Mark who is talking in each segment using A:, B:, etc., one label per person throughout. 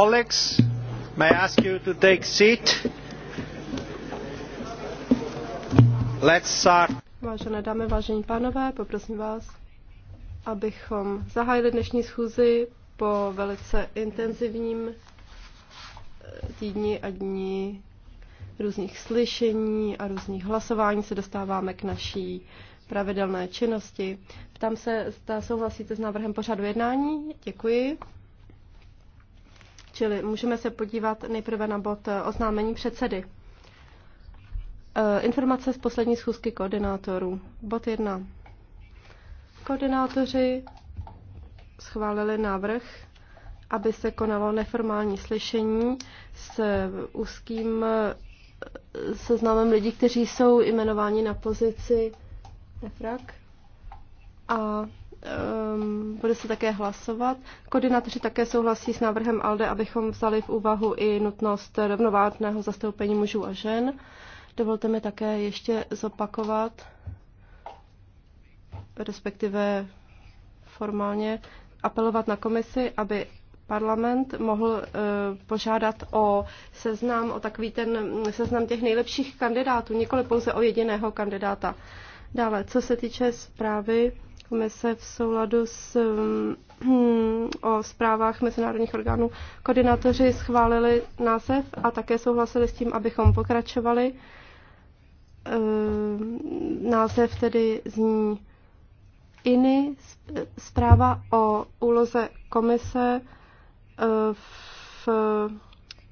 A: Colleagues, may I ask you to take seat? Let's
B: start. Vážené dámy, vážení pánové, poprosím vás, abychom zahájili dnešní schůzi po velice intenzivním eh, týdni a dní různých slyšení a různých hlasování se dostáváme k naší pravidelné činnosti. Ptám se, zda souhlasíte s návrhem pořadu jednání? Děkuji. Čili můžeme se podívat nejprve na bod eh, oznámení předsedy. Eh, informace z poslední schůzky koordinátorů. Bod 1. Koordinátoři schválili návrh, aby se konalo neformální slyšení s eh, úzkým seznamem lidí, kteří jsou jmenováni na pozici EFRAK a um, bude se také hlasovat. Koordinátoři také souhlasí s návrhem ALDE, abychom vzali v úvahu i nutnost rovnovážného zastoupení mužů a žen. Dovolte mi také ještě zopakovat, respektive formálně apelovat na komisi, aby parlament mohl uh, požádat o seznam, o takový ten seznam těch nejlepších kandidátů, nikoli pouze o jediného kandidáta. Dále, co se týče zprávy komise v souladu s mm, o zprávách mezinárodních orgánů. Koordinátoři schválili název a také souhlasili s tím, abychom pokračovali. Ehm, název tedy zní INI, zpráva o úloze komise eh, v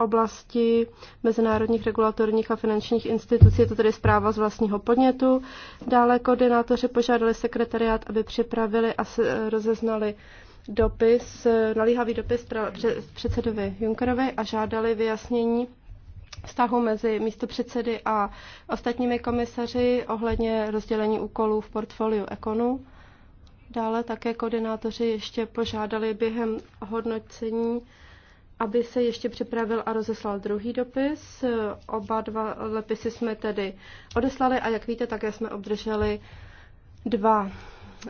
B: oblasti mezinárodních regulatorních a finančních institucí, je to tedy zpráva z vlastního podnětu. Dále koordinátoři požádali sekretariát, aby připravili a rozeznali dopis, nalíhavý dopis předsedovi Junkerovi a žádali vyjasnění vztahu mezi místopředsedy a ostatními komisaři ohledně rozdělení úkolů v portfoliu Ekonu. Dále také koordinátoři ještě požádali během hodnocení aby se ještě připravil a rozeslal druhý dopis. Oba dva lepisy jsme tedy odeslali a jak víte, také jsme obdrželi dva,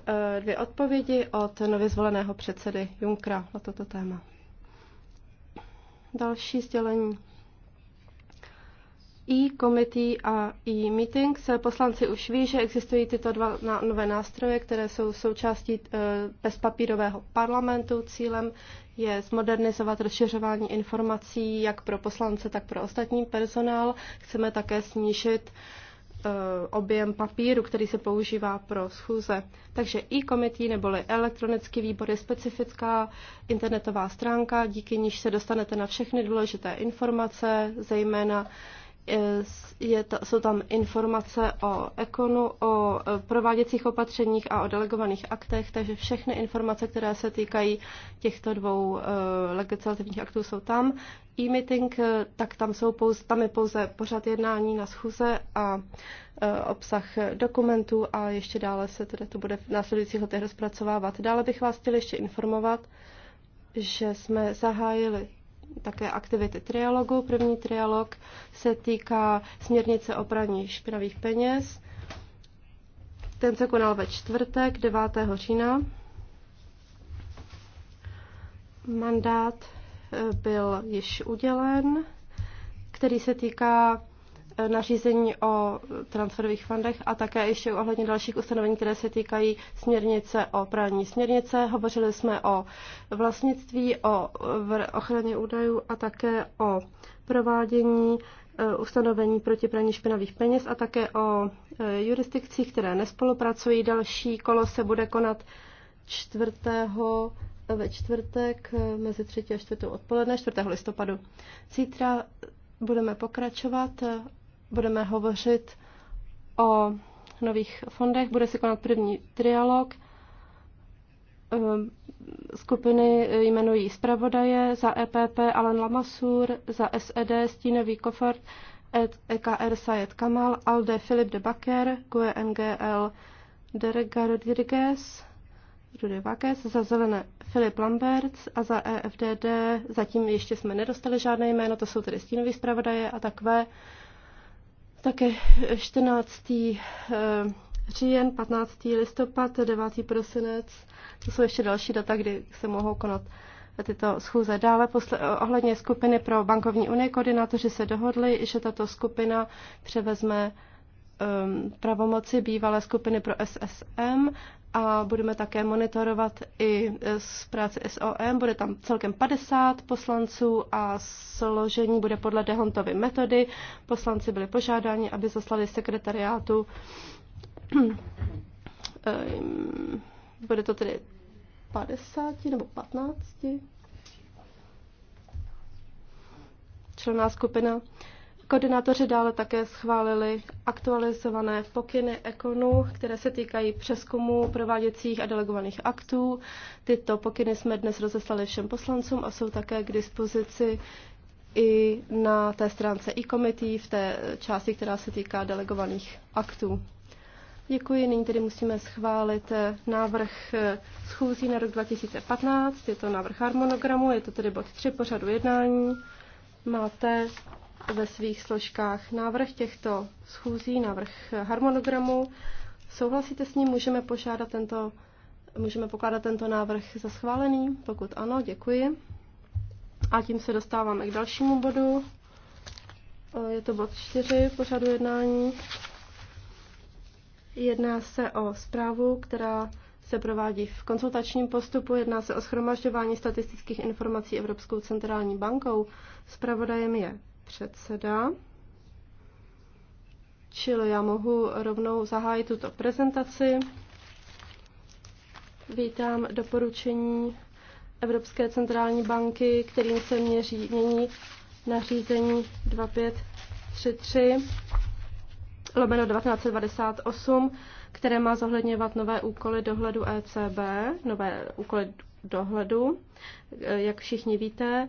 B: eh, dvě odpovědi od nově zvoleného předsedy Junkra na toto téma. Další sdělení. E-committee a e-meeting se poslanci už ví, že existují tyto dva nové nástroje, které jsou součástí eh, bezpapírového parlamentu. Cílem je zmodernizovat rozšiřování informací jak pro poslance, tak pro ostatní personál. Chceme také snížit eh, objem papíru, který se používá pro schůze. Takže e-komití neboli elektronický výbor je specifická internetová stránka, díky níž se dostanete na všechny důležité informace, zejména je to, jsou tam informace o ekonu, o e, prováděcích opatřeních a o delegovaných aktech, takže všechny informace, které se týkají těchto dvou e, legislativních aktů, jsou tam. E-meeting, e, tak tam, jsou pouze, tam je pouze pořad jednání na schůze a obsah dokumentů a ještě dále se teda to bude v následujících letech rozpracovávat. Dále bych vás chtěl ještě informovat, že jsme zahájili také aktivity trialogu. První trialog se týká směrnice o praní špinavých peněz. Ten se konal ve čtvrtek 9. října. Mandát eh, byl již udělen, který se týká nařízení o transferových fondech a také ještě ohledně dalších ustanovení, které se týkají směrnice o právní směrnice. Hovořili jsme o vlastnictví, o ochraně údajů a také o provádění e, ustanovení proti praní špinavých peněz a také o e, jurisdikcích, které nespolupracují. Další kolo se bude konat čtvrtého ve čtvrtek e, mezi třetí a čtvrtou odpoledne, 4. listopadu. Zítra budeme pokračovat budeme hovořit o nových fondech. Bude se konat první trialog. Ehm, skupiny jmenují zpravodaje za EPP Alan Lamassur, za SED Stínový Kofort, EKR e Sayed Kamal, ALDE Filip de Baker, GUE NGL Derega Rodriguez, Rudy Vakes, za zelené Filip Lambert a za EFDD zatím ještě jsme nedostali žádné jméno, to jsou tedy stínoví zpravodaje a takové také 14. Eh, říjen, 15. listopad, 9. prosinec. To jsou ještě další data, kdy se mohou konat tyto schůze. Dále posle, ohledně skupiny pro bankovní unie koordinátoři se dohodli, že tato skupina převezme um, pravomoci bývalé skupiny pro SSM a budeme také monitorovat i e, z práce SOM. Bude tam celkem 50 poslanců a složení bude podle Dehontovy metody. Poslanci byli požádáni, aby zaslali sekretariátu. bude to tedy 50 nebo 15 členná skupina. Koordinátoři dále také schválili aktualizované pokyny ekonu, které se týkají přeskumu prováděcích a delegovaných aktů. Tyto pokyny jsme dnes rozeslali všem poslancům a jsou také k dispozici i na té stránce e-committee v té části, která se týká delegovaných aktů. Děkuji. Nyní tedy musíme schválit návrh schůzí na rok 2015. Je to návrh harmonogramu, je to tedy bod 3 pořadu jednání. Máte ve svých složkách návrh těchto schůzí, návrh harmonogramu. Souhlasíte s ním? Můžeme požádat tento, můžeme pokládat tento návrh za schválený? Pokud ano, děkuji. A tím se dostáváme k dalšímu bodu. E, je to bod 4 pořadu jednání. Jedná se o zprávu, která se provádí v konzultačním postupu. Jedná se o schromažďování statistických informací Evropskou centrální bankou. Spravodajem je předseda. Čili já mohu rovnou zahájit tuto prezentaci. Vítám doporučení Evropské centrální banky, kterým se měří, mění nařízení 2533 lomeno 1998, které má zohledňovat nové úkoly dohledu ECB, nové úkoly dohledu. Jak všichni víte,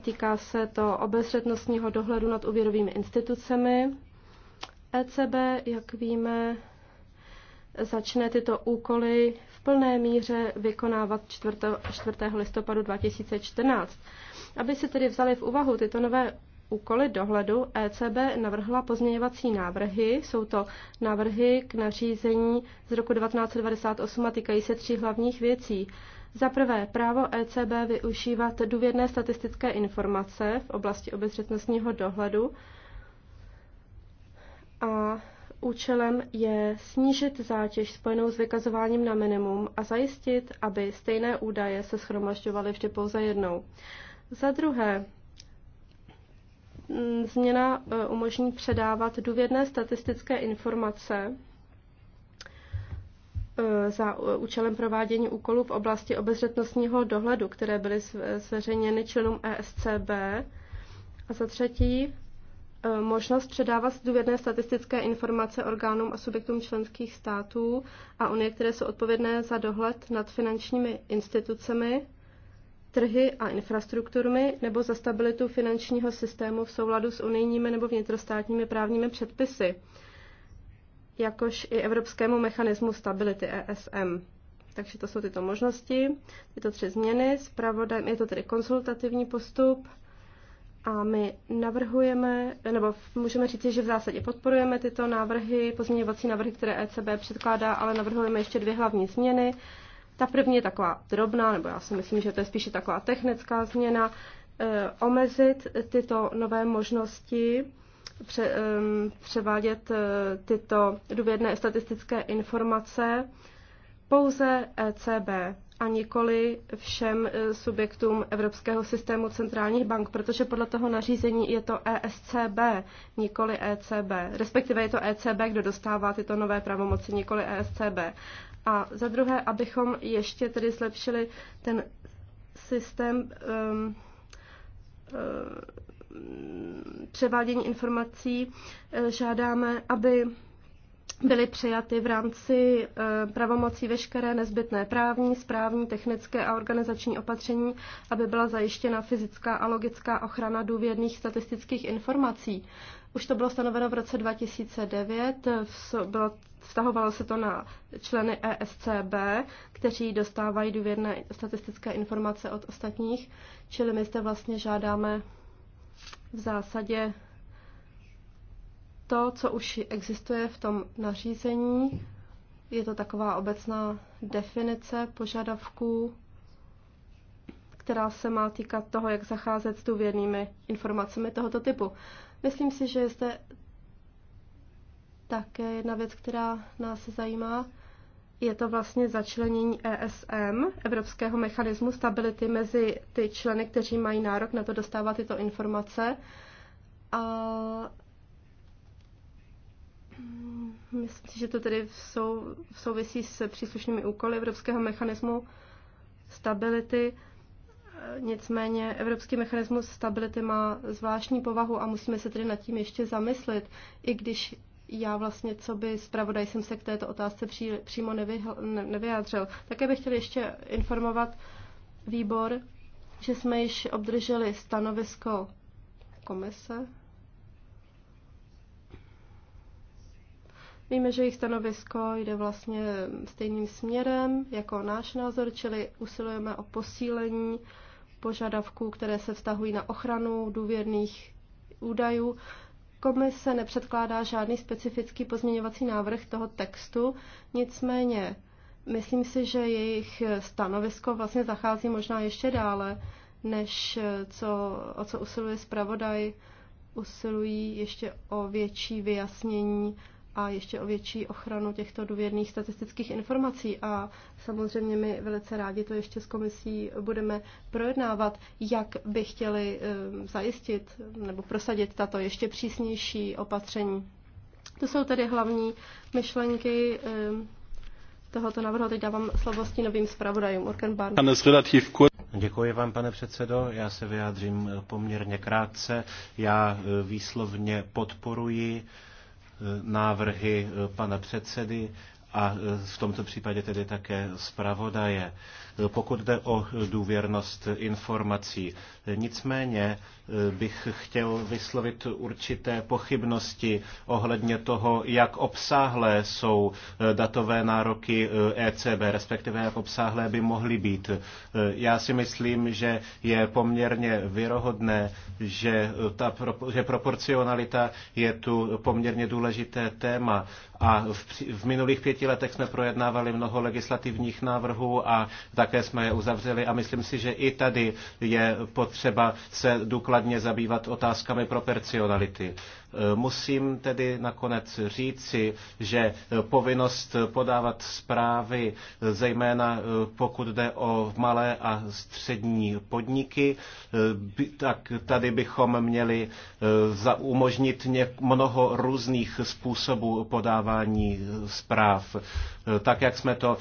B: Týká se to obezřetnostního dohledu nad úvěrovými institucemi. ECB, jak víme, začne tyto úkoly v plné míře vykonávat 4. listopadu 2014. Aby si tedy vzali v úvahu tyto nové úkoly dohledu, ECB navrhla pozměňovací návrhy. Jsou to návrhy k nařízení z roku 1998 a týkají se tří hlavních věcí. Za prvé, právo ECB využívat důvěrné statistické informace v oblasti obezřetnostního dohledu a účelem je snížit zátěž spojenou s vykazováním na minimum a zajistit, aby stejné údaje se schromažďovaly vždy pouze jednou. Za druhé, mm, změna e, umožní předávat důvěrné statistické informace Eh, za účelem provádění úkolů v oblasti obezřetnostního dohledu, které byly zveřejněny členům ESCB. A za třetí, eh, možnost předávat důvěrné statistické informace orgánům a subjektům členských států a unie, které jsou odpovědné za dohled nad finančními institucemi, trhy a infrastrukturami nebo za stabilitu finančního systému v souladu s unijními nebo vnitrostátními právními předpisy jakož i Evropskému mechanismu stability ESM. Takže to jsou tyto možnosti, tyto tři změny. S je to tedy konsultativní postup a my navrhujeme, nebo můžeme říct, že v zásadě podporujeme tyto návrhy, pozměňovací návrhy, které ECB předkládá, ale navrhujeme ještě dvě hlavní změny. Ta první je taková drobná, nebo já si myslím, že to je spíše taková technická změna, eh, omezit tyto nové možnosti pře, převádět e, tyto důvěrné statistické informace pouze ECB a nikoli všem e, subjektům Evropského systému centrálních bank, protože podle toho nařízení je to ESCB, nikoli ECB. Respektive je to ECB, kdo dostává tyto nové pravomoci, nikoli ESCB. A za druhé, abychom ještě tedy zlepšili ten systém um, převádění informací eh, žádáme, aby byly přijaty v rámci eh, pravomocí veškeré nezbytné právní, správní, technické a organizační opatření, aby byla zajištěna fyzická a logická ochrana důvěrných statistických informací. Už to bylo stanoveno v roce 2009, bylo, vztahovalo se to na členy ESCB, kteří dostávají důvěrné statistické informace od ostatních, čili my zde vlastně žádáme v zásadě to, co už existuje v tom nařízení. Je to taková obecná definice požadavků, která se má týkat toho, jak zacházet s důvěrnými informacemi tohoto typu. Myslím si, že je zde také jedna věc, která nás zajímá je to vlastně začlenění ESM, Evropského mechanismu stability, mezi ty členy, kteří mají nárok na to dostávat tyto informace. A mm, myslím si, že to tedy sou, souvisí s příslušnými úkoly Evropského mechanismu stability. Nicméně Evropský mechanismus stability má zvláštní povahu a musíme se tedy nad tím ještě zamyslet, i když já vlastně, co by zpravodaj, jsem se k této otázce pří, přímo nevyhl, ne, nevyjádřil. Také bych chtěl ještě informovat výbor, že jsme již obdrželi stanovisko komise. Víme, že jejich stanovisko jde vlastně stejným směrem jako náš názor, čili usilujeme o posílení požadavků, které se vztahují na ochranu důvěrných údajů Komise nepředkládá žádný specifický pozměňovací návrh toho textu, nicméně myslím si, že jejich stanovisko vlastně zachází možná ještě dále, než co, o co usiluje zpravodaj, usilují ještě o větší vyjasnění a ještě o větší ochranu těchto důvěrných statistických informací. A samozřejmě my velice rádi to ještě s komisí budeme projednávat, jak by chtěli eh, zajistit nebo prosadit tato ještě přísnější opatření. To jsou tedy hlavní myšlenky eh, tohoto návrhu. Teď dávám slovo s novým zpravodajům.
C: Děkuji vám, pane předsedo. Já se vyjádřím poměrně krátce. Já eh, výslovně podporuji Eh, návrhy eh, pana předsedy a eh, v tomto případě tedy také zpravodaje pokud jde o důvěrnost informací. Nicméně eh, bych chtěl vyslovit určité pochybnosti ohledně toho, jak obsáhlé jsou eh, datové nároky ECB, eh, e respektive jak obsáhlé by mohly být. Já si myslím, že je poměrně věrohodné, že, ta, že proporcionalita je tu poměrně důležité téma. A v, v minulých pěti letech jsme projednávali mnoho legislativních návrhů a tak také jsme je uzavřeli a myslím si, že i tady je potřeba se důkladně zabývat otázkami proporcionality. Eh, musím tedy nakonec říci, že eh, povinnost eh, podávat zprávy, zejména pokud jde o malé a střední podniky, tak tady bychom měli umožnit mnoho různých způsobů podávání zpráv tak jak jsme to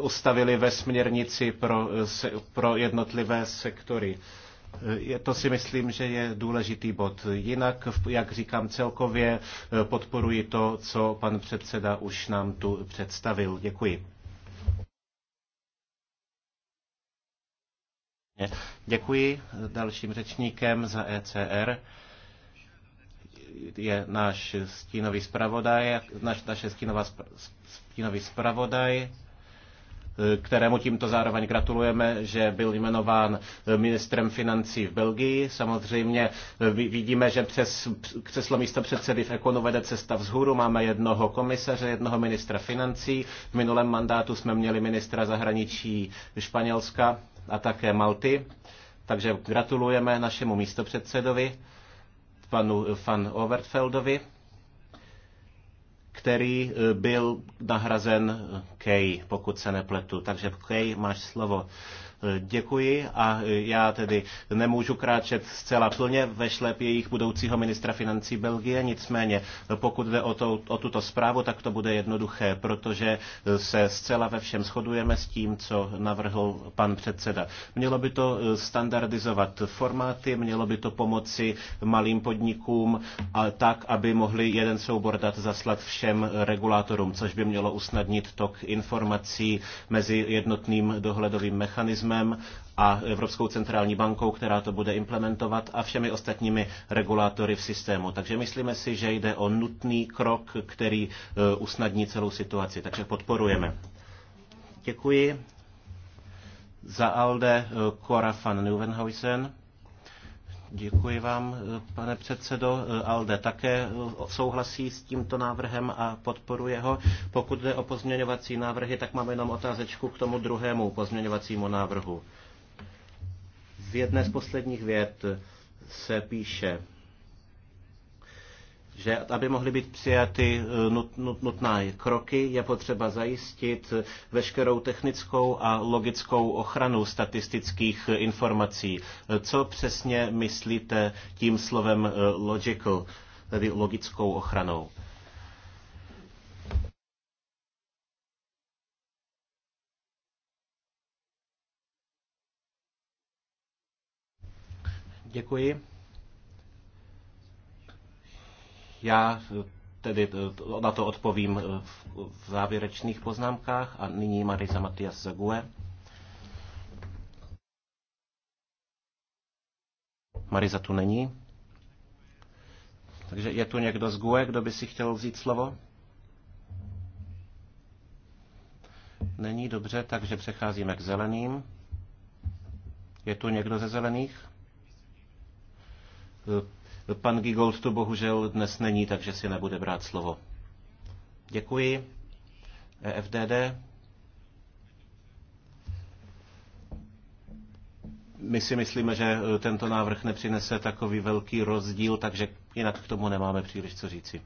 C: ustavili ve směrnici pro, pro jednotlivé sektory. Eh, to si myslím, že je důležitý bod. Jinak, jak říkám, celkově eh, podporuji to, co pan předseda už nám tu představil. Děkuji. Děkuji eh, dalším řečníkem za ECR je náš stínový zpravodaj, naš, naše stínová, stínový zpravodaj kterému tímto zároveň gratulujeme, že byl jmenován ministrem financí v Belgii. Samozřejmě eh, vidíme, že přes křeslo místo předsedy v Ekonu vede cesta vzhůru. Máme jednoho komisaře, jednoho ministra financí. V minulém mandátu jsme měli ministra zahraničí Španělska a také Malty. Takže gratulujeme našemu místopředsedovi, panu van Overfeldovi který eh, byl nahrazen eh, Kej, pokud se nepletu. Takže Kej, máš slovo. Děkuji a já tedy nemůžu kráčet zcela plně ve šlep jejich budoucího ministra financí Belgie, nicméně pokud jde o, to, o tuto zprávu, tak to bude jednoduché, protože se zcela ve všem shodujeme s tím, co navrhl pan předseda. Mělo by to standardizovat formáty, mělo by to pomoci malým podnikům a tak, aby mohli jeden soubor dat zaslat všem regulátorům, což by mělo usnadnit tok informací mezi jednotným dohledovým mechanismem mechanismem a Evropskou centrální bankou, která to bude implementovat a všemi ostatními regulátory v systému. Takže myslíme si, že jde o nutný krok, který e, usnadní celou situaci. Takže podporujeme. Děkuji. Za ALDE e, Cora van Neuwenhuisen. Děkuji vám, pane předsedo. Alde také souhlasí s tímto návrhem a podporuje ho. Pokud jde o pozměňovací návrhy, tak máme jenom otázečku k tomu druhému pozměňovacímu návrhu. V jedné z posledních věd se píše, že aby mohly být přijaty eh, nut, nut, nutné kroky, je potřeba zajistit eh, veškerou technickou a logickou ochranu statistických eh, informací. Co přesně myslíte tím slovem logical, tedy logickou ochranou? Děkuji. Já eh, tedy eh, na to odpovím eh, v závěrečných poznámkách a nyní Marisa Matias Zague. Marisa tu není. Takže je tu někdo z GUE, kdo by si chtěl vzít slovo? Není dobře, takže přecházíme k zeleným. Je tu někdo ze zelených? Pan Gigold tu bohužel dnes není, takže si nebude brát slovo. Děkuji. E FDD. My si myslíme, že e, tento návrh nepřinese takový velký rozdíl, takže jinak k tomu nemáme příliš co říci.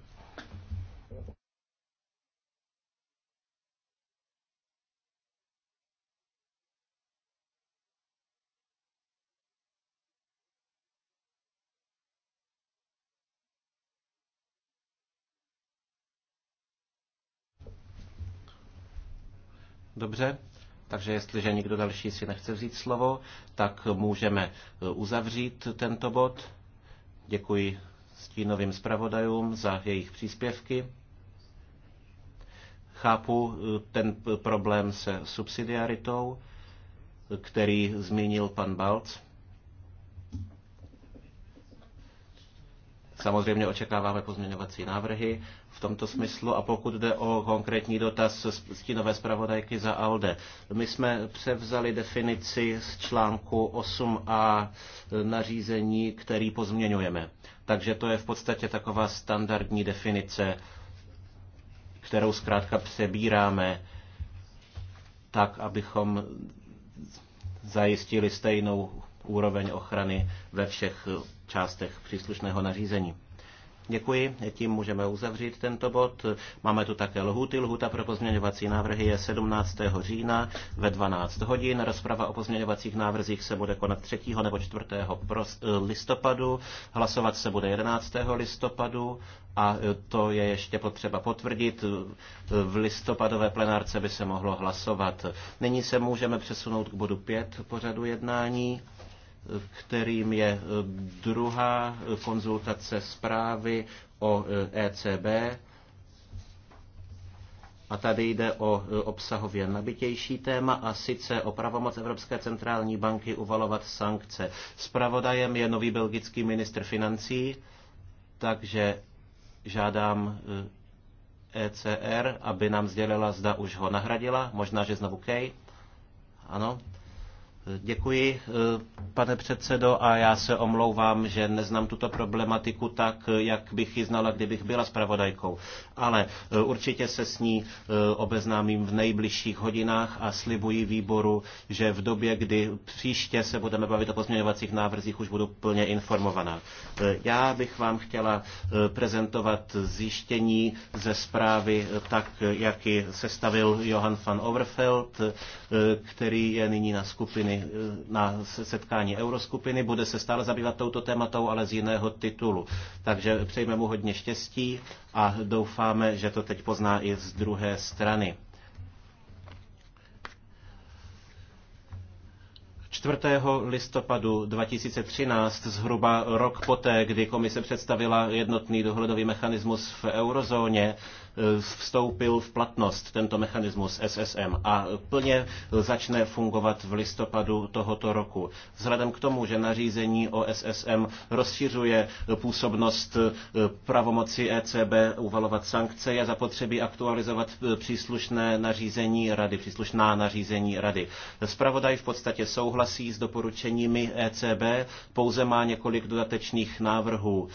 C: Dobře, takže jestliže nikdo další si nechce vzít slovo, tak můžeme eh, uzavřít tento bod. Děkuji stínovým zpravodajům za jejich příspěvky. Chápu eh, ten problém se subsidiaritou, eh, který zmínil pan Balc. Samozřejmě očekáváme pozměňovací návrhy v tomto smyslu. A pokud jde o konkrétní dotaz stínové zpravodajky za ALDE, my jsme převzali definici z článku 8a nařízení, který pozměňujeme. Takže to je v podstatě taková standardní definice, kterou zkrátka přebíráme tak, abychom zajistili stejnou úroveň ochrany ve všech částech příslušného nařízení. Děkuji, tím můžeme uzavřít tento bod. Máme tu také lhuty. Lhuta pro pozměňovací návrhy je 17. října ve 12 hodin. Rozprava o pozměňovacích návrzích se bude konat 3. nebo 4. listopadu. Hlasovat se bude 11. listopadu a to je ještě potřeba potvrdit. V listopadové plenárce by se mohlo hlasovat. Nyní se můžeme přesunout k bodu 5 pořadu jednání kterým je eh, druhá eh, konzultace zprávy o ECB. Eh, e a tady jde o obsahově nabitější téma a sice o pravomoc Evropské centrální banky uvalovat sankce. Spravodajem je nový belgický ministr financí, takže žádám ECR, e aby nám sdělila, zda už ho nahradila, možná, že znovu Kej. Ano. Děkuji, eh, pane předsedo, a já se omlouvám, že neznám tuto problematiku tak, jak bych ji znala, kdybych byla zpravodajkou. Ale eh, určitě se s ní eh, obeznámím v nejbližších hodinách a slibuji výboru, že v době, kdy příště se budeme bavit o pozměňovacích návrzích, už budu plně informovaná. Já bych vám chtěla prezentovat zjištění ze zprávy tak, jak ji sestavil Johan van Overfeld, který je nyní na skupiny Eh, na setkání Euroskupiny, bude se stále zabývat touto tématou, ale z jiného titulu. Takže přejme mu hodně štěstí a doufáme, že to teď pozná i z druhé strany. 4. listopadu 2013, zhruba rok poté, kdy komise představila jednotný dohledový mechanismus v eurozóně, Eh, vstoupil v platnost tento mechanismus SSM a plně začne fungovat v listopadu tohoto roku. Vzhledem k tomu, že nařízení o SSM rozšiřuje působnost eh, pravomoci ECB uvalovat sankce, je zapotřebí aktualizovat eh, příslušné nařízení rady, příslušná nařízení rady. Spravodaj v podstatě souhlasí s doporučeními ECB, pouze má několik dodatečných návrhů,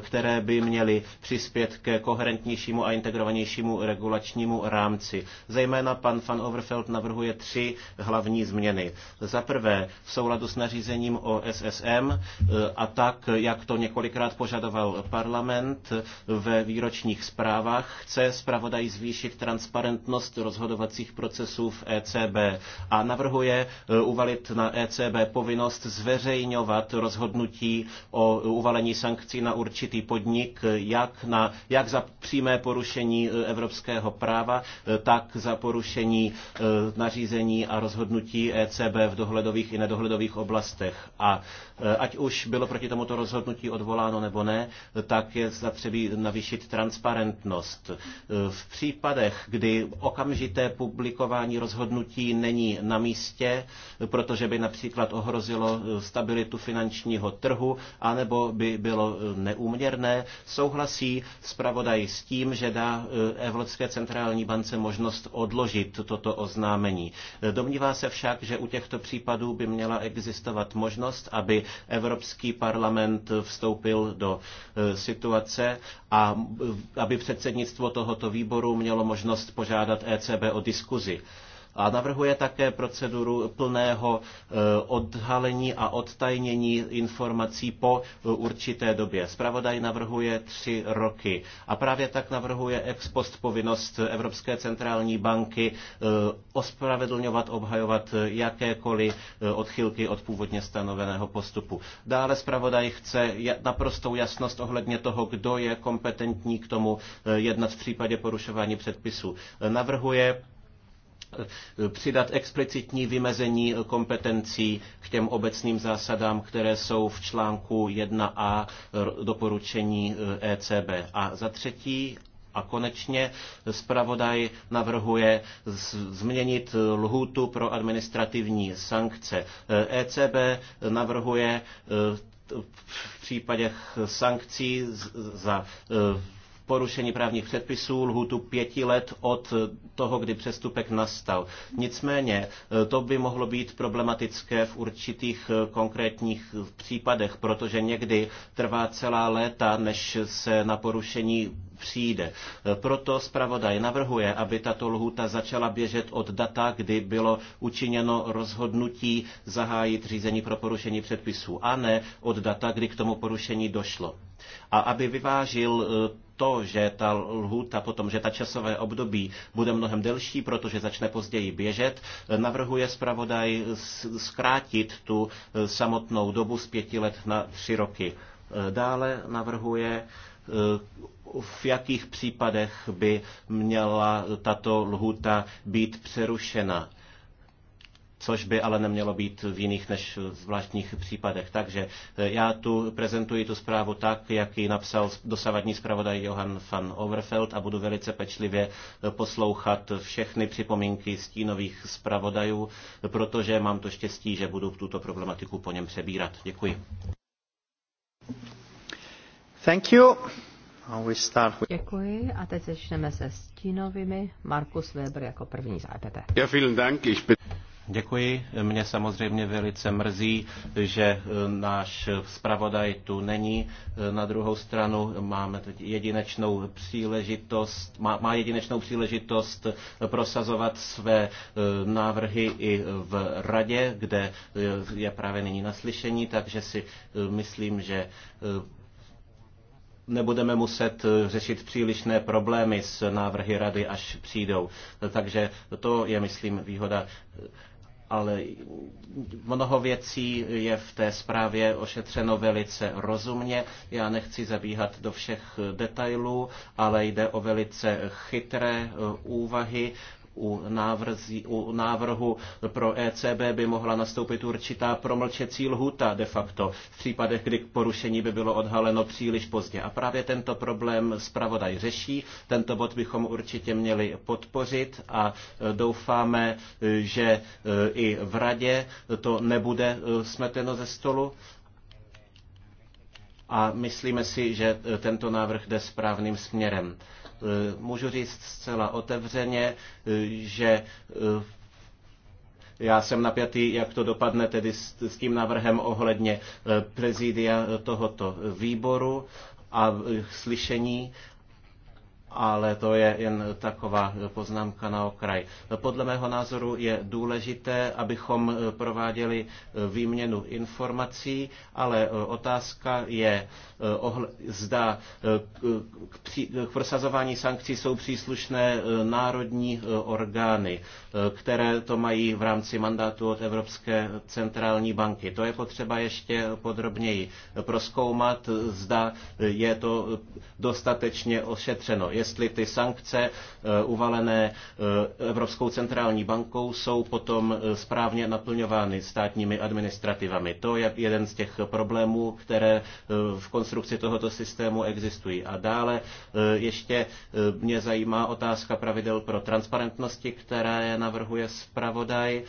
C: které by měly přispět ke koherentnějšímu a integrovanému integrovanějšímu regulačnímu rámci. Zejména pan van Overfeld navrhuje tři hlavní změny. Za prvé v souladu s nařízením o SSM eh, a tak, jak to několikrát požadoval parlament eh, ve výročních zprávách, chce zpravodaj zvýšit transparentnost rozhodovacích procesů v ECB a navrhuje eh, uvalit na ECB povinnost zveřejňovat rozhodnutí o uvalení sankcí na určitý podnik, jak, na, jak za přímé porušení porušení eh, evropského práva, eh, tak za porušení eh, nařízení a rozhodnutí ECB v dohledových i nedohledových oblastech. A ať už bylo proti tomuto rozhodnutí odvoláno nebo ne, tak je zapřebí navýšit transparentnost. V případech, kdy okamžité publikování rozhodnutí není na místě, protože by například ohrozilo stabilitu finančního trhu, anebo by bylo neúměrné, souhlasí zpravodaj s tím, že dá Eh, Evropské centrální bance možnost odložit toto oznámení. Eh, domnívá se však, že u těchto případů by měla existovat možnost, aby Evropský parlament vstoupil do eh, situace a aby předsednictvo tohoto výboru mělo možnost požádat ECB o diskuzi a navrhuje také proceduru plného eh, odhalení a odtajnění informací po eh, určité době. Spravodaj navrhuje tři roky. A právě tak navrhuje ex post povinnost Evropské centrální banky eh, ospravedlňovat, obhajovat jakékoliv odchylky od původně stanoveného postupu. Dále zpravodaj chce naprostou jasnost ohledně toho, kdo je kompetentní k tomu jednat v případě porušování předpisů. Navrhuje přidat explicitní vymezení kompetencí k těm obecným zásadám, které jsou v článku 1a doporučení ECB. Eh, e a za třetí, a konečně zpravodaj navrhuje změnit lhůtu pro administrativní sankce. ECB eh, e navrhuje eh, v případech sankcí za porušení právních předpisů lhutu pěti let od toho, kdy přestupek nastal. Nicméně eh, to by mohlo být problematické v určitých eh, konkrétních případech, protože někdy trvá celá léta, než se na porušení přijde. Proto zpravodaj navrhuje, aby tato lhůta začala běžet od data, kdy bylo učiněno rozhodnutí zahájit řízení pro porušení předpisů, a ne od data, kdy k tomu porušení došlo. A aby vyvážil eh, to, že ta lhůta potom, že ta časové období bude mnohem delší, protože začne později běžet, eh, navrhuje zpravodaj zkrátit tu eh, samotnou dobu z pěti let na tři roky. Dále navrhuje v jakých případech by měla tato lhuta být přerušena což by ale nemělo být v jiných než zvláštních případech. Takže eh, já tu prezentuji tu zprávu tak, jak ji napsal dosavadní zpravodaj Johan van Overfeld a budu velice pečlivě eh, poslouchat všechny připomínky stínových zpravodajů, protože mám to štěstí, že budu tuto problematiku po něm přebírat. Děkuji. Thank you. Uh,
D: Děkuji a teď začneme se stínovými. Markus Weber jako první z APP.
C: E Děkuji. Mě samozřejmě velice mrzí, že eh, náš zpravodaj tu není. Eh, na druhou stranu máme teď jedinečnou příležitost, má, má jedinečnou příležitost eh, prosazovat své návrhy i v radě, kde je právě nyní naslyšení, takže si myslím, že nebudeme muset eh, řešit přílišné problémy s návrhy rady, až přijdou. Takže to je, myslím, výhoda ale mnoho věcí je v té zprávě ošetřeno velice rozumně. Já nechci zabíhat do všech detailů, ale jde o velice chytré eh, úvahy, u, návrzí, u návrhu pro ECB by mohla nastoupit určitá promlčecí lhůta de facto v případech, kdy porušení by bylo odhaleno příliš pozdě. A právě tento problém zpravodaj řeší. Tento bod bychom určitě měli podpořit a e, doufáme, že e, i v radě to nebude e, smeteno ze stolu a myslíme si, že tento návrh jde správným směrem. Eh, můžu říct zcela otevřeně, eh, že eh, já jsem napjatý, jak to dopadne tedy s, s tím návrhem ohledně prezidia tohoto výboru a slyšení ale to je jen taková poznámka na okraj. Podle mého názoru je důležité, abychom prováděli výměnu informací, ale otázka je, zda k prosazování sankcí jsou příslušné národní orgány, které to mají v rámci mandátu od Evropské centrální banky. To je potřeba ještě podrobněji proskoumat, zda je to dostatečně ošetřeno jestli ty sankce eh, uvalené eh, Evropskou centrální bankou jsou potom eh, správně naplňovány státními administrativami. To je jeden z těch problémů, které v konstrukci tohoto systému existují. A dále ještě mě zajímá otázka pravidel pro transparentnosti, které navrhuje zpravodaj.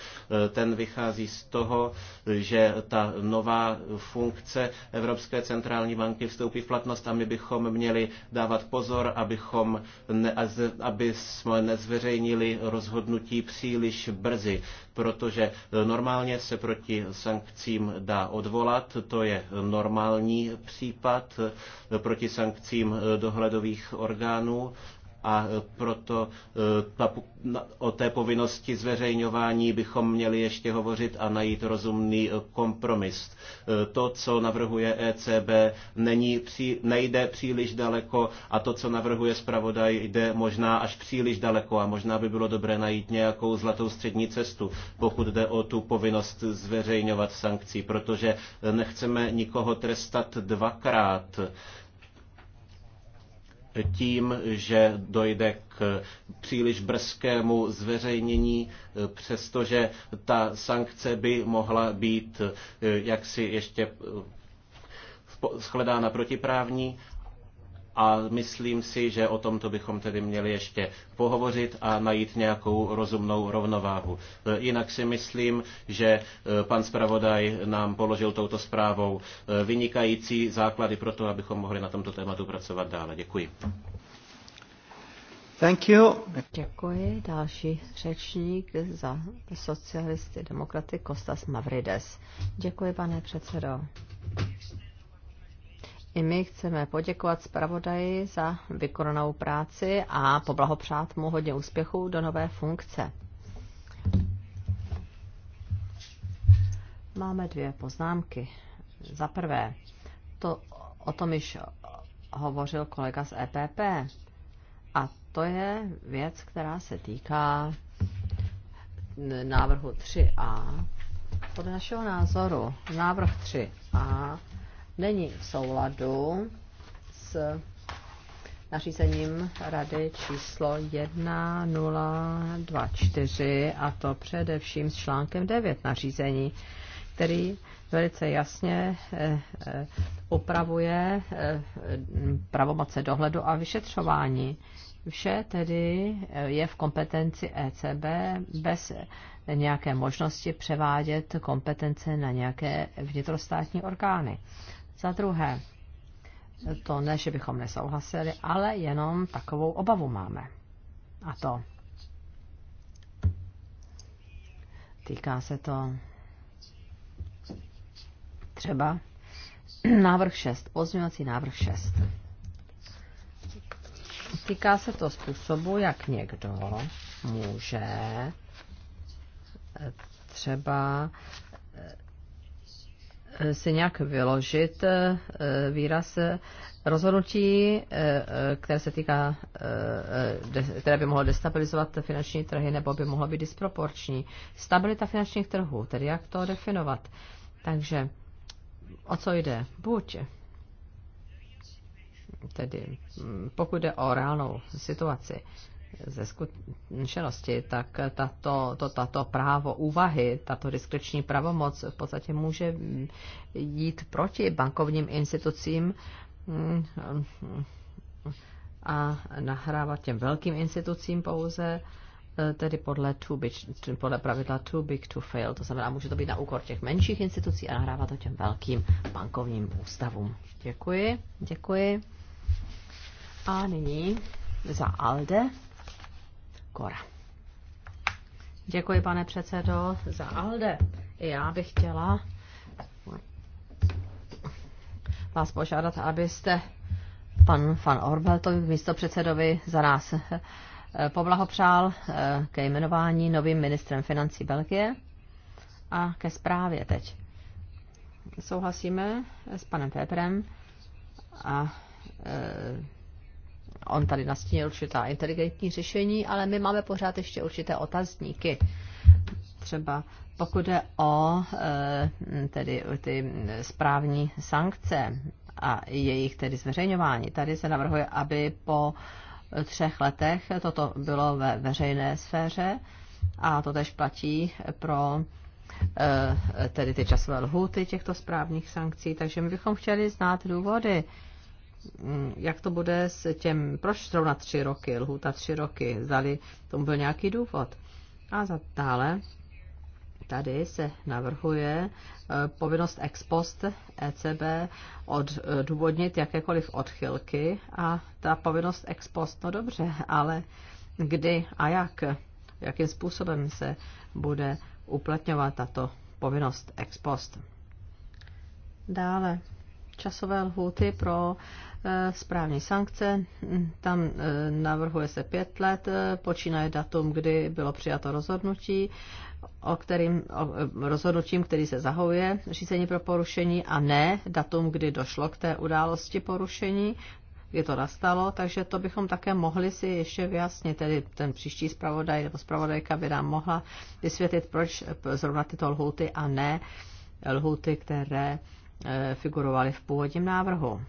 C: Ten vychází z toho, že ta nová funkce Evropské centrální banky vstoupí v platnost a my bychom měli dávat pozor, abychom abychom ne, aby jsme nezveřejnili rozhodnutí příliš brzy, protože eh, normálně se proti sankcím dá odvolat, to je normální případ eh, proti sankcím eh, dohledových orgánů a e, proto e, o té povinnosti zveřejňování bychom měli ještě hovořit a najít rozumný e, kompromis. To, co navrhuje ECB, není, nejde příliš daleko a to, co navrhuje zpravodaj, jde možná až příliš daleko a možná by bylo dobré najít nějakou zlatou střední cestu, pokud jde o tu povinnost zveřejňovat sankcí, protože nechceme nikoho trestat dvakrát tím, že dojde k příliš brzkému zveřejnění, eh, přestože ta sankce by mohla být eh, jaksi ještě eh, shledána protiprávní a myslím si, že o tomto bychom tedy měli ještě pohovořit a najít nějakou rozumnou rovnováhu. E, jinak si myslím, že e, pan zpravodaj nám položil touto zprávou e, vynikající základy pro to, abychom mohli na tomto tématu pracovat dále. Děkuji.
D: Thank you. Děkuji. Další řečník za socialisty demokraty Kostas Mavrides. Děkuji, pane předsedo. I my chceme poděkovat zpravodaji za vykonanou práci a poblahopřát mu hodně úspěchů do nové funkce. Máme dvě poznámky. Za prvé, to, o tom již hovořil kolega z EPP. A to je věc, která se týká návrhu 3a. Podle našeho názoru návrh 3a není v souladu s nařízením Rady číslo 1024, a to především s článkem 9 nařízení, který velice jasně eh, eh, upravuje eh, pravomoce dohledu a vyšetřování. Vše tedy je v kompetenci ECB bez nějaké možnosti převádět kompetence na nějaké vnitrostátní orgány. Za druhé, to ne, že bychom nesouhlasili, ale jenom takovou obavu máme. A to týká se to třeba návrh 6, pozměňovací návrh 6. Týká se to způsobu, jak někdo může třeba si nějak vyložit eh, eh, výraz eh, rozhodnutí, které se týká, které by mohlo destabilizovat finanční trhy nebo by mohlo být disproporční. Stabilita finančních trhů, tedy jak to definovat. Takže o co jde? Buď tedy mm, pokud jde o reálnou situaci, ze zkušenosti, tak tato, to, tato právo úvahy, tato diskreční pravomoc v podstatě může mm, jít proti bankovním institucím mm, a nahrávat těm velkým institucím pouze e, tedy podle, too big, podle pravidla too big to fail. To znamená, může to být na úkor těch menších institucí a nahrávat to těm velkým bankovním ústavům. Děkuji, děkuji. A nyní za ALDE Kora. Děkuji, pane předsedo, za ALDE. Já bych chtěla vás požádat, abyste pan Van Orbeltovi, místo předsedovi, za nás eh, poblahopřál eh, ke jmenování novým ministrem financí Belgie a ke zprávě teď. Souhlasíme s panem Peprem a eh, On tady nastínil určitá inteligentní řešení, ale my máme pořád ještě určité otazníky. Třeba pokud je o eh, tedy ty správní sankce a jejich tedy zveřejňování, tady se navrhuje, aby po třech letech toto bylo ve veřejné sféře a to tež platí pro eh, tedy ty časové lhuty těchto správních sankcí, takže my bychom chtěli znát důvody Mm, jak to bude s těm, proč zrovna tři roky, lhůta tři roky, zdali tomu byl nějaký důvod. A za dále tady se navrhuje eh, povinnost ex post ECB odůvodnit jakékoliv odchylky a ta povinnost ex post, no dobře, ale kdy a jak, jakým způsobem se bude uplatňovat tato povinnost ex post. Dále časové lhuty pro Eh, správní sankce. Mm, Tam eh, navrhuje se pět let, eh, počínaje datum, kdy bylo přijato rozhodnutí, o kterým o rozhodnutím, který se zahojuje řízení pro porušení a ne datum, kdy došlo k té události porušení, kdy to nastalo, takže to bychom také mohli si ještě vyjasnit, tedy ten příští zpravodaj nebo zpravodajka by nám mohla vysvětlit, proč zrovna tyto lhuty a ne lhuty, které figurovaly v původním návrhu.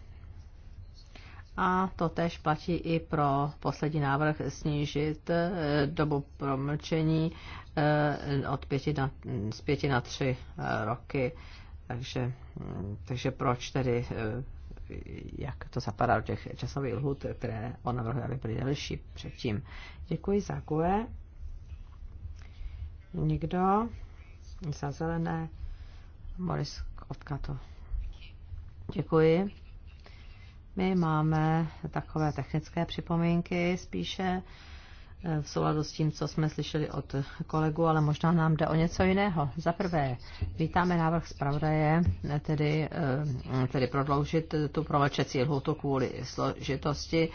D: A to tež platí i pro poslední návrh snížit eh, dobu promlčení eh, od pěti na, z pěti na tři eh, roky. Takže, mm, takže proč tedy, jak to zapadá do těch časových lhut, které on navrhuje, aby byly delší předtím. Děkuji za kue. Nikdo? Za zelené? Moris Kotka to. Děkuji. My máme takové technické připomínky spíše v souladu s tím, co jsme slyšeli od kolegu, ale možná nám jde o něco jiného. Za prvé, vítáme návrh zpravodaje, tedy, eh, tedy prodloužit tu provlčecí lhutu kvůli složitosti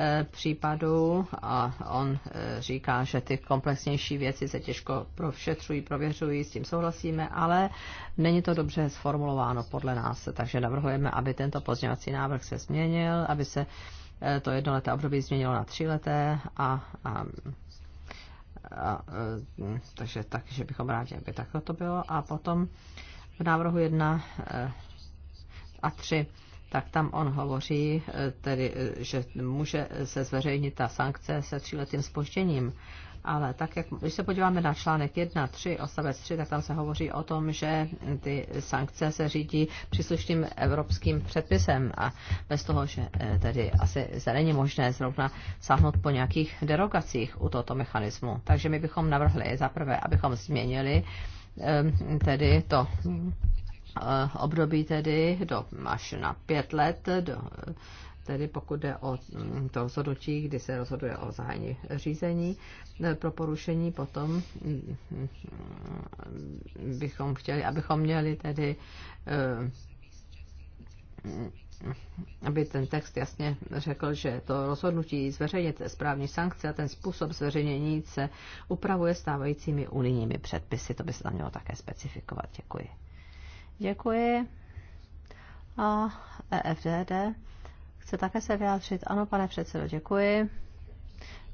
D: eh, případů a on eh, říká, že ty komplexnější věci se těžko prošetřují, prověřují, s tím souhlasíme, ale není to dobře sformulováno podle nás, takže navrhujeme, aby tento pozměňovací návrh se změnil, aby se Eh, to jednoleté období změnilo na tříleté a, a a, eh, takže tak, že bychom rádi, aby takhle to bylo. A potom v návrhu 1 eh, a 3, tak tam on hovoří, tedy, že může se zveřejnit ta sankce se tříletým spožděním. Ale tak, jak, když se podíváme na článek 1, 3, ostavec 3, tak tam se hovoří o tom, že ty sankce se řídí příslušným evropským předpisem a bez toho, že eh, tedy asi se není možné zrovna sáhnout po nějakých derogacích u tohoto mechanismu. Takže my bychom navrhli zaprvé, abychom změnili eh, tedy to eh, období tedy do, až na pět let do, tedy pokud jde o mm, to rozhodnutí, kdy se rozhoduje o zahájení řízení e, pro porušení, potom mm, mm, bychom chtěli, abychom měli tedy e, aby ten text jasně řekl, že to rozhodnutí zveřejnit správní sankce a ten způsob zveřejnění se upravuje stávajícími unijními předpisy. To by se tam mělo také specifikovat. Děkuji. Děkuji. A EFDD chce také se vyjádřit? Ano, pane předsedo, děkuji.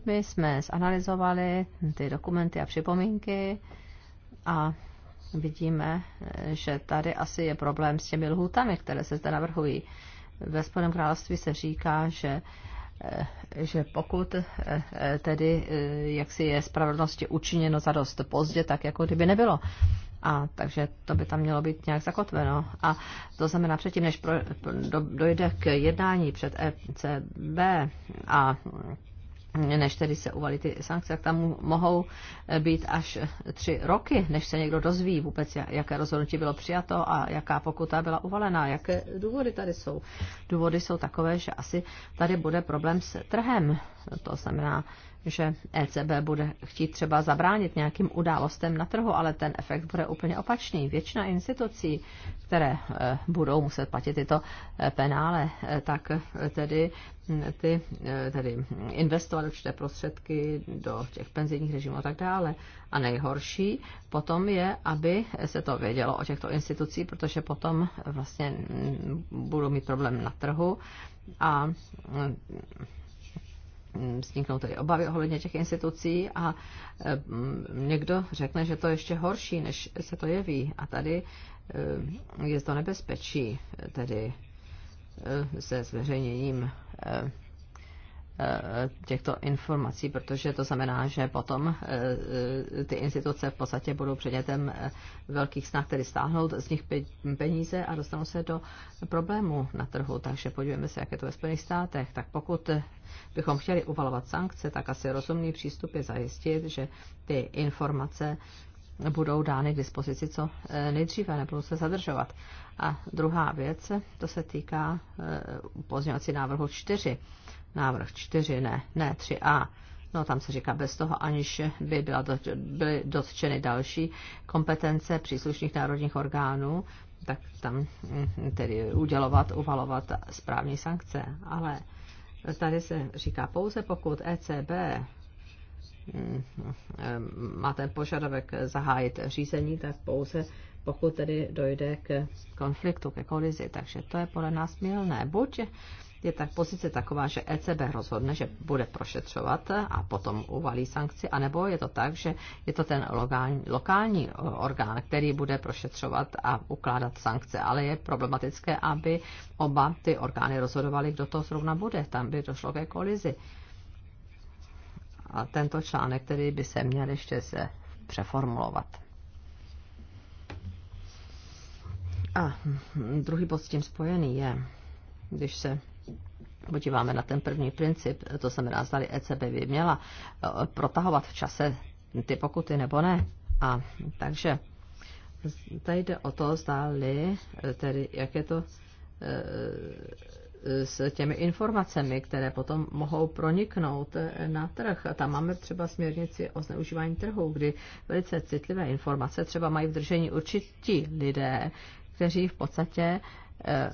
D: My jsme zanalizovali ty dokumenty a připomínky a vidíme, že tady asi je problém s těmi lhůtami, které se zde navrhují. Ve Spodném království se říká, že eh, že pokud eh, tedy eh, jaksi je spravedlnosti učiněno za dost pozdě, tak jako kdyby nebylo. A takže to by tam mělo být nějak zakotveno. A to znamená předtím, než pro, do, dojde k jednání před ECB a než tedy se uvalí ty sankce, tak tam mohou být až tři roky, než se někdo dozví vůbec, jaké rozhodnutí bylo přijato a jaká pokuta byla uvalená, jaké důvody tady jsou. Důvody jsou takové, že asi tady bude problém s trhem. To znamená, že ECB bude chtít třeba zabránit nějakým událostem na trhu, ale ten efekt bude úplně opačný. Většina institucí, které eh, budou muset platit tyto eh, penále, eh, tak tedy mm, ty tedy investovat určité prostředky do těch penzijních režimů a tak dále. A nejhorší potom je, aby se to vědělo o těchto institucí, protože potom vlastně mm, budou mít problém na trhu a mm, vzniknou mm, tedy obavy ohledně těch institucí a mm, někdo řekne, že to je ještě horší, než se to jeví. A tady mm, je to nebezpečí, tedy se zveřejněním Eh, těchto informací, protože to znamená, že potom eh, eh, ty instituce v podstatě budou předmětem velkých snah, tedy stáhnout z nich peníze a dostanou se do problému na trhu. Takže podívejme se, jak je to ve Spojených státech. Tak pokud bychom chtěli uvalovat sankce, tak asi rozumný přístup je zajistit, že ty informace budou dány k dispozici co nejdříve, nebudou se zadržovat. A druhá věc, to se týká pozměňovací návrhu 4. Návrh 4, ne, ne 3a. No tam se říká bez toho, aniž by byla do, byly dotčeny další kompetence příslušných národních orgánů, tak tam mm, tedy udělovat, uvalovat správní sankce. Ale tady se říká pouze pokud ECB mm, mm, má ten požadavek zahájit řízení, tak pouze pokud tedy dojde k konfliktu, ke kolizi. Takže to je podle nás milné. Buď je tak pozice taková, že ECB rozhodne, že bude prošetřovat a potom uvalí sankci, anebo je to tak, že je to ten lokální, lokální e, orgán, který bude prošetřovat a ukládat sankce, ale je problematické, aby oba ty orgány rozhodovaly, kdo to zrovna bude. Tam by došlo ke kolizi. A tento článek, který by se měl ještě se přeformulovat. A hm, druhý bod s tím spojený je, když se podíváme na ten první princip, to znamená, zdali ECB by měla eh, protahovat v čase ty pokuty nebo ne. A takže tady jde o to, zdali, eh, tedy jak je to eh, s těmi informacemi, které potom mohou proniknout na trh. a Tam máme třeba směrnici o zneužívání trhu, kdy velice citlivé informace třeba mají v držení určití lidé, kteří v podstatě Eh,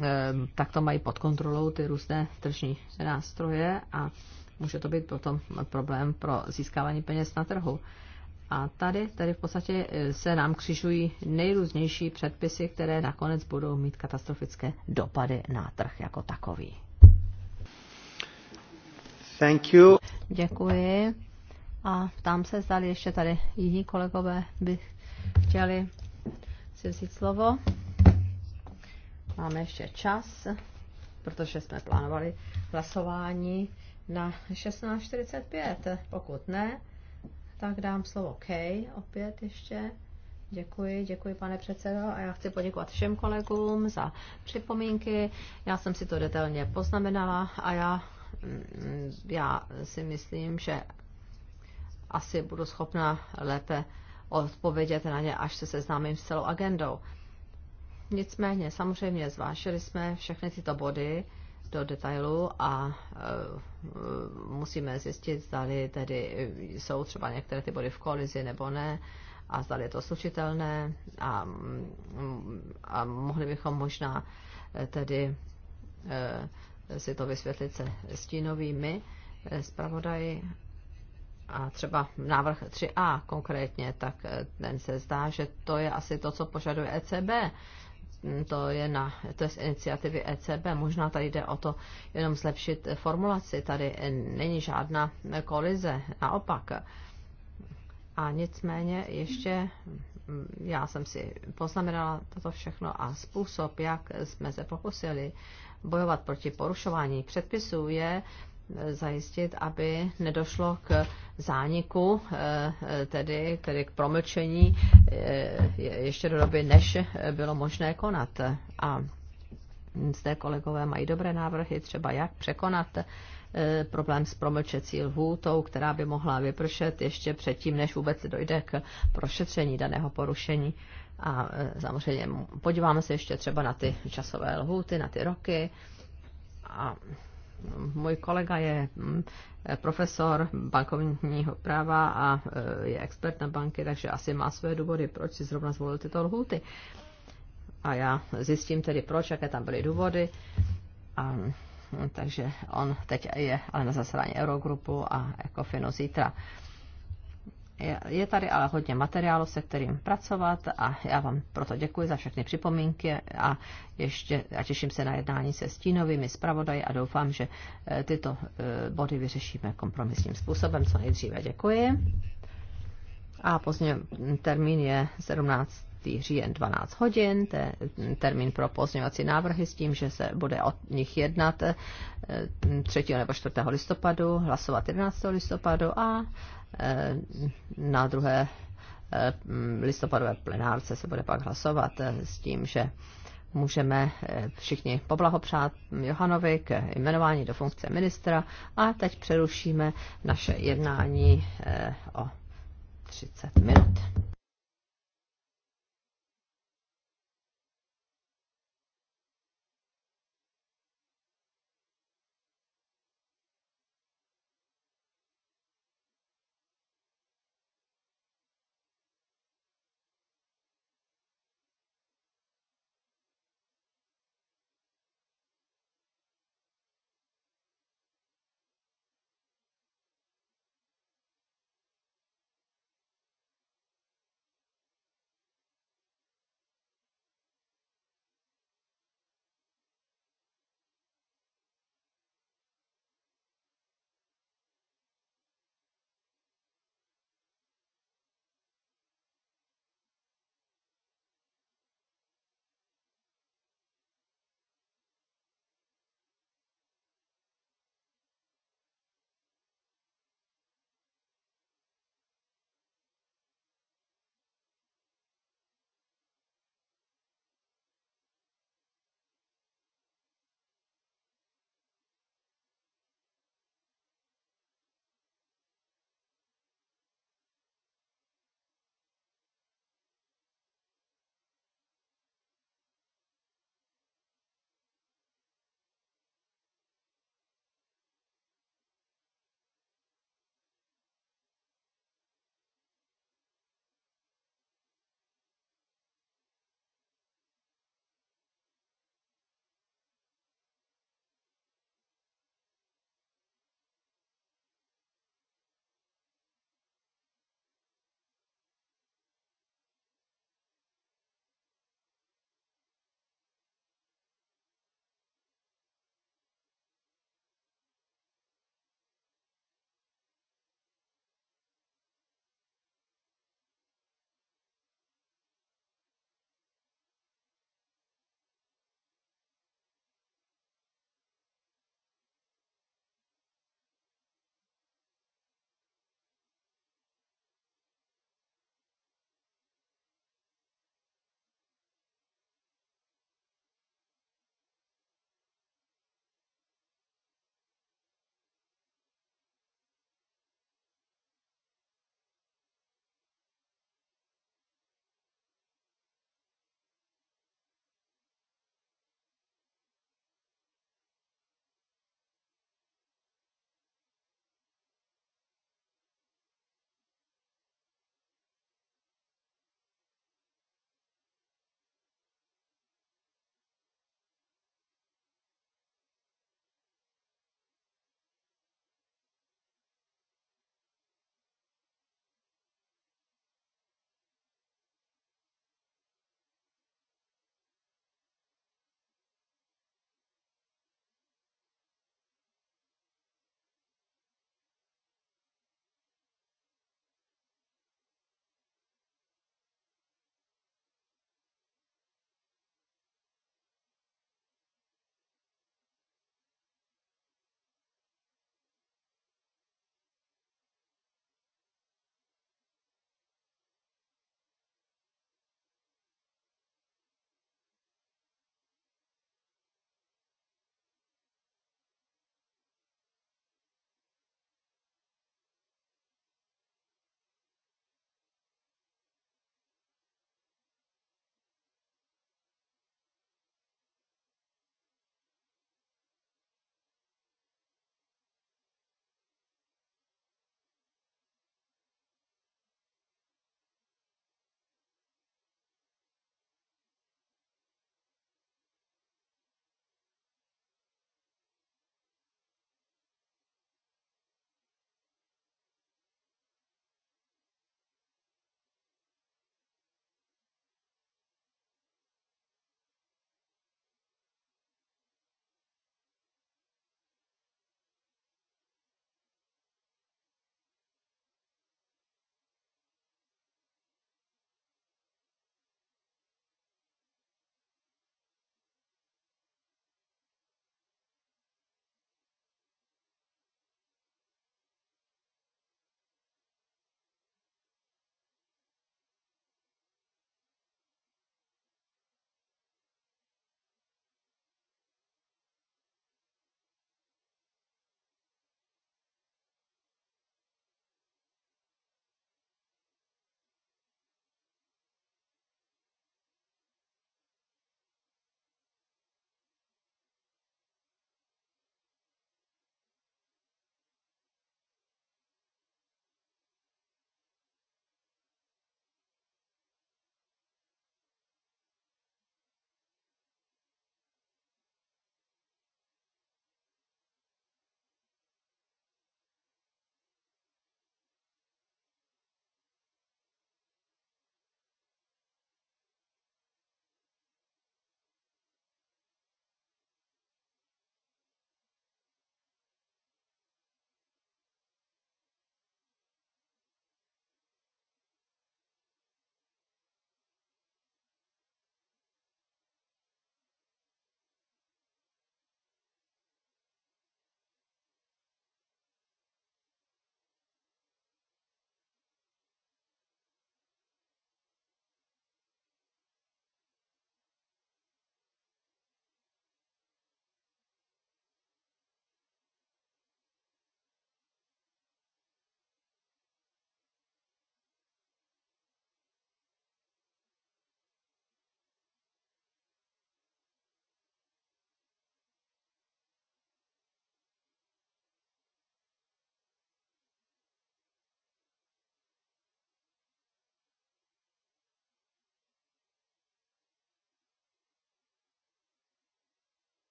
D: eh, tak to mají pod kontrolou ty různé tržní nástroje a může to být potom problém pro získávání peněz na trhu. A tady, tady v podstatě eh, se nám křižují nejrůznější předpisy, které nakonec budou mít katastrofické dopady na trh jako takový.
A: Thank you.
D: Děkuji. A ptám se, zda ještě tady jiní kolegové by chtěli si vzít slovo. Máme ještě čas, protože jsme plánovali hlasování na 16.45. Pokud ne, tak dám slovo K opět ještě. Děkuji, děkuji pane předsedo a já chci poděkovat všem kolegům za připomínky. Já jsem si to detailně poznamenala a já, mm, já si myslím, že asi budu schopna lépe odpovědět na ně, až se seznámím s celou agendou. Nicméně samozřejmě zvážili jsme všechny tyto body do detailu a e, e, musíme zjistit, zdali tedy jsou třeba některé ty body v kolizi nebo ne a zdali je to slučitelné a, mm, a mohli bychom možná e, tedy si to vysvětlit se stínovými zpravodaji a třeba návrh 3a konkrétně, tak ten se zdá, že to je asi to, co požaduje ECB Mm, to je, na, to je z iniciativy ECB. Možná tady jde o to jenom zlepšit formulaci. Tady není žádná kolize, naopak. A nicméně ještě mm, já jsem si poznamenala toto všechno a způsob, jak jsme se pokusili bojovat proti porušování předpisů, je zajistit, aby nedošlo k zániku, eh, eh, tedy, tedy k promlčení eh, ještě do doby, než bylo možné konat. A zde kolegové mají dobré návrhy, třeba jak překonat problém s promlčecí lhůtou, která by mohla vypršet ještě předtím, než vůbec dojde k prošetření daného porušení. A samozřejmě podíváme se ještě třeba na ty časové lhůty, na ty roky. A můj kolega je mm, profesor bankovního práva a e, je expert na banky, takže asi má své důvody, proč si zrovna zvolil tyto lhuty. A já zjistím tedy, proč, jaké tam byly důvody. A, mm, takže on teď je ale na zasedání Eurogrupu a Ecofinu zítra. Je tady ale hodně materiálu, se kterým pracovat a já vám proto děkuji za všechny připomínky a ještě a těším se na jednání se stínovými zpravodaji a doufám, že eh, tyto eh, body vyřešíme kompromisním způsobem, co nejdříve. Děkuji. A pozdě termín je 17. říjen 12 hodin, to je termín pro pozměňovací návrhy s tím, že se bude o nich jednat 3. Eh, nebo 4. listopadu, hlasovat 11. listopadu a Eh, na druhé eh, listopadové plenárce se bude pak hlasovat eh, s tím, že můžeme všichni poblahopřát Johanovi k jmenování do funkce ministra a teď přerušíme naše jednání o
E: 30 minut.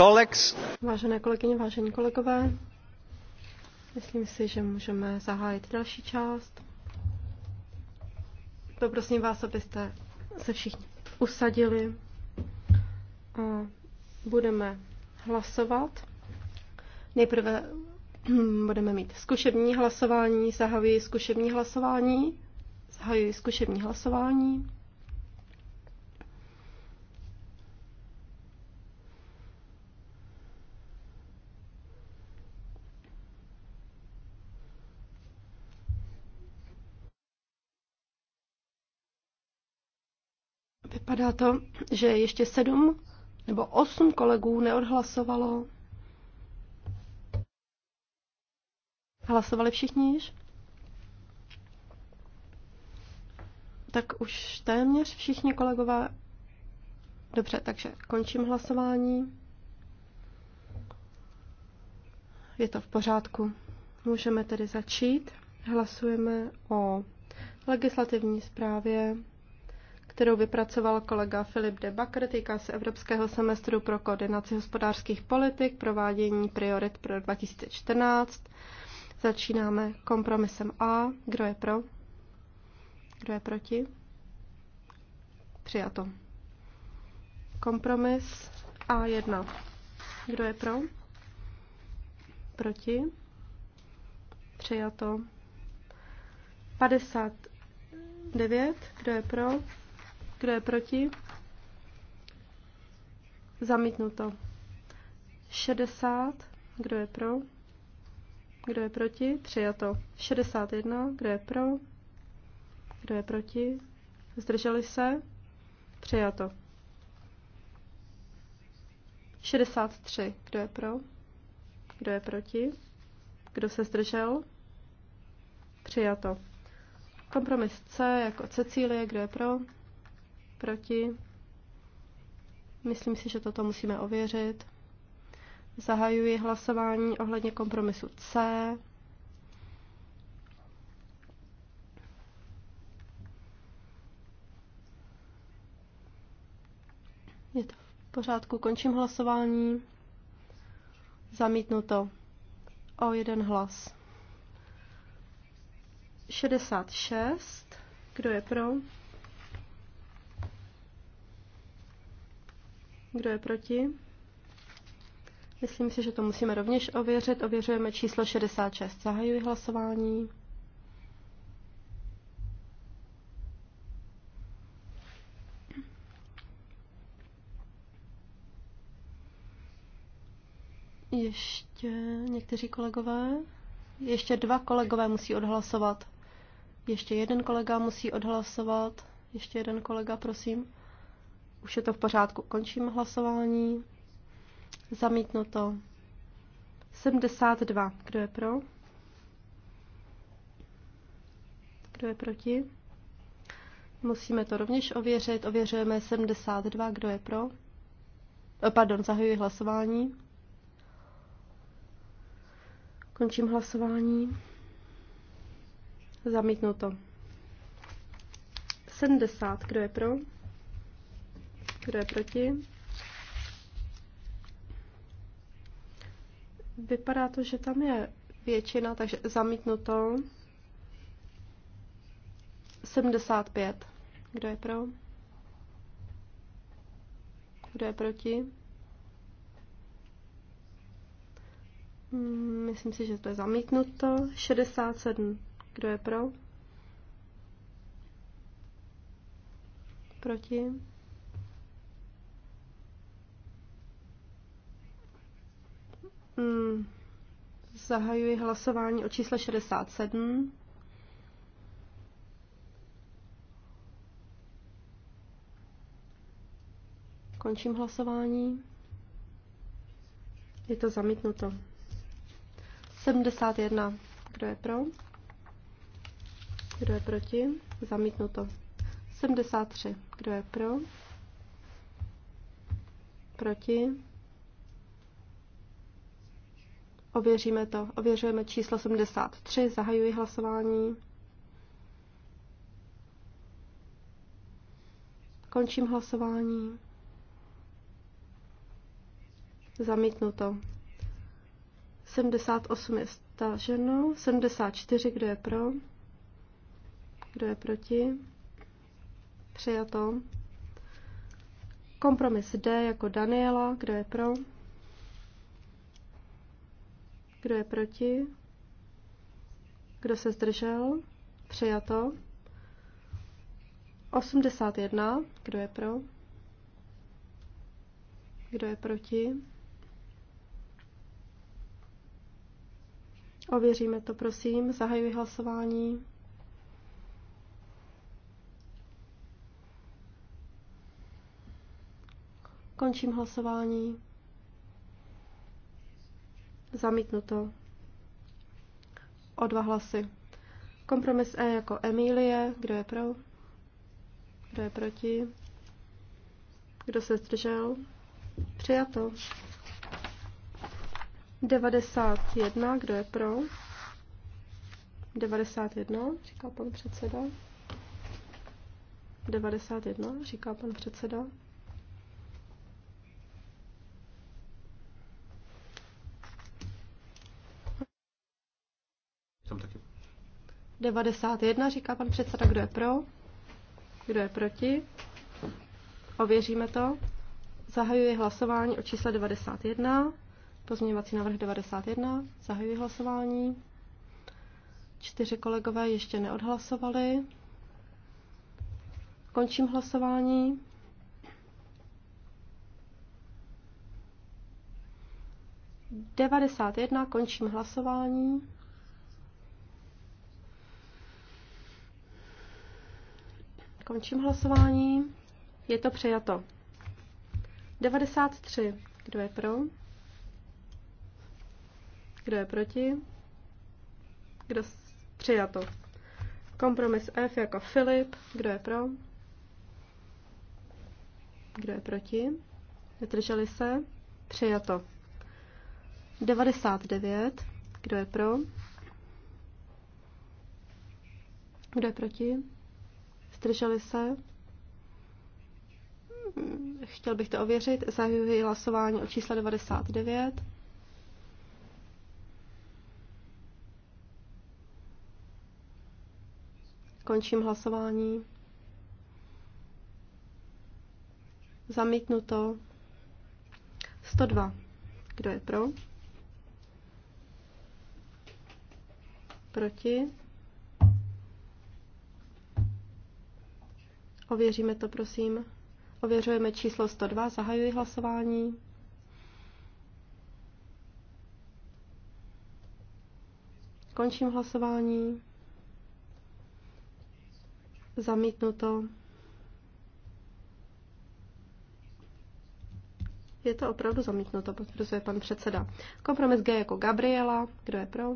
B: Kolex. Vážené kolegyně, vážení kolegové, myslím si, že můžeme zahájit další část. Poprosím vás, abyste se všichni usadili a budeme hlasovat. Nejprve budeme mít zkušební hlasování, zahajuji zkušební hlasování, zahajuji zkušební hlasování. Vypadá to, že ještě sedm nebo osm kolegů neodhlasovalo. Hlasovali všichni již? Tak už téměř všichni kolegové. Dobře, takže končím hlasování. Je to v pořádku. Můžeme tedy začít. Hlasujeme o legislativní zprávě kterou vypracoval kolega Filip de Bakr, týká se Evropského semestru pro koordinaci hospodářských politik, provádění priorit pro 2014. Začínáme kompromisem A. Kdo je pro? Kdo je proti? Přijato. Kompromis A1. Kdo je pro? Proti? Přijato. 59. Kdo je pro? Kdo je proti? Zamítnuto. 60. Kdo je pro? Kdo je proti? Přijato. 61. Kdo je pro? Kdo je proti? Zdrželi se? Přijato. 63. Kdo je pro? Kdo je proti? Kdo se zdržel? Přijato. Kompromis C jako Cecílie. Kdo je pro? proti. Myslím si, že toto musíme ověřit. Zahajuji hlasování ohledně kompromisu C. Je to v pořádku, končím hlasování. Zamítnuto o jeden hlas. 66. Kdo je pro? Kdo je proti? Myslím si, že to musíme rovněž ověřit. Ověřujeme číslo 66. Zahajuji hlasování. Ještě někteří kolegové. Ještě dva kolegové musí odhlasovat. Ještě jeden kolega musí odhlasovat. Ještě jeden kolega, prosím. Už je to v pořádku. Končím hlasování. to. 72. Kdo je pro? Kdo je proti? Musíme to rovněž ověřit. Ověřujeme 72. Kdo je pro? Eh, pardon, zahajuji hlasování. Končím hlasování. Zamítnuto. 70. Kdo je pro? Kdo je proti? Vypadá to, že tam je většina, takže zamítnuto. 75. Kdo je pro? Kdo je proti? Hmm, myslím si, že to je zamítnuto. 67. Kdo je pro? Proti? Hmm. Zahajuji hlasování o čísle 67. Končím hlasování. Je to zamítnuto. 71. Kdo je pro? Kdo je proti? Zamítnuto. 73. Kdo je pro? Proti? Ověříme to. Ověřujeme číslo 73. Zahajuji hlasování. Končím hlasování. Zamítnuto. 78 je staženo. 74, kdo je pro? Kdo je proti? Přijato. Kompromis D jako Daniela, kdo je pro? Kdo je proti? Kdo se zdržel? Přijato. 81. Kdo je pro? Kdo je proti? Ověříme to, prosím. Zahajuji hlasování. Končím hlasování. Zamítnuto. O dva hlasy. Kompromis E jako Emílie. Kdo je pro? Kdo je proti? Kdo se zdržel? Přijato. 91. Kdo je pro? 91, říká pan předseda. 91, říká pan předseda. 91, říká pan předseda, kdo je pro, kdo je proti. Ověříme to. Zahajuji hlasování o čísle 91, pozměňovací návrh 91, zahajuji hlasování. Čtyři kolegové ještě neodhlasovali. Končím hlasování. Devadesát jedna, končím hlasování. Končím hlasování. Je to přijato. 93. Kdo je pro? Kdo je proti? Kdo přijato? Kompromis F jako Filip. Kdo je pro? Kdo je proti? Zdrželi se? Přijato. 99. Kdo je pro? Kdo je proti? Zdrželi se? Chtěl bych to ověřit. Zahajuji hlasování o čísle 99. Končím hlasování. Zamítnuto. 102. Kdo je pro? Proti? Ověříme to, prosím. Ověřujeme číslo 102, zahajuji hlasování. Končím hlasování. Zamítnuto. Je to opravdu zamítnuto, potvrzuje pan předseda. Kompromis G jako Gabriela. Kdo je pro?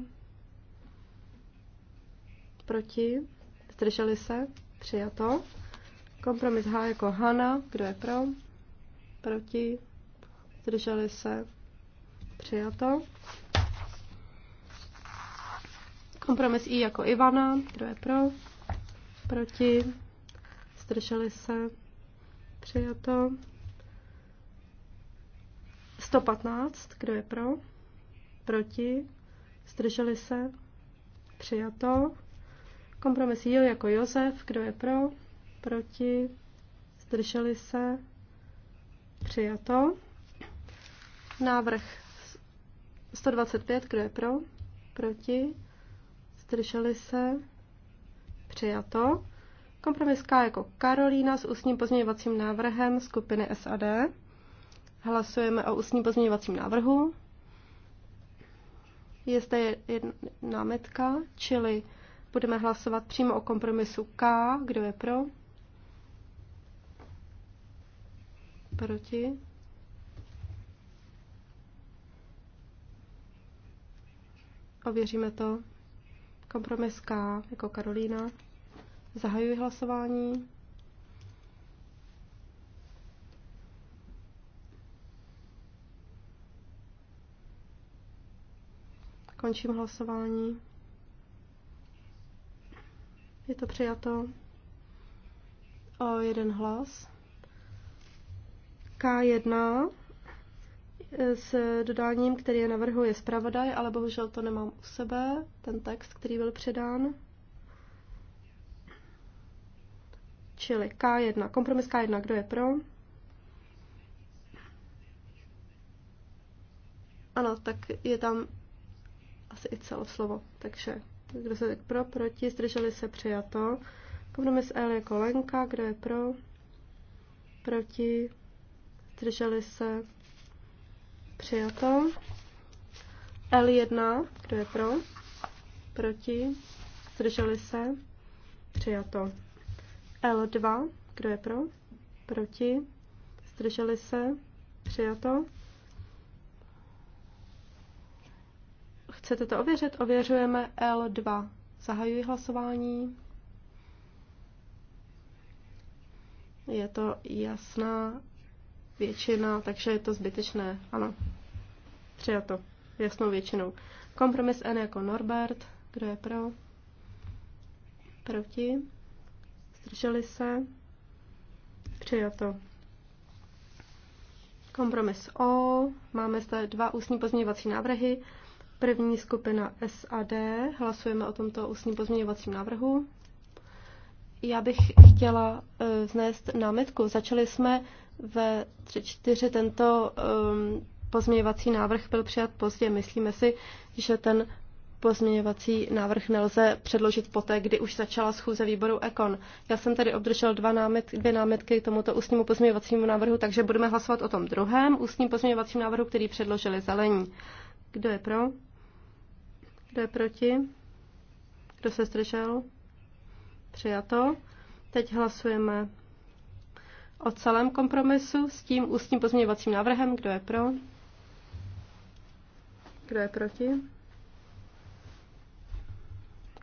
B: Proti? Zdrželi se? Přijato. Kompromis H jako Hana. Kdo je pro? Proti? Zdrželi se? Přijato. Kompromis I jako Ivana. Kdo je pro? Proti? Zdrželi se? Přijato. 115. Kdo je pro? Proti? Zdrželi se? Přijato. Kompromis J jako Josef. Kdo je pro? proti, zdrželi se, přijato. Návrh 125, kdo je pro, proti, zdrželi se, přijato. Kompromis K jako Karolína s ústním pozměňovacím návrhem skupiny SAD. Hlasujeme o ústním pozměňovacím návrhu. Je zde jedna námitka, čili budeme hlasovat přímo o kompromisu K, kdo je pro, Proti? Ověříme to. Kompromis K jako Karolína. Zahajuji hlasování. Končím hlasování. Je to přijato o jeden hlas. K1 eh, s dodáním, který je navrhuje zpravodaj, ale bohužel to nemám u sebe, ten text, který byl předán. Čili K1, kompromis K1, kdo je pro? Ano, tak je tam asi i slovo. takže kdo se pro, proti, zdrželi se, přijato. Kompromis L je kolenka, kdo je pro, proti, zdrželi se, přijato. L1, kdo je pro, proti, zdrželi se, přijato. L2, kdo je pro, proti, zdrželi se, přijato. Chcete to ověřit? Ověřujeme L2. Zahajuji hlasování. Je to jasná většina, takže je to zbytečné. Ano, přijato jasnou většinou. Kompromis N jako Norbert, kdo je pro? Proti? Zdrželi se? Přijato. Kompromis O. Máme zde dva ústní pozměňovací návrhy. První skupina S a D. Hlasujeme o tomto ústním pozměňovacím návrhu. Já bych chtěla uh, vznést námitku. Začali jsme ve 3.4 tento um, pozměňovací návrh byl přijat pozdě. Myslíme si, že ten pozměňovací návrh nelze předložit poté, kdy už začala schůze výboru Ekon. Já jsem tady obdržel dva námit, dvě námitky k tomuto ústnímu pozměňovacímu návrhu, takže budeme hlasovat o tom druhém ústním pozměňovacím návrhu, který předložili zelení. Kdo je pro? Kdo je proti? Kdo se zdržel? Přijato. Teď hlasujeme o celém kompromisu s tím ústním pozměňovacím návrhem. Kdo je pro? Kdo je proti?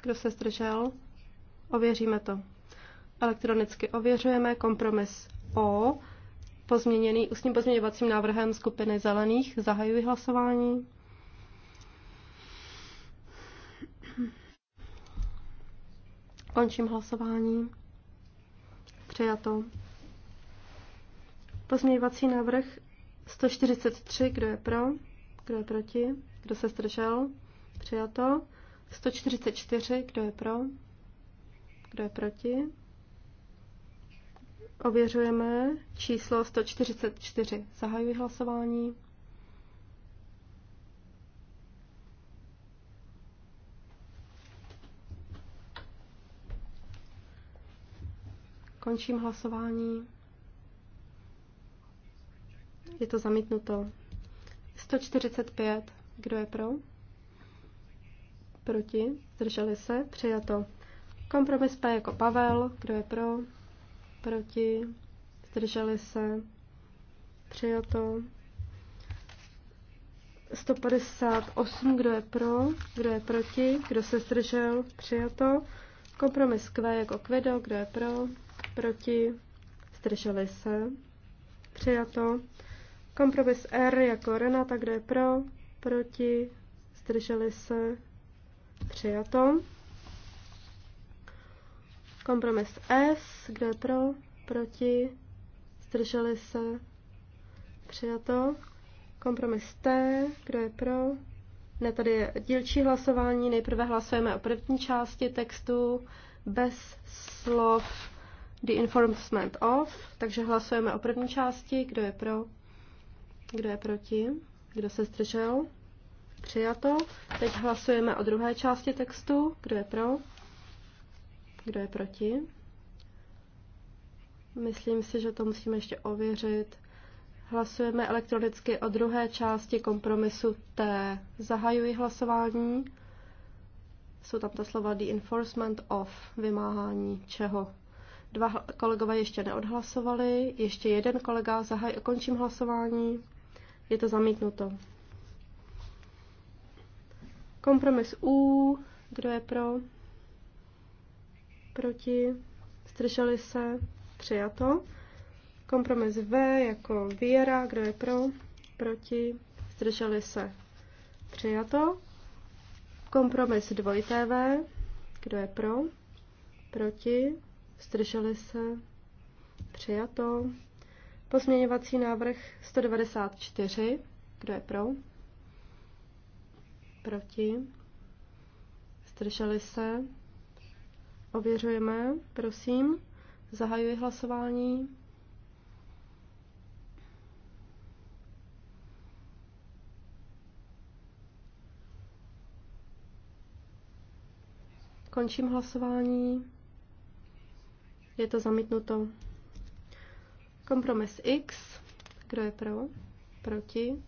B: Kdo se zdržel? Ověříme to. Elektronicky ověřujeme kompromis O, pozměněný ústním pozměňovacím návrhem skupiny zelených. Zahajuji hlasování. Končím hlasování. Přijato. Pozměňovací návrh 143, kdo je pro, kdo je proti, kdo se zdržel, přijato. 144, kdo je pro, kdo je proti. Ověřujeme číslo 144. Zahajuji hlasování. Končím hlasování. Je to zamítnuto. 145. Kdo je pro? Proti? Zdrželi se? Přijato. Kompromis P jako Pavel. Kdo je pro? Proti? Zdrželi se? Přijato. 158. Kdo je pro? Kdo je proti? Kdo se zdržel? Přijato. Kompromis Q jako Kvido. Kdo je pro? Proti? Zdrželi se? Přijato. Kompromis R jako Renata, kde je pro, proti, zdrželi se, přijato. Kompromis S, kde je pro, proti, zdrželi se, přijato. Kompromis T, kdo je pro? Ne, tady je dílčí hlasování. Nejprve hlasujeme o první části textu bez slov the enforcement of, takže hlasujeme o první části, kdo je pro, kdo je proti? Kdo se zdržel? Přijato. Teď hlasujeme o druhé části textu. Kdo je pro? Kdo je proti? Myslím si, že to musíme ještě ověřit. Hlasujeme elektronicky o druhé části kompromisu T. Zahajuji hlasování. Jsou tam ta slova the enforcement of, vymáhání čeho. Dva kolegové ještě neodhlasovali, ještě jeden kolega, zahaj, končím hlasování je to zamítnuto. Kompromis U, kdo je pro, proti, zdrželi se, přijato. Kompromis V jako Věra, kdo je pro, proti, zdrželi se, přijato. Kompromis dvojité V, kdo je pro, proti, zdrželi se, přijato. Pozměňovací návrh 194. Kdo je pro? Proti? Zdrželi se? Ověřujeme, prosím. Zahajuji hlasování. Končím hlasování. Je to zamítnuto. Kompromis X. Kdo je pro? Proti?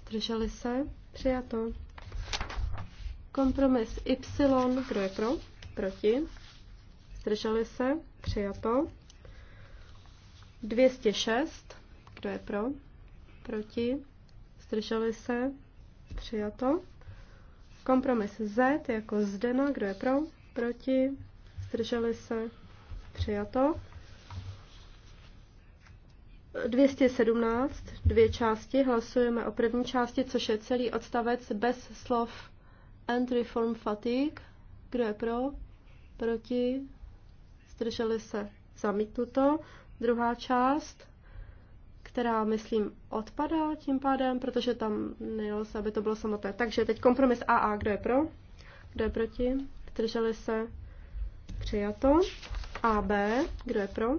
B: Zdrželi se? Přijato. Kompromis Y. Kdo je pro? Proti? Zdrželi se? Přijato. 206. Kdo je pro? Proti? Zdrželi se? Přijato. Kompromis Z jako Zdena. Kdo je pro? Proti? Zdrželi se? Přijato. 217, dvě části, hlasujeme o první části, což je celý odstavec bez slov and reform fatigue. Kdo je pro? Proti? Zdrželi se? Zamítnuto. Druhá část, která, myslím, odpadá tím pádem, protože tam nelze, aby to bylo samotné. Takže teď kompromis AA. Kdo je pro? Kdo je proti? Zdrželi se? Přijato. AB. Kdo je pro?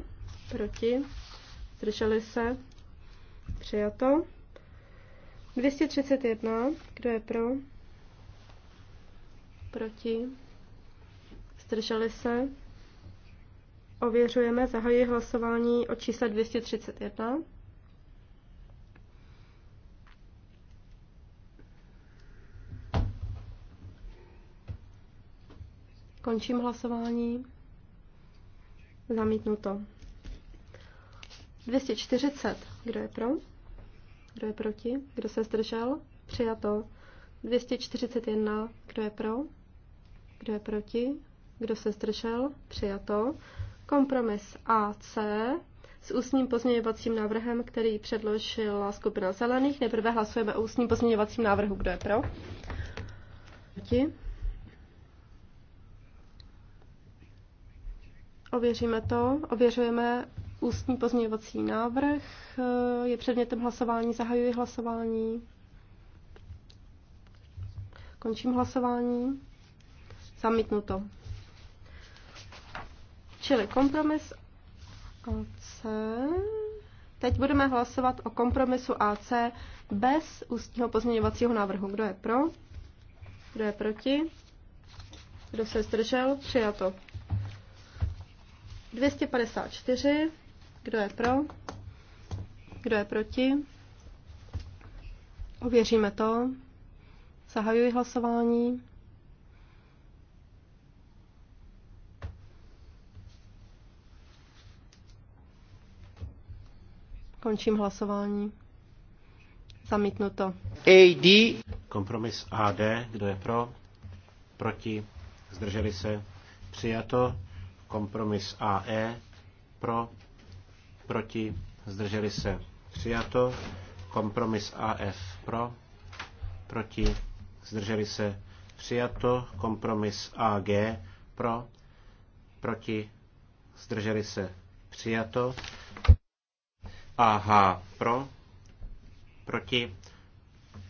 B: Proti? Zdrželi se? Přijato. 231. Kdo je pro? Proti? Zdrželi se? Ověřujeme. zahají hlasování o čísle 231. Končím hlasování. Zamítnuto. 240. Kdo je pro? Kdo je proti? Kdo se zdržel? Přijato. 241. Kdo je pro? Kdo je proti? Kdo se zdržel? Přijato. Kompromis AC s ústním pozměňovacím návrhem, který předložila skupina zelených. Nejprve hlasujeme o ústním pozměňovacím návrhu. Kdo je pro? Proti? Ověříme to. Ověřujeme Ústní pozměňovací návrh eh, je předmětem hlasování. Zahajuji hlasování. Končím hlasování. Zamítnuto. Čili kompromis AC. Teď budeme hlasovat o kompromisu AC bez ústního pozměňovacího návrhu. Kdo je pro? Kdo je proti? Kdo se zdržel? Přijato. 254. Kdo je pro? Kdo je proti? Ověříme to. Zahajuji hlasování. Končím hlasování. Zamítnuto.
C: AD. Kompromis AD. Kdo je pro? Proti? Zdrželi se? Přijato. Kompromis AE. Pro? proti, zdrželi se, přijato. Kompromis AF pro, proti, zdrželi se, přijato. Kompromis AG pro, proti, zdrželi se, přijato. AH pro, proti,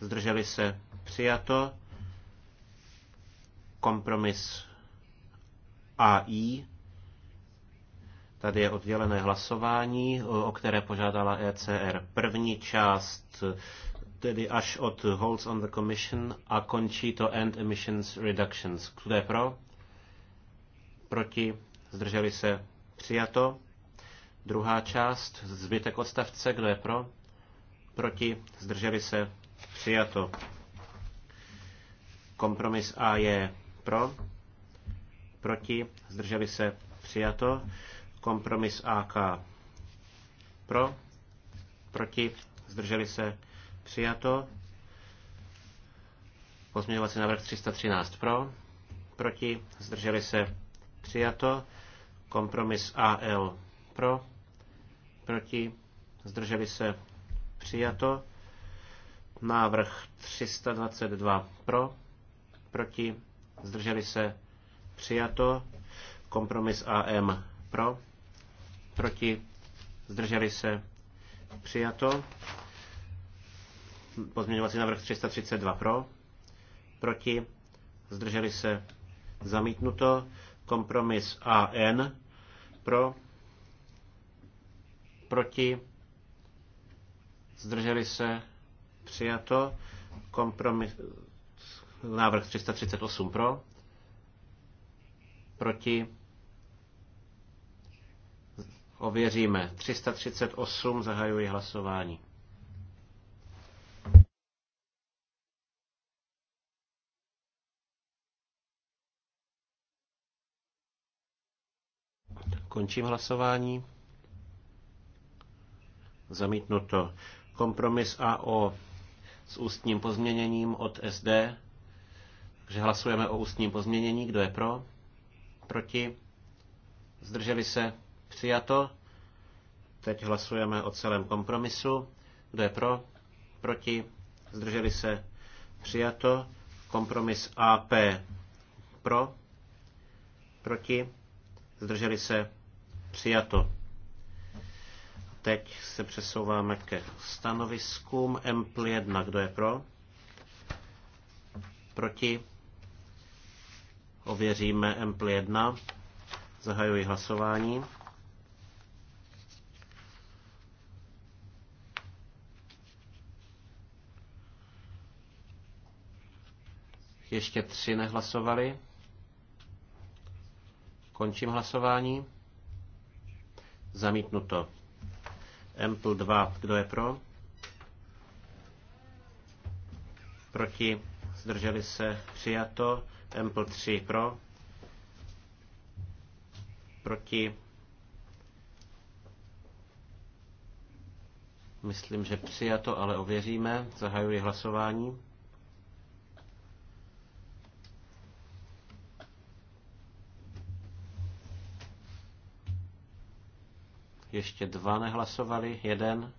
C: zdrželi se, přijato. Kompromis AI Tady je oddělené hlasování, o které požádala ECR. První část, tedy až od Holds on the Commission a končí to End Emissions Reductions. Kdo je pro? Proti? Zdrželi se? Přijato. Druhá část, zbytek odstavce, kdo je pro? Proti? Zdrželi se? Přijato. Kompromis A je pro? Proti? Zdrželi se? Přijato. Kompromis AK pro, proti, zdrželi se, přijato. Pozměňovací návrh 313 pro, proti, zdrželi se, přijato. Kompromis AL pro, proti, zdrželi se, přijato. Návrh 322 pro, proti, zdrželi se, přijato. Kompromis AM pro, proti, zdrželi se, přijato. Pozměňovací návrh 332 pro, proti, zdrželi se, zamítnuto. Kompromis AN pro, proti, zdrželi se, přijato. Kompromis, návrh 338 pro, proti, Ověříme. 338 zahajuji hlasování. Končím hlasování. Zamítnuto. Kompromis AO s ústním pozměněním od SD. Takže hlasujeme o ústním pozměnění. Kdo je pro? Proti? Zdrželi se? Přijato. Teď hlasujeme o celém kompromisu. Kdo je pro? Proti? Zdrželi se? Přijato. Kompromis AP pro? Proti? Zdrželi se? Přijato. Teď se přesouváme ke stanoviskům. Empl 1, kdo je pro? Proti? Ověříme Empl 1. Zahajuji hlasování. Ještě tři nehlasovali. Končím hlasování. Zamítnuto. Ample 2. Kdo je pro? Proti? Zdrželi se? Přijato. Ample 3. Pro? Proti? Myslím, že přijato, ale ověříme. Zahajuji hlasování. Ještě dva nehlasovali, jeden.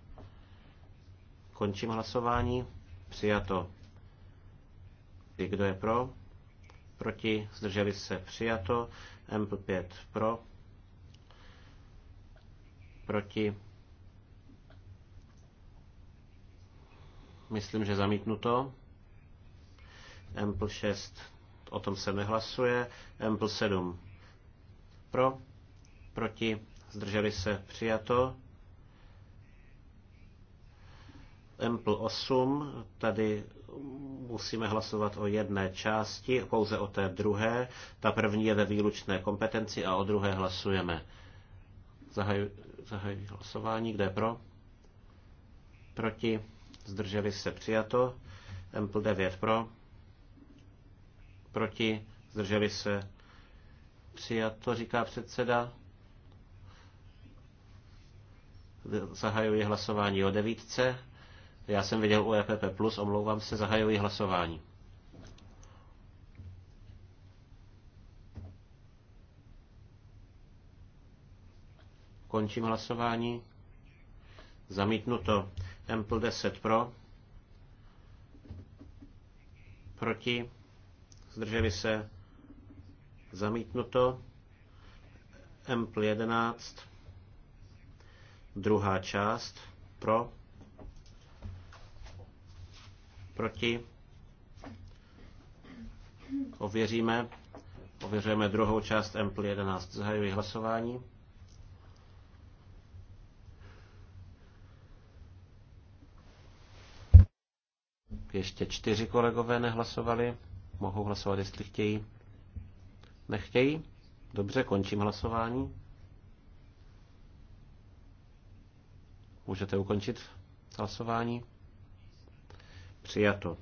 C: Končím hlasování. Přijato. I kdo je pro? Proti? Zdrželi se? Přijato. MP5 pro. Proti? Myslím, že zamítnuto. MP6 o tom se nehlasuje. MP7 pro. Proti? zdrželi se, přijato. Ample 8, tady musíme hlasovat o jedné části, pouze o té druhé. Ta první je ve výlučné kompetenci a o druhé hlasujeme. Zahajuji zahaj hlasování, kde je pro? Proti, zdrželi se, přijato. Ample 9 pro, proti, zdrželi se, přijato, říká předseda. Zahajuji hlasování o devítce. Já jsem viděl u EPP+, plus, omlouvám se, zahajuji hlasování. Končím hlasování. Zamítnuto. Ample 10 pro. Proti. Zdrželi se. Zamítnuto. Ample 11 Druhá část pro, proti. Ověříme. Ověřujeme druhou část M 11. Zahajuji hlasování. Ještě čtyři kolegové nehlasovali. Mohou hlasovat, jestli chtějí. Nechtějí? Dobře, končím hlasování. Můžete ukončit hlasování? Přijato.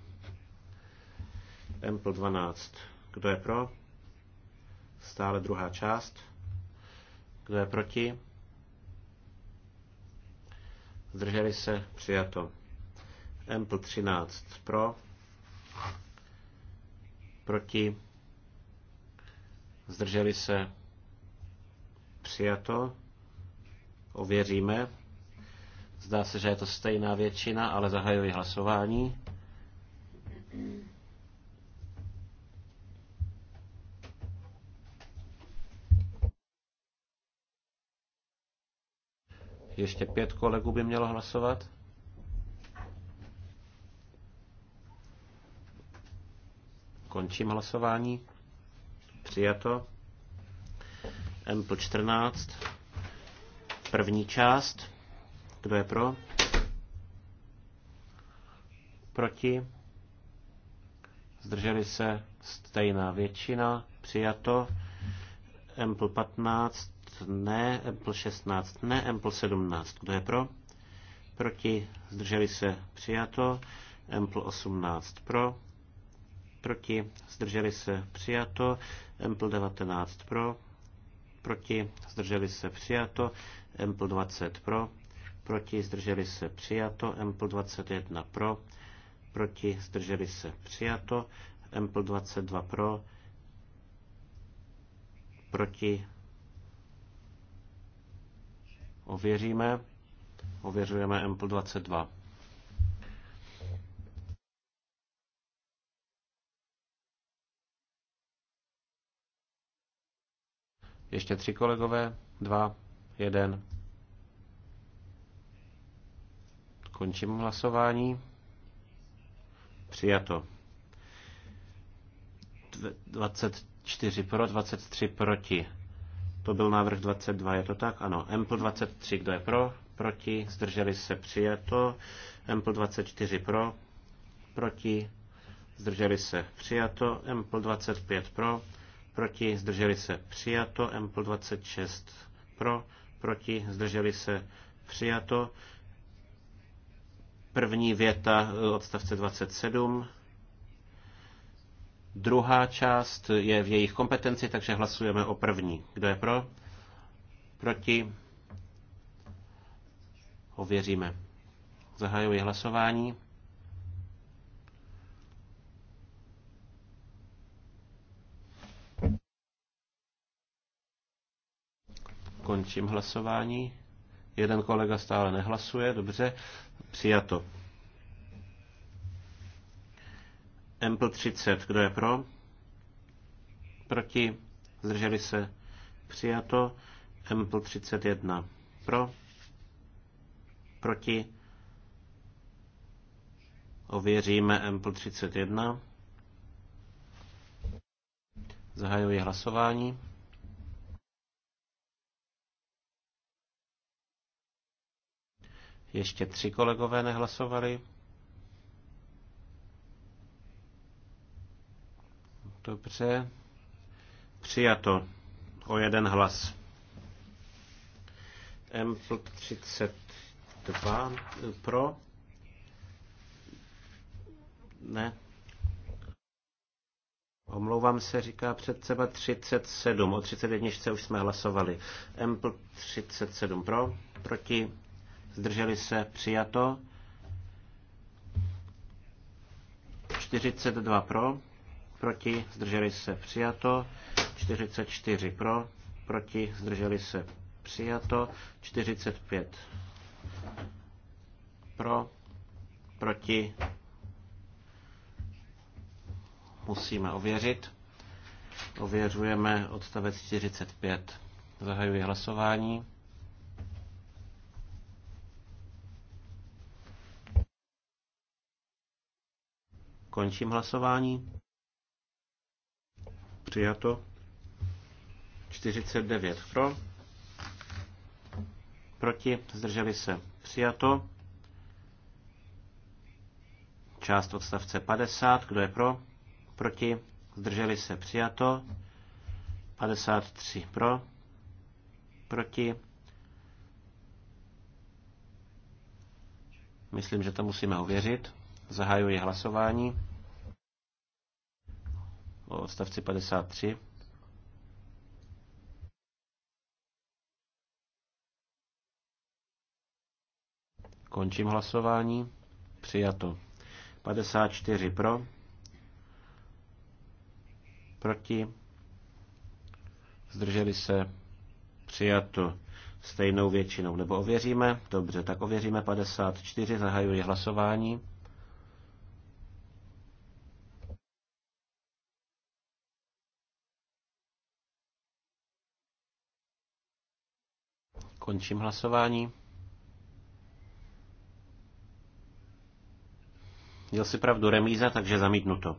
C: Ample 12. Kdo je pro? Stále druhá část. Kdo je proti? Zdrželi se? Přijato. Ample 13. Pro? Proti? Zdrželi se? Přijato. Ověříme. Zdá se, že je to stejná většina, ale zahajuji hlasování. Ještě pět kolegů by mělo hlasovat. Končím hlasování. Přijato. M14. První část. Kdo je pro? Proti? Zdrželi se stejná většina. Přijato. Ample 15 ne, Ample 16 ne, Ample 17. Kdo je pro? Proti? Zdrželi se přijato. Ample 18 pro. Proti? Zdrželi se přijato. Ample 19 pro. Proti? Zdrželi se přijato. Ample 20 pro proti, zdrželi se přijato, mpl 21 pro, proti, zdrželi se přijato, mpl 22 pro, proti, ověříme, ověřujeme mpl 22. Ještě tři kolegové, dva, jeden. Končím hlasování. Přijato. 24 pro, 23 proti. To byl návrh 22, je to tak? Ano. Mpl 23, kdo je pro? Proti. Zdrželi se přijato. Mpl 24 pro. Proti. Zdrželi se přijato. Mpl 25 pro. Proti. Zdrželi se přijato. Mpl 26 pro. Proti. Zdrželi se přijato. První věta eh, odstavce 27. Druhá část je v jejich kompetenci, takže hlasujeme o první. Kdo je pro? Proti? Ověříme. Zahajuji hlasování. Končím hlasování. Jeden kolega stále nehlasuje, dobře. Přijato. mp 30, kdo je pro? Proti? Zdrželi se? Přijato. mp 31, pro? Proti? Ověříme mp 31. Zahajuji hlasování. Ještě tři kolegové nehlasovali. Dobře. Přijato o jeden hlas. m 32 pro. Ne. Omlouvám se, říká před seba 37. O 31 už jsme hlasovali. m 37 pro, proti zdrželi se, přijato. 42 pro, proti, zdrželi se, přijato. 44 pro, proti, zdrželi se, přijato. 45 pro, proti, musíme ověřit. Ověřujeme odstavec 45. Zahajuji hlasování. Končím hlasování. Přijato. 49 pro. Proti. Zdrželi se. Přijato. Část odstavce 50. Kdo je pro? Proti. Zdrželi se. Přijato. 53 pro. Proti. Myslím, že to musíme ověřit. Zahajuji hlasování o odstavci 53. Končím hlasování. Přijato. 54 pro. Proti. Zdrželi se. Přijato. Stejnou většinou. Nebo ověříme? Dobře, tak ověříme 54. Zahajuji hlasování. Končím hlasování. Měl si pravdu remíza, takže zamítnuto.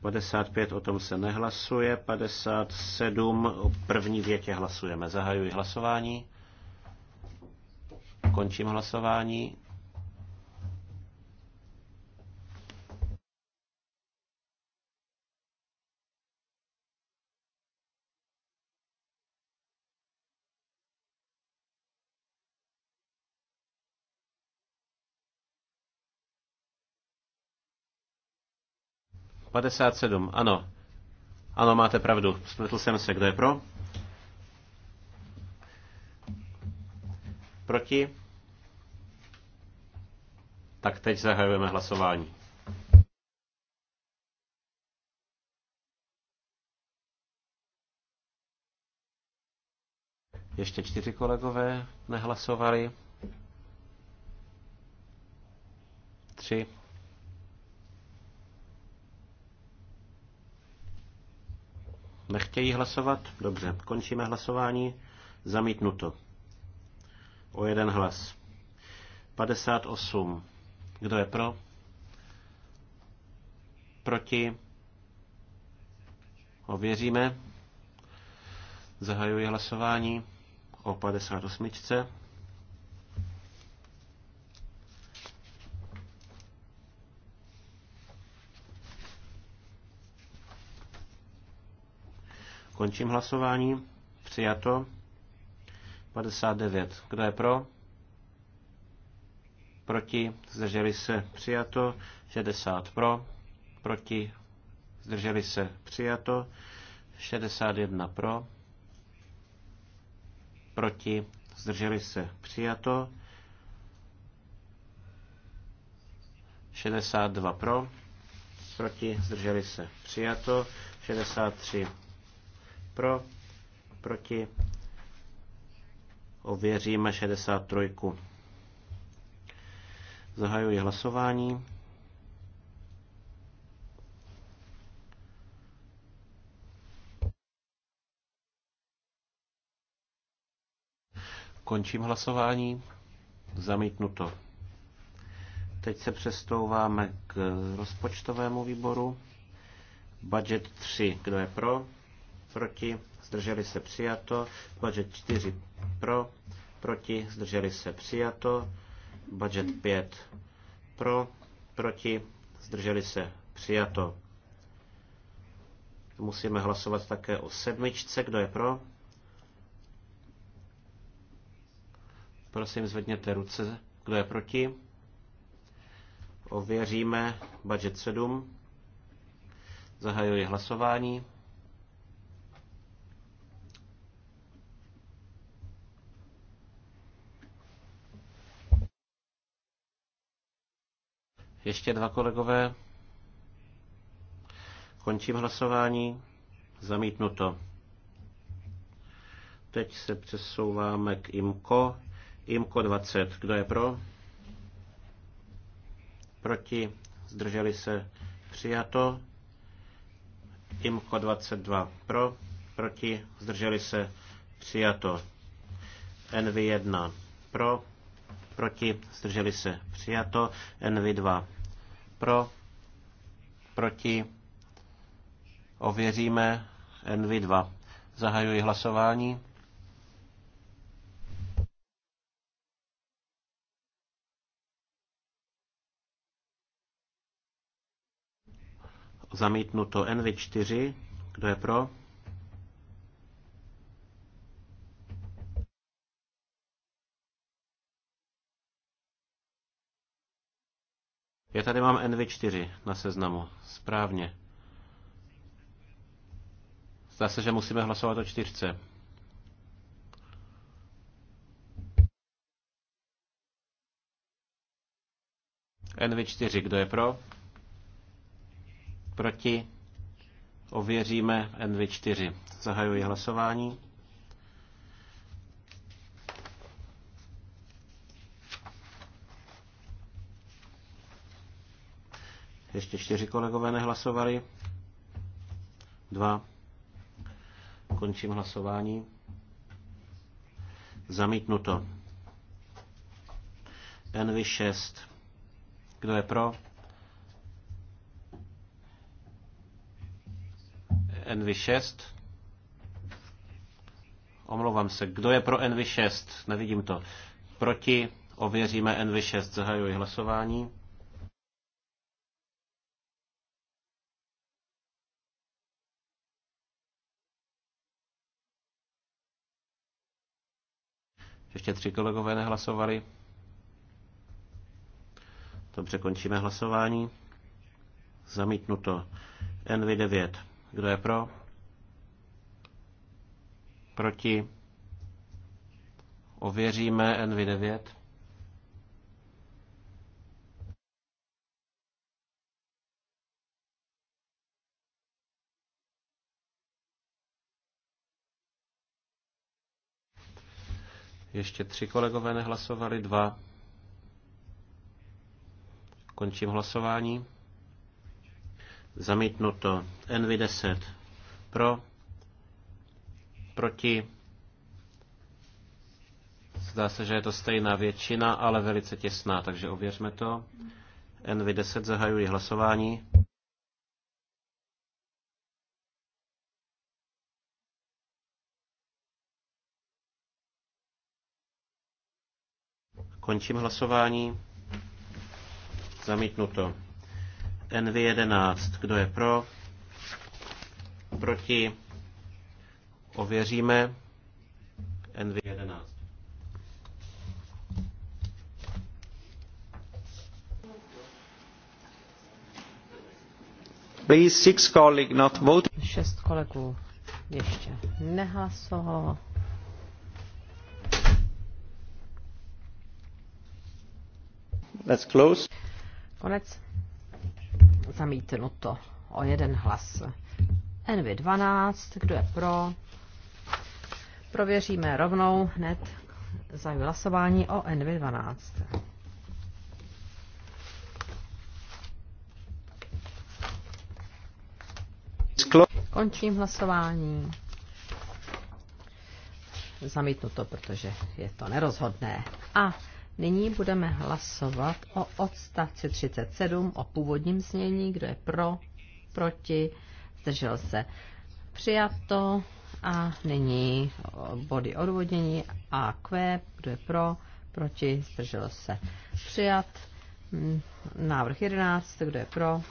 C: 55 o tom se nehlasuje, 57 o první větě hlasujeme. Zahajuji hlasování. Končím hlasování. 57, ano. Ano, máte pravdu. Spletl jsem se. Kdo je pro? Proti? Tak teď zahajujeme hlasování. Ještě čtyři kolegové nehlasovali. Tři. Nechtějí hlasovat? Dobře, končíme hlasování. Zamítnuto. O jeden hlas. 58. Kdo je pro? Proti? Ověříme. Zahajuji hlasování o 58. Končím hlasování. Přijato. 59. Kdo je pro? Proti. Zdrželi se. Přijato. 60 pro. Proti. Zdrželi se. Přijato. 61 pro. Proti. Zdrželi se. Přijato. 62 pro. Proti. Zdrželi se. Přijato. 63 pro, proti, ověříme 63. Zahajuji hlasování. Končím hlasování. Zamítnuto. Teď se přestouváme k rozpočtovému výboru. Budget 3. Kdo je pro? proti, zdrželi se přijato, budget 4 pro, proti, zdrželi se přijato, budget 5 pro, proti, zdrželi se přijato. Musíme hlasovat také o sedmičce, kdo je pro. Prosím, zvedněte ruce, kdo je proti. Ověříme budget 7. Zahajuji hlasování. Ještě dva kolegové. Končím hlasování. Zamítnuto. Teď se přesouváme k IMKO. IMKO 20. Kdo je pro? Proti? Zdrželi se? Přijato. IMKO 22. Pro? Proti? Zdrželi se? Přijato. NV1. Pro? Proti? Zdrželi se? Přijato. NV2 pro, proti, ověříme NV2. Zahajuji hlasování. Zamítnuto NV4. Kdo je pro? Já tady mám NV4 na seznamu. Správně. Zdá se, že musíme hlasovat o čtyřce. NV4, kdo je pro? Proti? Ověříme NV4. Zahajuji hlasování. Ještě čtyři kolegové nehlasovali. Dva. Končím hlasování. Zamítnuto. Envy 6. Kdo je pro? Envy 6 Omlouvám se. Kdo je pro Envy 6 Nevidím to. Proti ověříme Envy 6 Zahajuji hlasování. Ještě tři kolegové nehlasovali. Dobře, končíme hlasování. Zamítnuto. NV9. Kdo je pro? Proti? Ověříme NV9. Ještě tři kolegové nehlasovali, dva. Končím hlasování. Zamítnuto. NV10. Pro. Proti. Zdá se, že je to stejná většina, ale velice těsná, takže ověřme to. NV10 zahajuji hlasování. Končím hlasování. Zamítnuto. NV11. Kdo je pro? Proti? Ověříme. NV11.
A: Please, six colleagues not vote.
D: Šest kolegů ještě nehlasovalo.
A: That's close.
D: Konec. Zamítnuto o jeden hlas. NV12, kdo je pro? Prověříme rovnou hned za hlasování o NV12. Končím hlasování. Zamítnuto, protože je to nerozhodné. A Nyní budeme hlasovat o odstavci 37, o původním znění, kdo je pro, proti, zdržel se přijato a nyní body odvodnění Q, kdo je pro, proti, zdržel se přijat. Mm, návrh 11, kdo je pro,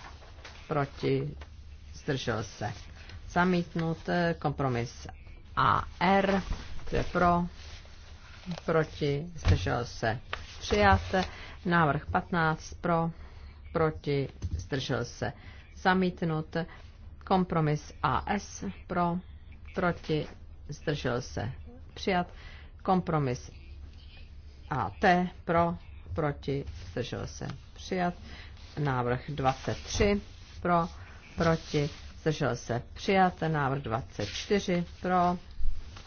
D: proti, zdržel se zamítnut, eh, kompromis AR, kdo je pro, proti, zdržel se, přijat. Návrh 15 pro, proti, zdržel se, zamítnut. Kompromis AS pro, proti, zdržel se, přijat. Kompromis AT pro, proti, zdržel se, přijat. Návrh 23 pro, proti, zdržel se, přijat. Návrh 24 pro,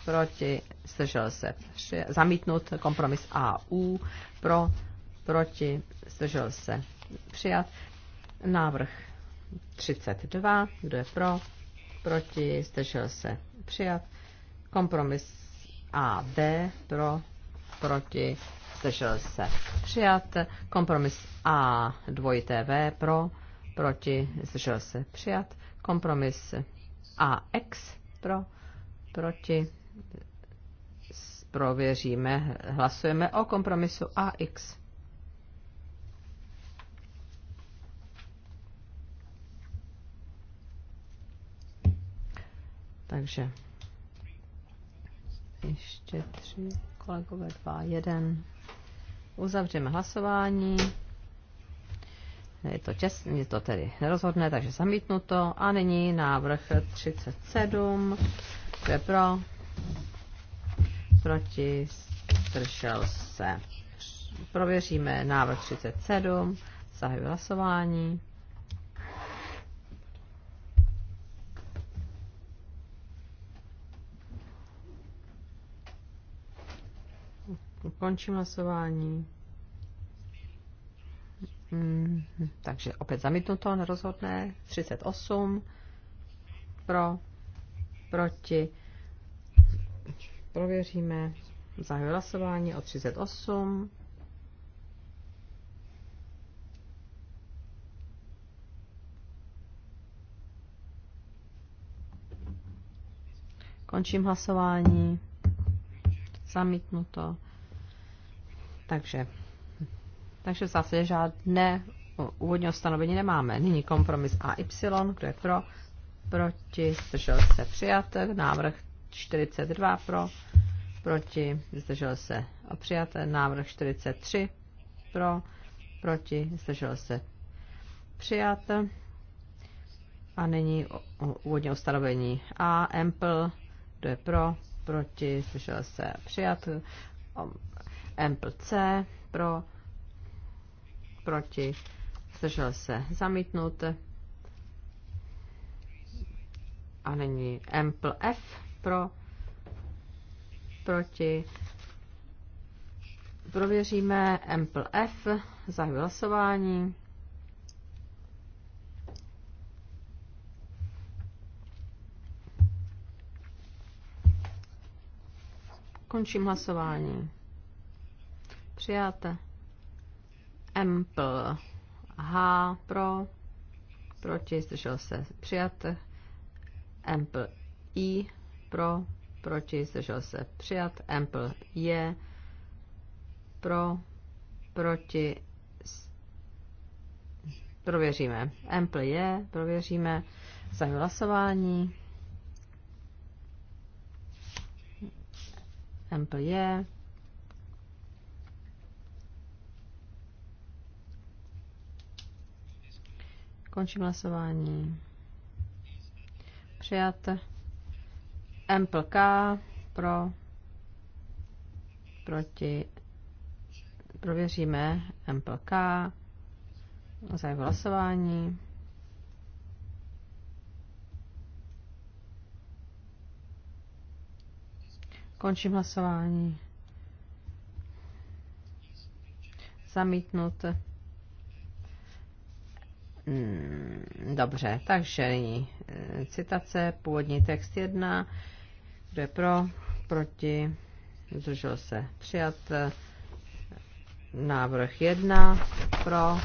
D: proti, zdržel se tři, zamítnut, kompromis AU, pro, proti, zdržel se přijat, návrh 32, kdo je pro, proti, zdržel se přijat, kompromis AB, pro, proti, zdržel se přijat, kompromis A, dvojité V, pro, proti, zdržel se přijat, kompromis AX, pro, proti, prověříme, hlasujeme o kompromisu AX. Takže ještě tři kolegové, dva, jeden. Uzavřeme hlasování. Je to, těs, je to tedy nerozhodné, takže zamítnuto. A nyní návrh 37. Kdo je pro? proti, zdržel se. Prověříme návrh 37, zahajuji hlasování. Končím hlasování. Mm, takže opět zamítnuto, nerozhodné. 38 pro, proti Prověříme. Zahajuji hlasování o 38. Končím hlasování. Zamítnuto. Takže, takže v zásadě žádné úvodní stanovení nemáme. Nyní kompromis AY, kdo je pro, proti, zdržel se přijat, návrh 42 pro, proti, zdržel se a přijat návrh 43 pro, proti, zdržel se přijat. A nyní úvodně ustanovení A, Ample, kdo je pro, proti, zdržel se přijat. Ample C, pro, proti, zdržel se zamítnut. A nyní Ample F, pro, proti. Prověříme Ample F, za hlasování. Končím hlasování. Přijáte. Ample H pro, proti, zdržel se, přijat. Ample I pro, proti, zdržel se přijat. Ample je pro, proti, prověříme. Ample je, prověříme. zájem hlasování. Ample je. Končím hlasování. Přijat. MPLK pro, proti, prověříme MPLK, zájem hlasování. Končím hlasování. Zamítnut. Mm, dobře, takže nyní eh, citace, původní text 1, kdo je pro? Proti? Zdržel se. Přijat. Návrh 1. Pro?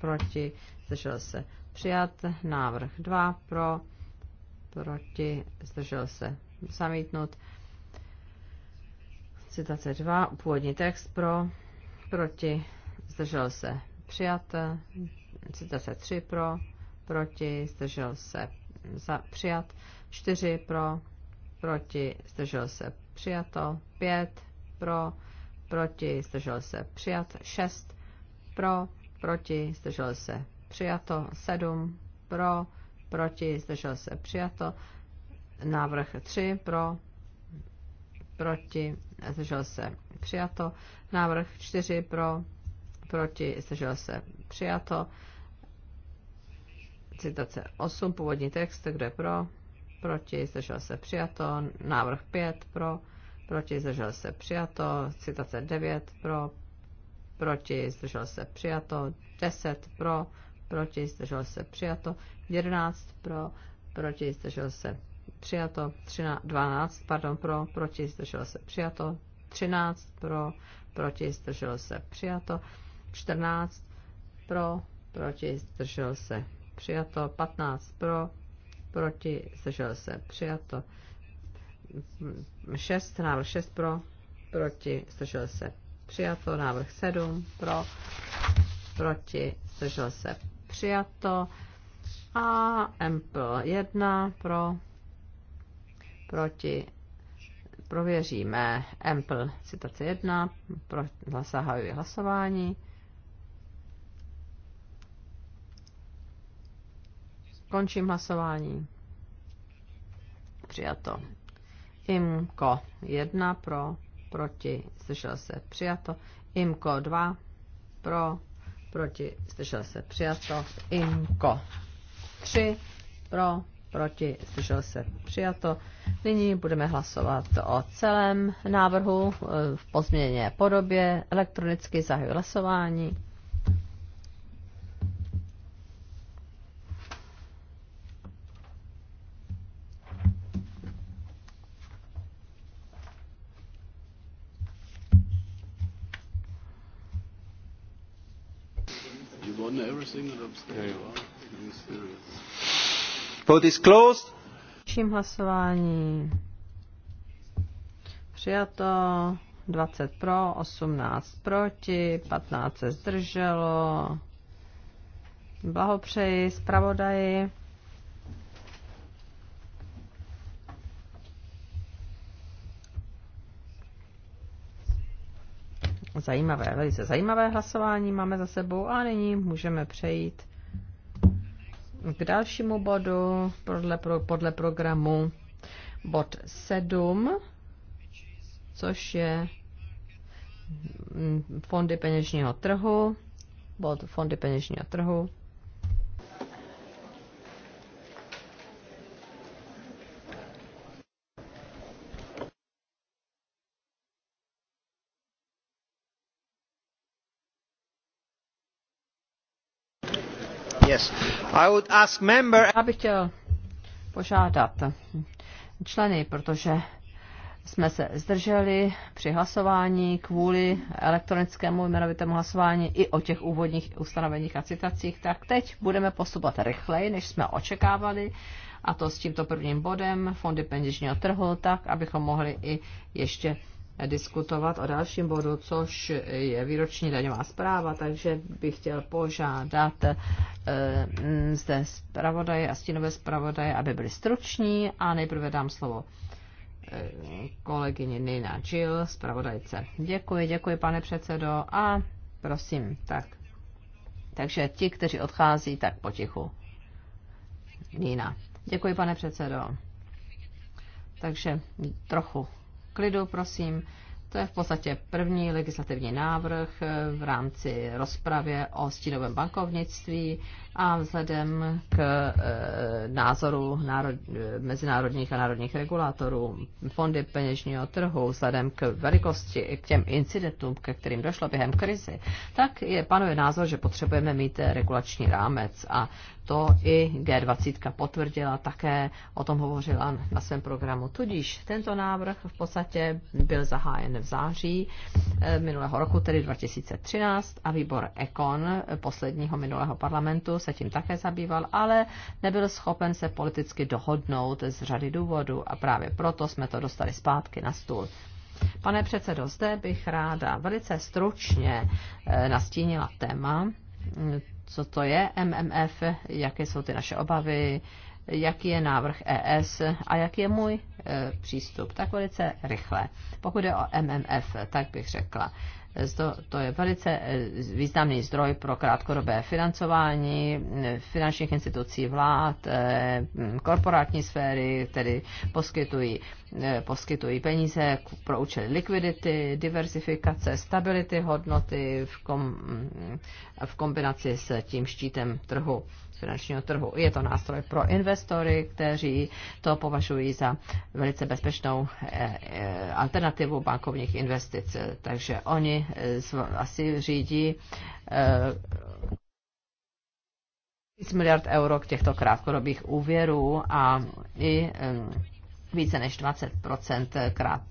D: Proti? Zdržel se. Přijat. Návrh 2. Pro? Proti? Zdržel se. Zamítnut. Citace 2. Původní text pro? Proti? Zdržel se. Přijat. Citace 3. Pro? Proti? Zdržel se. Za, přijat. 4. Pro? proti, zdržel se, přijato, 5 pro, proti, zdržel se, přijat, 6 pro, proti, zdržel se, přijato, 7 pro, proti, zdržel se, přijato, návrh 3 pro, proti, zdržel se, přijato, návrh 4 pro, proti, zdržel se, přijato, citace 8, původní text, kde pro, proti, zdržel se přijato, návrh 5 pro, proti, zdržel se přijato, citace 9 pro, proti, zdržel se přijato, 10 pro, proti, zdržel se přijato, 11 pro, proti, zdržel se přijato, 13, 12, pardon, pro, proti, zdržel se přijato, 13 pro, proti, zdržel se přijato, 14 pro, proti, zdržel se přijato, 15 pro, proti, zdržel se, přijato. 6, návrh 6 pro, proti, zdržel se, přijato. Návrh 7 pro, proti, zdržel se, přijato. A Ample 1 pro, proti, prověříme Ample citace 1, pro, zahajuji hlasování. Končím hlasování. Přijato. IMKO 1 pro, proti, Slyšel se, přijato. IMKO 2 pro, proti, Slyšel se, přijato. IMKO 3 pro, proti, Slyšel se, přijato. Nyní budeme hlasovat o celém návrhu eh, v pozměněné podobě. Elektronicky zahajuji hlasování. Vote is closed. Čím hlasování? Přijato 20 pro, 18 proti, 15 se zdrželo. Blahopřeji zpravodaji. zajímavé, velice zajímavé hlasování máme za sebou a nyní můžeme přejít k dalšímu bodu podle, podle programu bod 7, což je mm, fondy peněžního trhu, bod fondy peněžního trhu. Já bych chtěl požádat členy, protože jsme se zdrželi při hlasování kvůli elektronickému jmenovitému hlasování i o těch úvodních ustanoveních a citacích, tak teď budeme postupovat rychleji, než jsme očekávali, a to s tímto prvním bodem Fondy peněžního trhu, tak abychom mohli i ještě diskutovat o dalším bodu, což je výroční daňová zpráva, takže bych chtěl požádat eh, zde zpravodaje a stínové zpravodaje, aby byli struční a nejprve dám slovo eh, kolegyně Nina Jill, zpravodajce. Děkuji, děkuji pane předsedo a prosím, tak. Takže ti, kteří odchází, tak potichu. Nina. Děkuji, pane předsedo. Takže trochu klidu, prosím. To je v podstatě první legislativní návrh eh, v rámci rozpravě o stínovém bankovnictví a vzhledem k e, názoru národ, mezinárodních a národních regulátorů, fondy peněžního trhu, vzhledem k velikosti, k těm incidentům, ke kterým došlo během krizi, tak je, panuje názor, že potřebujeme mít regulační rámec a to i G20 potvrdila, také o tom hovořila na svém programu. Tudíž tento návrh v podstatě byl zahájen v září e, minulého roku, tedy 2013, a výbor Econ posledního minulého parlamentu se tím také zabýval, ale nebyl schopen se politicky dohodnout z řady důvodů a právě proto jsme to dostali zpátky na stůl. Pane předsedo, zde bych ráda velice stručně eh, nastínila téma, mm, co to je MMF, jaké jsou ty naše obavy, jaký je návrh ES a jaký je můj e, přístup. Tak velice rychle. Pokud je o MMF, tak bych řekla, to, to je velice eh, významný zdroj pro krátkodobé financování eh, finančních institucí, vlád, eh, korporátní sféry, tedy poskytují, poskytují peníze pro účely likvidity, diversifikace, stability hodnoty v, kom, v kombinaci s tím štítem trhu finančního trhu. Je to nástroj pro investory, kteří to považují za velice bezpečnou eh, eh, alternativu bankovních investic. Takže oni eh, asi řídí 5 miliard euro k těchto krátkodobých úvěrů a i více než 20 krát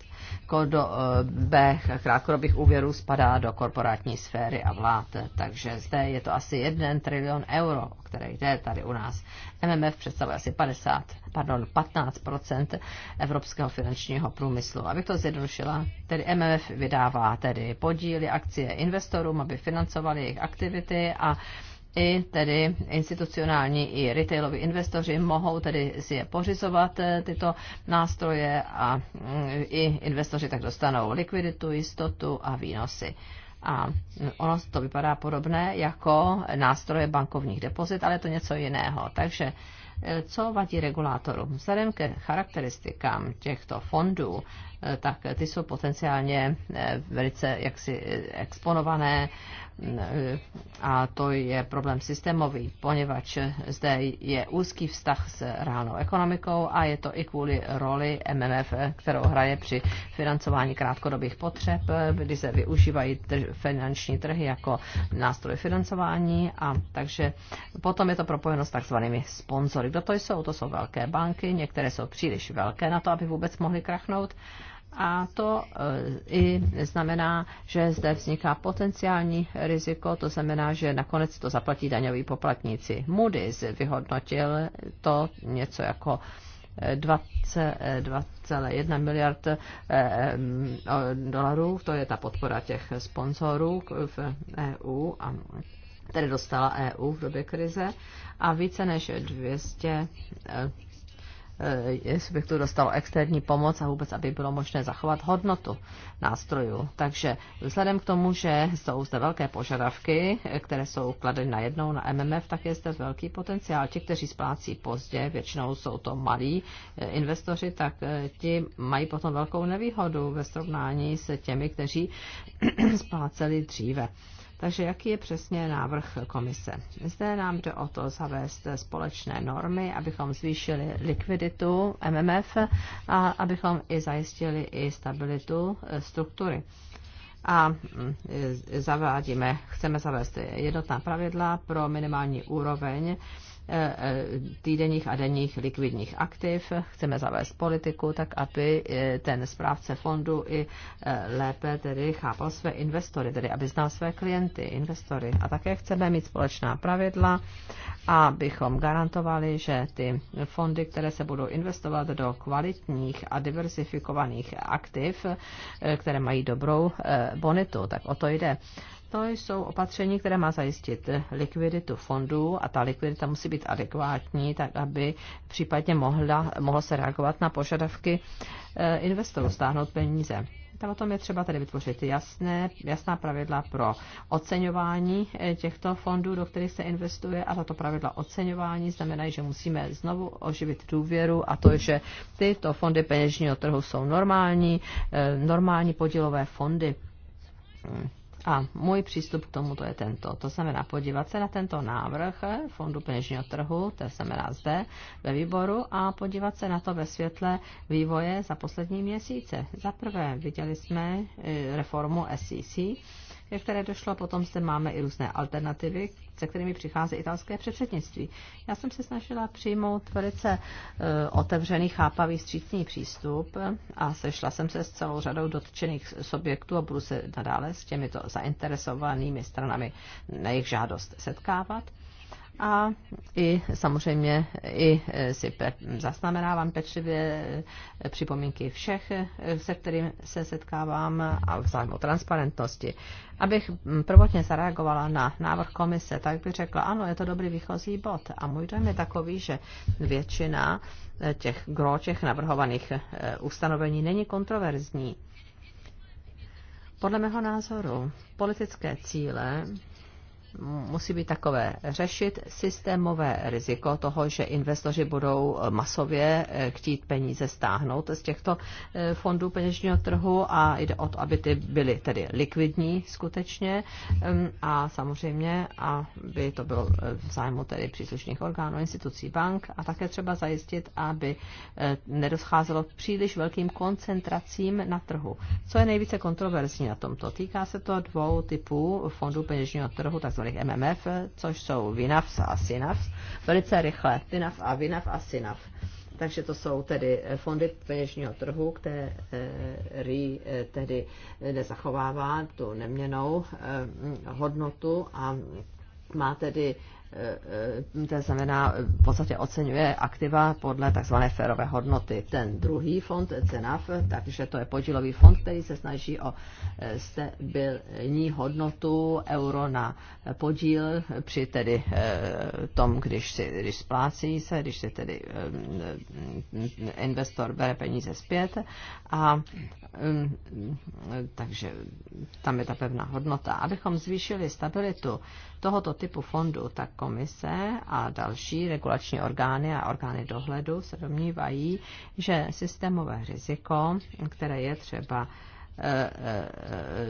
D: krátkodobých, krátkodobých úvěrů spadá do korporátní sféry a vlád. Takže zde je to asi 1 trilion euro, které jde tady u nás. MMF představuje asi 50, pardon, 15 evropského finančního průmyslu. Abych to zjednodušila, tedy MMF vydává tedy podíly akcie investorům, aby financovali jejich aktivity a i tedy institucionální i retailoví investoři mohou tedy si je pořizovat eh, tyto nástroje a mm, i investoři tak dostanou likviditu, jistotu a výnosy. A mm, ono to vypadá podobné jako nástroje bankovních depozit, ale je to něco jiného. Takže eh, co vadí regulátorům? Vzhledem ke charakteristikám těchto fondů, eh, tak ty jsou potenciálně velice jaksi exponované a to je problém systémový, poněvadž zde je úzký vztah s reálnou ekonomikou a je to i kvůli roli MMF, kterou hraje při financování krátkodobých potřeb, kdy se využívají trž, finanční trhy jako nástroj financování a takže potom je to propojeno s takzvanými sponzory. Kdo to jsou? To jsou velké banky, některé jsou příliš velké na to, aby vůbec mohly krachnout a to e, i znamená, že zde vzniká potenciální riziko, to znamená, že nakonec to zaplatí daňoví poplatníci. Moody's vyhodnotil to něco jako 2,1 e, e, miliard dolarů, to je ta podpora těch sponzorů v EU a dostala EU v době krize a více než 200 Eh, tu dostalo externí pomoc a vůbec, aby bylo možné zachovat hodnotu nástrojů. Takže vzhledem k tomu, že jsou zde velké požadavky, eh, které jsou kladeny jednou na MMF, tak je zde velký potenciál. Ti, kteří splácí pozdě, většinou jsou to malí eh, investoři, tak ti mají potom velkou nevýhodu ve srovnání se těmi, kteří spláceli dříve. Takže jaký je přesně návrh komise? Zde nám jde o to zavést společné normy, abychom zvýšili likviditu MMF a abychom i zajistili i stabilitu eh, struktury a mm, eh, zavádíme, chceme zavést jednotná pravidla pro minimální úroveň Eh, eh, týdenních a denních likvidních aktiv. Chceme zavést politiku tak, aby eh, ten správce fondu i lépe tedy chápal své investory, tedy aby znal své klienty, investory. A také chceme mít společná pravidla, abychom garantovali, že ty fondy, které se budou investovat do kvalitních a diversifikovaných aktiv, které mají dobrou bonitu, tak o to jde to jsou opatření, které má zajistit likviditu fondů a ta likvidita musí být adekvátní, tak aby případně mohla, mohlo se reagovat na požadavky eh, investorů, stáhnout peníze. Tam o tom je třeba tedy vytvořit jasné, jasná pravidla pro oceňování eh, těchto fondů, do kterých se investuje a tato pravidla oceňování znamenají, že musíme znovu oživit důvěru a to, že tyto fondy peněžního trhu jsou normální, eh, normální podílové fondy hmm. A můj přístup k tomu to je tento. To znamená podívat se na tento návrh Fondu peněžního trhu, to znamená zde ve výboru, a podívat se na to ve světle vývoje za poslední měsíce. Za prvé viděli jsme eh, reformu SEC, které došlo. Potom zde máme i různé alternativy, se kterými přichází italské předsednictví. Já jsem se snažila přijmout velice e, otevřený, chápavý, střícný přístup a sešla jsem se s celou řadou dotčených subjektů a budu se nadále s těmito zainteresovanými stranami na jejich žádost setkávat a i samozřejmě i e, si pe- zaznamenávám pečlivě e, připomínky všech, e, se kterým se setkávám a v zájmu transparentnosti. Abych prvotně zareagovala na návrh komise, tak bych řekla, ano, je to dobrý výchozí bod. A můj dojem je takový, že většina těch gro těch navrhovaných ustanovení není kontroverzní. Podle mého názoru politické cíle musí být takové řešit systémové riziko toho, že investoři budou eh, masově eh, chtít peníze stáhnout z těchto eh, fondů peněžního trhu a jde o to, aby ty byly tedy likvidní skutečně ehm, a samozřejmě, aby to bylo v zájmu tedy příslušných orgánů, institucí, bank a také třeba zajistit, aby nedoscházelo k příliš velkým koncentracím na trhu. Co je nejvíce kontroverzní na tomto? Týká se to dvou typů fondů peněžního trhu, tzv kolik MMF, což jsou Vinavs a SINAFS, velice rychle, VINAF a VINAF a Synav. Takže to jsou tedy eh, fondy peněžního trhu, který eh, tedy nezachovává tu neměnou eh, hodnotu a má tedy to znamená, v podstatě oceňuje aktiva podle tzv. férové hodnoty. Ten druhý fond, CENAF, takže to je podílový fond, který se snaží o eh, stabilní hodnotu euro na podíl při tedy eh, tom, když, si, když splácí se, když si tedy eh, investor bere peníze zpět a mm, takže tam je ta pevná hodnota. Abychom zvýšili stabilitu, tohoto typu fondu, tak komise a další regulační orgány a orgány dohledu se domnívají, že systémové riziko, které je třeba eh, eh,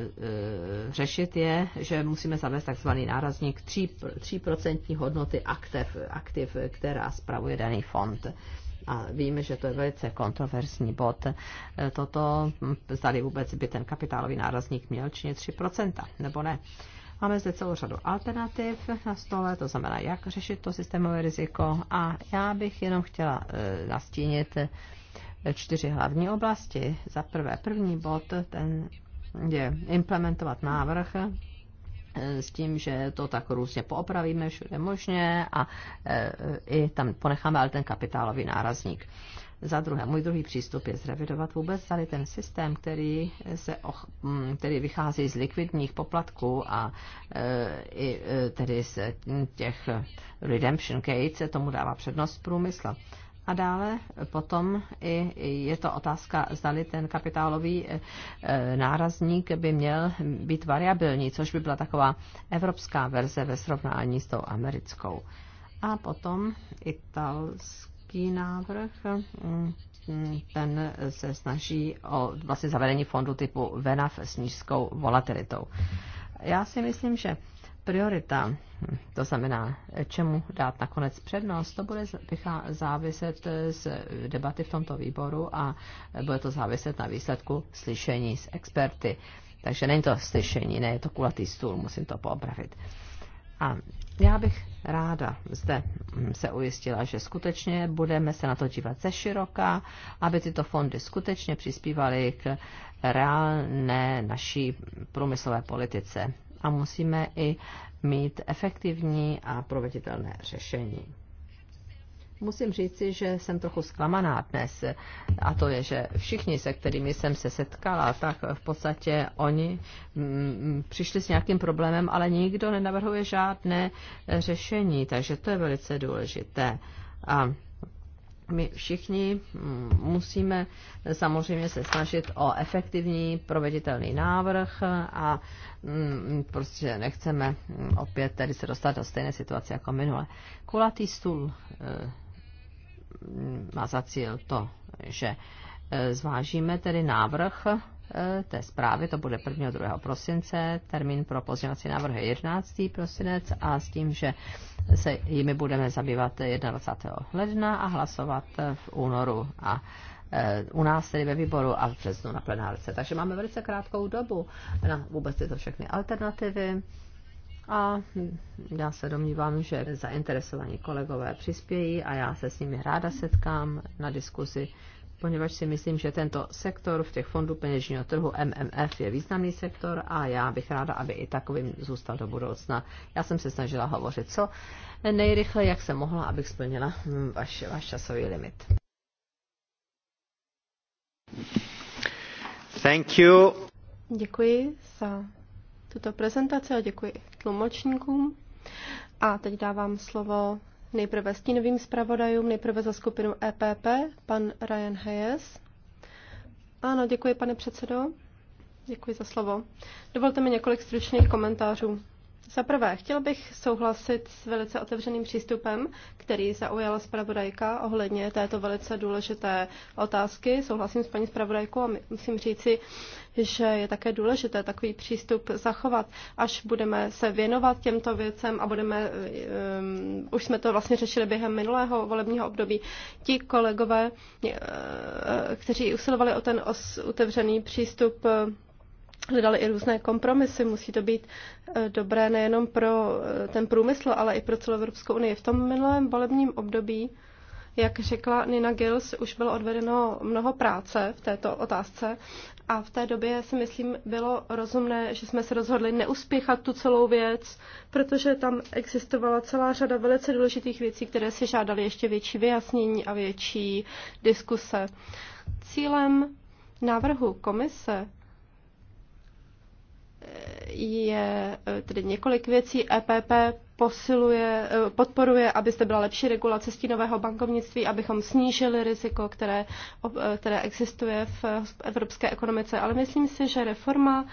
D: eh, řešit je, že musíme zavést takzvaný nárazník 3%, hodnoty aktiv, aktiv, která spravuje daný fond a víme, že to je velice kontroverzní bod. Toto, zdali vůbec by ten kapitálový nárazník měl činit 3%, nebo ne. Máme zde celou řadu alternativ na stole, to znamená, jak řešit to systémové riziko. A já bych jenom chtěla e, nastínit e, čtyři hlavní oblasti. Za prvé, první bod, ten je implementovat návrh e, s tím, že to tak různě poopravíme všude možně a i tam ponecháme ale ten kapitálový nárazník. Za druhé, můj druhý přístup je zrevidovat vůbec tady ten systém, který, se, och, mm, který vychází z likvidních poplatků a eh, i eh, tedy z těch redemption gates tomu dává přednost průmysl. A dále potom i je to otázka, zdali ten kapitálový eh, nárazník by měl být variabilní, což by byla taková evropská verze ve srovnání s tou americkou. A potom italská třetí návrh, ten se snaží o vlastně zavedení fondu typu VENAF s nízkou volatilitou. Já si myslím, že priorita, to znamená, čemu dát nakonec přednost, to bude záviset z debaty v tomto výboru a bude to záviset na výsledku slyšení s experty. Takže není to slyšení, ne, je to kulatý stůl, musím to poopravit. A já bych ráda zde mm, se ujistila, že skutečně budeme se na to dívat ze široka, aby tyto fondy skutečně přispívaly k reálné naší průmyslové politice. A musíme i mít efektivní a proveditelné řešení musím říci, že jsem trochu zklamaná dnes. A to je, že všichni, se kterými jsem se setkala, tak v podstatě oni mm, přišli s nějakým problémem, ale nikdo nenavrhuje žádné řešení, takže to je velice důležité. A my všichni mm, musíme samozřejmě se snažit o efektivní proveditelný návrh a mm, prostě nechceme opět tady se dostat do stejné situace jako minule. Kulatý stůl eh, má za cíl to, že e, zvážíme tedy návrh e, té zprávy, to bude 1. 2. prosince, termín pro pozměňovací návrh je 11. prosinec a s tím, že se jimi budeme zabývat 21. ledna a hlasovat v únoru a e, u nás tedy ve výboru a v březnu na plenárce. Takže máme velice krátkou dobu na vůbec tyto všechny alternativy a já se domnívám, že zainteresovaní kolegové přispějí a já se s nimi ráda setkám na diskuzi, poněvadž si myslím, že tento sektor v těch fondů peněžního trhu MMF je významný sektor a já bych ráda, aby i takovým zůstal do budoucna. Já jsem se snažila hovořit co nejrychleji, jak jsem mohla, abych splnila hm, váš, váš časový limit. Thank you.
B: Děkuji za tuto prezentaci a děkuji tlumočníkům. A teď dávám slovo nejprve stínovým zpravodajům, nejprve za skupinu EPP, pan Ryan Hayes. Ano, děkuji, pane předsedo. Děkuji za slovo. Dovolte mi několik stručných komentářů. Za prvé, chtěl bych souhlasit s velice otevřeným přístupem, který zaujala zpravodajka ohledně této velice důležité otázky. Souhlasím s paní zpravodajkou a musím říci, že je také důležité takový přístup zachovat, až budeme se věnovat těmto věcem a budeme, um, už jsme to vlastně řešili během minulého volebního období, ti kolegové, eh, kteří usilovali o ten os, otevřený přístup, eh, hledali i různé kompromisy. Musí to být eh, dobré nejenom pro eh, ten průmysl, ale i pro celou Evropskou unii. V tom minulém volebním období, jak řekla Nina Gills, už bylo odvedeno mnoho práce v této otázce a v té době si myslím bylo rozumné, že jsme se rozhodli neuspěchat tu celou věc, protože tam existovala celá řada velice důležitých věcí, které si žádaly ještě větší vyjasnění a větší diskuse. Cílem návrhu komise je eh, tedy několik věcí. EPP posiluje, eh, podporuje, abyste byla lepší regulace stínového bankovnictví, abychom snížili riziko, které, eh, které existuje v evropské ekonomice. Ale myslím si, že reforma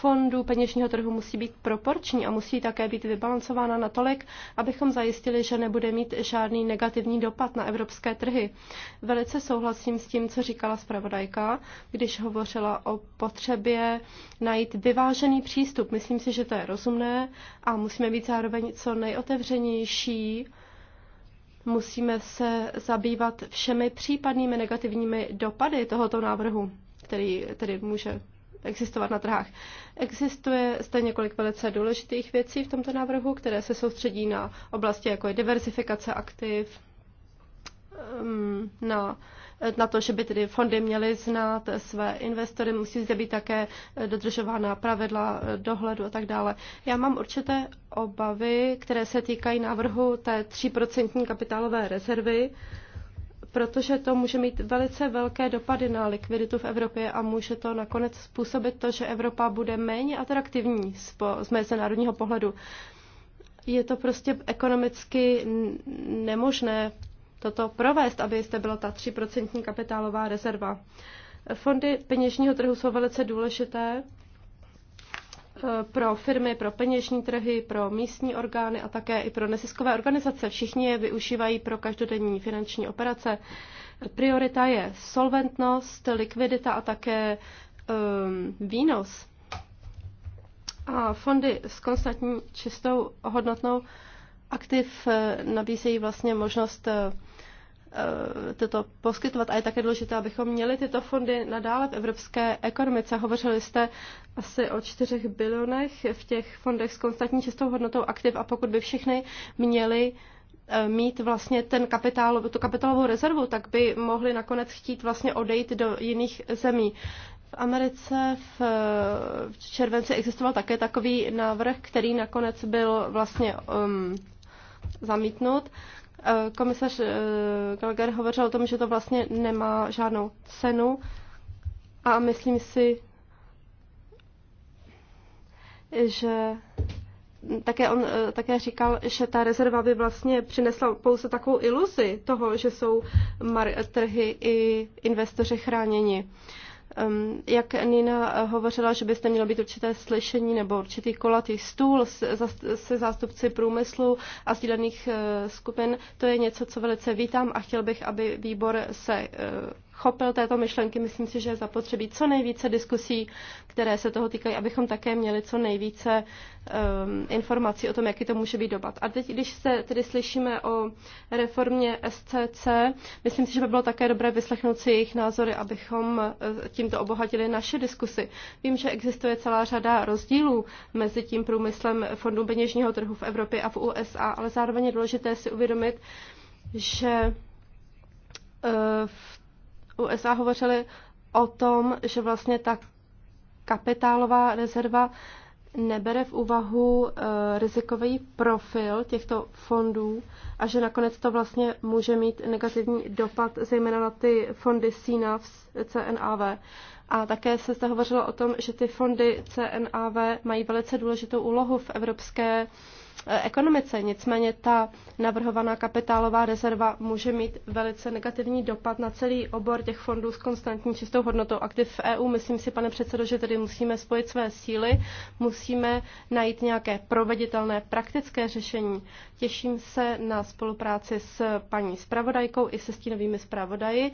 B: fondů peněžního trhu musí být proporční a musí také být vybalancována natolik, abychom zajistili, že nebude mít žádný negativní dopad na evropské trhy. Velice souhlasím s tím, co říkala zpravodajka, když hovořila o potřebě najít vyvážený přístup. Myslím si, že to je rozumné a musíme být zároveň co nejotevřenější musíme se zabývat všemi případnými negativními dopady tohoto návrhu, který tedy může existovat na trhách. Existuje zde několik velice důležitých věcí v tomto návrhu, které se soustředí na oblasti jako je diversifikace aktiv, ehm, na, na to, že by tedy fondy měly znát své investory, musí zde být také dodržována pravidla dohledu a tak dále. Já mám určité obavy, které se týkají návrhu té 3% kapitálové rezervy protože to může mít velice velké dopady na likviditu v Evropě a může to nakonec způsobit to, že Evropa bude méně atraktivní z mezinárodního pohledu. Je to prostě ekonomicky nemožné toto provést, aby jste byla ta 3% kapitálová rezerva. Fondy peněžního trhu jsou velice důležité Eh, pro firmy, pro peněžní trhy, pro místní orgány a také i pro neziskové organizace. Všichni je využívají pro každodenní finanční operace. Priorita je solventnost, likvidita a také um, výnos. A fondy s konstantní čistou hodnotnou aktiv eh, nabízejí vlastně možnost eh, Eh, toto poskytovat. A je také důležité, abychom měli tyto fondy nadále v evropské ekonomice. Hovořili jste asi o 4 bilionech v těch fondech s konstantní čistou hodnotou aktiv a pokud by všechny měly eh, mít vlastně ten kapitál, tu kapitálovou rezervu, tak by mohli nakonec chtít vlastně odejít do jiných zemí. V Americe v, v červenci existoval také takový návrh, který nakonec byl vlastně um, zamítnut. Eh, komisař eh, Gallagher hovořil o tom, že to vlastně nemá žádnou cenu a myslím si, že také on eh, také říkal, že ta rezerva by vlastně přinesla pouze takovou iluzi toho, že jsou trhy i investoři chráněni. Uh, jak Nina hovořila, že byste mělo být určité slyšení nebo určitý kolatý stůl se zástupci průmyslu a sdílených eh, skupin, to je něco, co velice vítám a chtěl bych, aby výbor se eh, chopil této myšlenky. Myslím si, že je zapotřebí co nejvíce diskusí, které se toho týkají, abychom také měli co nejvíce um, informací o tom, jaký to může být dopad. A teď, když se tedy slyšíme o reformě SCC, myslím si, že by bylo také dobré vyslechnout si jejich názory, abychom eh, tímto obohatili naše diskusy. Vím, že existuje celá řada rozdílů mezi tím průmyslem fondů peněžního trhu v Evropě a v USA, ale zároveň je důležité si uvědomit, že eh, v USA hovořili o tom, že vlastně ta kapitálová rezerva nebere v úvahu eh, rizikový profil těchto fondů a že nakonec to vlastně může mít negativní dopad zejména na ty fondy CNAV, CNAV. A také se zde hovořilo o tom, že ty fondy CNAV mají velice důležitou úlohu v evropské eh, ekonomice. Nicméně ta navrhovaná kapitálová rezerva může mít velice negativní dopad na celý obor těch fondů s konstantní čistou hodnotou aktiv v EU. Myslím si, pane předsedo, že tedy musíme spojit své síly, musíme najít nějaké proveditelné praktické řešení. Těším se na spolupráci s paní zpravodajkou i se stínovými zpravodaji.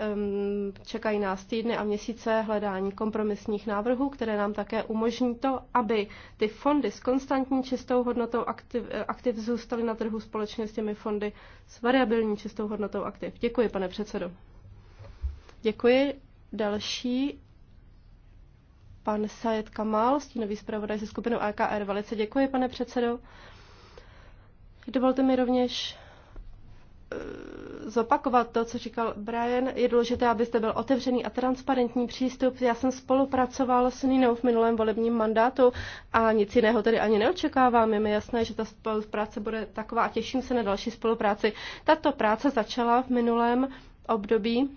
B: Ehm, čekají nás týdny a měsíce hledání kompromisních návrhů, které nám také umožní to, aby ty fondy s konstantní čistou hodnotou aktiv, aktiv zůstaly na trhu společně s těmi fondy s variabilní čistou hodnotou aktiv. Děkuji, pane předsedo. Děkuji. Další pan Sajet Kamal, stínový zpravodaj ze skupinu AKR. Velice děkuji, pane předsedo. Dovolte mi rovněž eh, zopakovat to, co říkal Brian. Je důležité, abyste byl otevřený a transparentní přístup. Já jsem spolupracoval s Ninou v minulém volebním mandátu a nic jiného tedy ani neočekávám. Je mi jasné, že ta spolupráce bude taková a těším se na další spolupráci. Tato práce začala v minulém období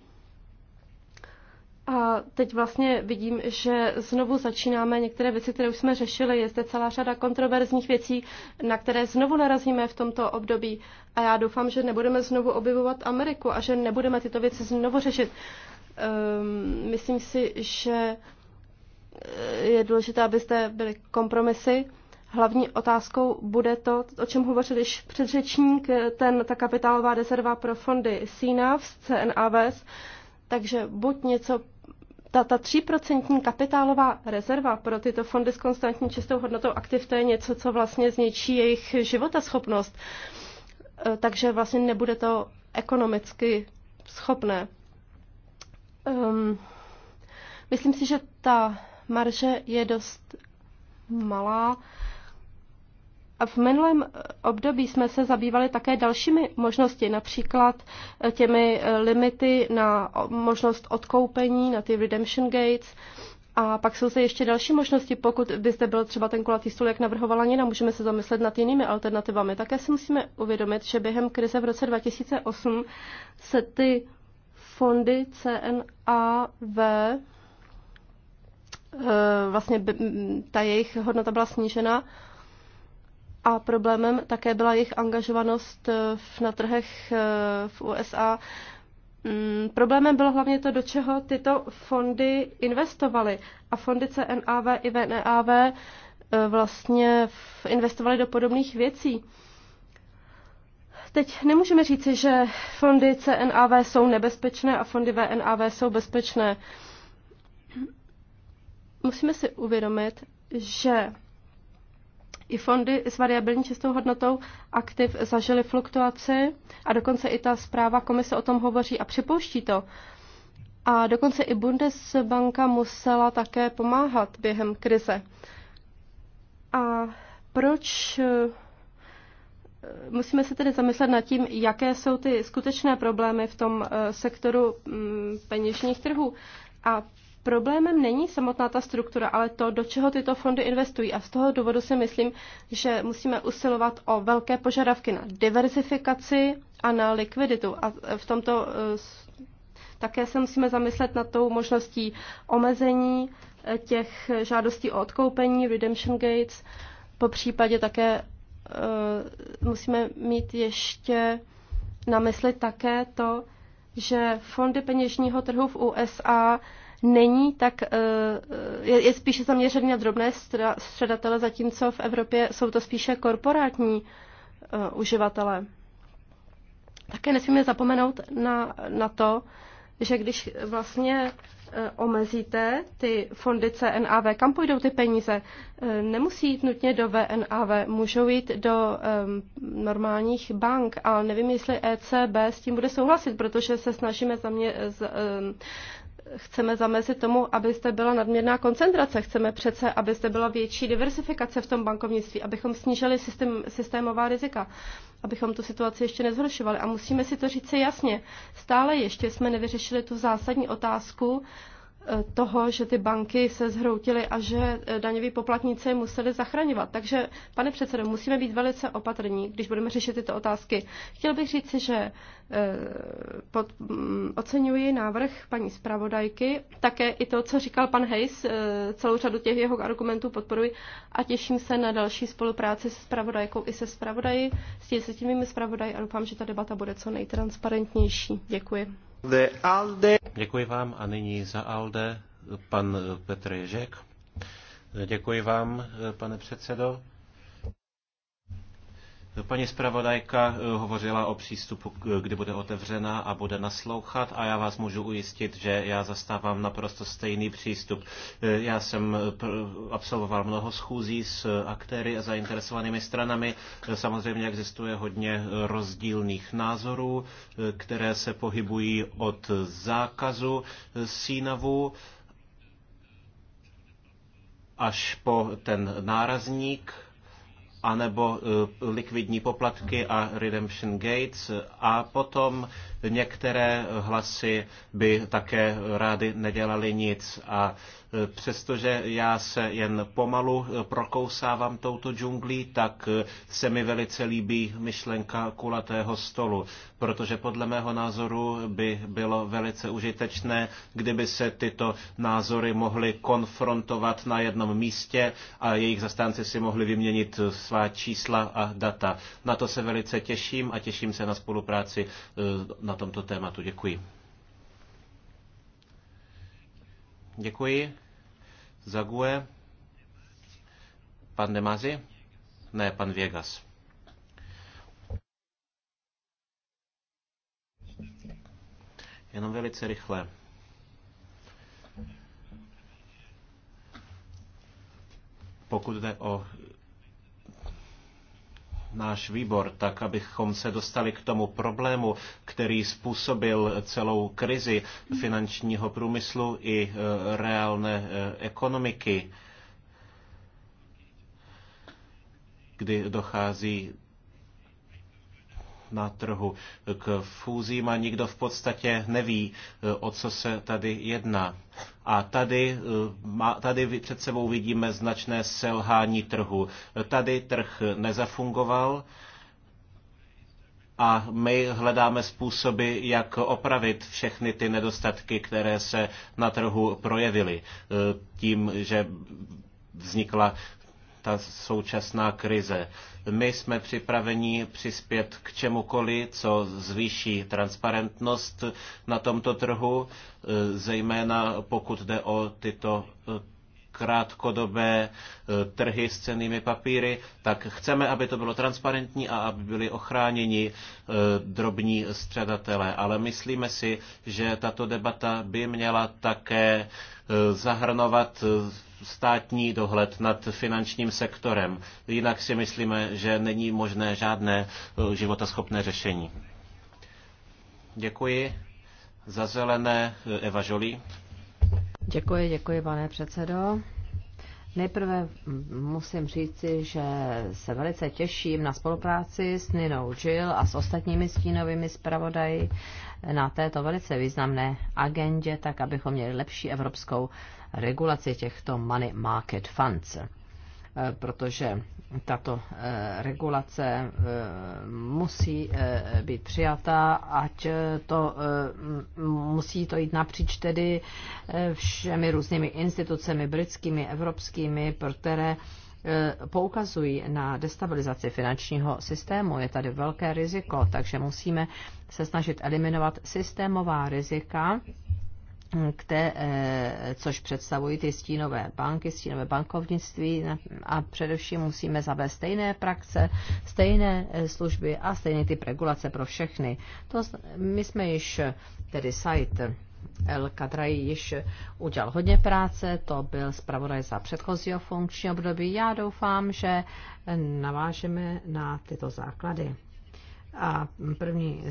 B: a teď vlastně vidím, že znovu začínáme některé věci, které už jsme řešili. Je zde celá řada kontroverzních věcí, na které znovu narazíme v tomto období. A já doufám, že nebudeme znovu objevovat Ameriku a že nebudeme tyto věci znovu řešit. Um, myslím si, že eh, je důležité, abyste byli kompromisy. Hlavní otázkou bude to, o čem hovořil již předřečník, eh, ten, ta kapitálová rezerva pro fondy CNAVs, CNAVs, takže buď něco ta, ta 3% kapitálová rezerva pro tyto fondy s konstantní čistou hodnotou aktiv, to je něco, co vlastně zničí jejich životaschopnost. E, takže vlastně nebude to ekonomicky schopné. Um, myslím si, že ta marže je dost malá. A v minulém eh, období jsme se zabývali také dalšími možnosti, například eh, těmi eh, limity na možnost odkoupení, na ty redemption gates. A pak jsou se ještě další možnosti, pokud by zde byl třeba ten kulatý stůl, jak navrhovala Nina, můžeme se zamyslet nad jinými alternativami. Také si musíme uvědomit, že během krize v roce 2008 se ty fondy CNAV vlastně ta jejich hodnota byla snížena a problémem také byla jejich angažovanost eh, na trhech eh, v USA. Mm, problémem bylo hlavně to, do čeho tyto fondy investovaly. A fondy CNAV i VNAV eh, vlastně investovaly do podobných věcí. Teď nemůžeme říci, že fondy CNAV jsou nebezpečné a fondy VNAV jsou bezpečné. Musíme si uvědomit, že i fondy s variabilní čistou hodnotou aktiv zažily fluktuaci a dokonce i ta zpráva komise o tom hovoří a připouští to. A dokonce i Bundesbanka musela také pomáhat během krize. A proč eh, musíme se tedy zamyslet nad tím, jaké jsou ty skutečné problémy v tom eh, sektoru mm, peněžních trhů. A Problémem není samotná ta struktura, ale to, do čeho tyto fondy investují. A z toho důvodu si myslím, že musíme usilovat o velké požadavky na diversifikaci a na likviditu. A v tomto eh, také se musíme zamyslet nad tou možností omezení eh, těch žádostí o odkoupení, redemption gates. Po případě také eh, musíme mít ještě na mysli také to, že fondy peněžního trhu v USA není tak, eh, je, je spíše zaměřený na drobné středatele, zatímco v Evropě jsou to spíše korporátní eh, uživatelé. Také nesmíme zapomenout na, na to, že když vlastně eh, omezíte ty fondy CNAV, kam půjdou ty peníze? Nemusí jít nutně do VNAV, můžou jít do um, normálních bank, ale nevím, jestli ECB s tím bude souhlasit, protože se snažíme za mě z, um, chceme zamezit tomu, abyste byla nadměrná koncentrace. Chceme přece, abyste byla větší diversifikace v tom bankovnictví, abychom snížili systém, systémová rizika, abychom tu situaci ještě nezhoršovali. A musíme si to říct si jasně. Stále ještě jsme nevyřešili tu zásadní otázku toho, že ty banky se zhroutily a že eh, daňoví poplatníci je museli zachraňovat. Takže, pane předsedo, musíme být velice opatrní, když budeme řešit tyto otázky. Chtěl bych říci, že eh, pod, mm, oceňuji návrh paní zpravodajky, také i to, co říkal pan Hayes, eh, celou řadu těch jeho argumentů podporuji a těším se na další spolupráci se zpravodajkou i se zpravodaji, s těmi zpravodaji a doufám, že ta debata bude co nejtransparentnější. Děkuji.
C: Děkuji vám a nyní za ALDE pan Petr Ježek. Děkuji vám, pane předsedo. Paní zpravodajka eh, hovořila o přístupu, kdy bude otevřena a bude naslouchat a já vás můžu ujistit, že já zastávám naprosto stejný přístup. Eh, já jsem eh, absolvoval mnoho schůzí s aktéry a zainteresovanými stranami. Samozřejmě existuje hodně rozdílných názorů, které se pohybují od zákazu sínavu až po ten nárazník anebo eh, likvidní poplatky a Redemption Gates a potom Některé hlasy by také rády nedělali nic a e, přestože já se jen pomalu e, prokousávám touto džunglí, tak e, se mi velice líbí myšlenka kulatého stolu, protože podle mého názoru by bylo velice užitečné, kdyby se tyto názory mohly konfrontovat na jednom místě a jejich zastánci si mohli vyměnit svá čísla a data. Na to se velice těším a těším se na spolupráci na na tomto tématu. Děkuji. Děkuji. Zague. Pan Demazi? Ne, pan Vegas Jenom velice rychle. Pokud jde o náš výbor, tak abychom se dostali k tomu problému, který způsobil celou krizi finančního průmyslu i e, reálné e, ekonomiky, kdy dochází na trhu k fúzím a nikdo v podstatě neví, e, o co se tady jedná. A tady, eh, tady před sebou vidíme značné selhání trhu. Tady trh nezafungoval a my hledáme způsoby, jak opravit všechny ty nedostatky, které se na trhu projevily eh, tím, že vznikla ta současná krize. My jsme připraveni přispět k čemukoliv, co zvýší transparentnost na tomto trhu, eh, zejména pokud jde o tyto eh, krátkodobé eh, trhy s cenými papíry, tak chceme, aby to bylo transparentní a aby byli ochráněni drobní středatelé. Ale myslíme si, že tato debata by měla také zahrnovat státní dohled nad finančním sektorem. Jinak si myslíme, že není možné žádné eh, životaschopné řešení. Děkuji. Za zelené eh, Eva Žolí. Děkuji,
D: děkuji, pane předsedo. Nejprve musím říci, že se velice těším na spolupráci s Ninou Jill a s ostatními stínovými zpravodaji na této velice významné agendě, tak abychom měli lepší evropskou regulaci těchto money market funds eh, protože tato eh, regulace eh, musí být přijata, ať to musí to jít napříč tedy všemi různými institucemi britskými, evropskými, pro které poukazují na destabilizaci finančního systému. Je tady velké riziko, takže musíme se snažit eliminovat systémová rizika kte eh, což představují ty stínové banky, stínové bankovnictví a především musíme zavést stejné praxe, stejné eh, služby a stejný typ regulace pro všechny. To, my jsme již, tedy site El Kadraji již udělal hodně práce, to byl zpravodaj za předchozího funkčního období. Já doufám, že navážeme na tyto základy. A první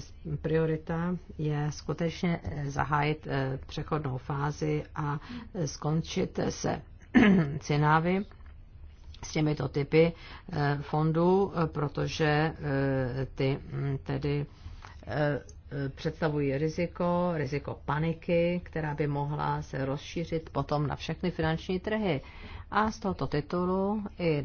D: priorita je skutečně eh, zahájit eh, přechodnou fázi a eh, skončit se cinávy s těmito typy fondů, protože ty mm, tedy představují riziko, riziko paniky, která by mohla se rozšířit potom na všechny finanční trhy. A z tohoto titulu i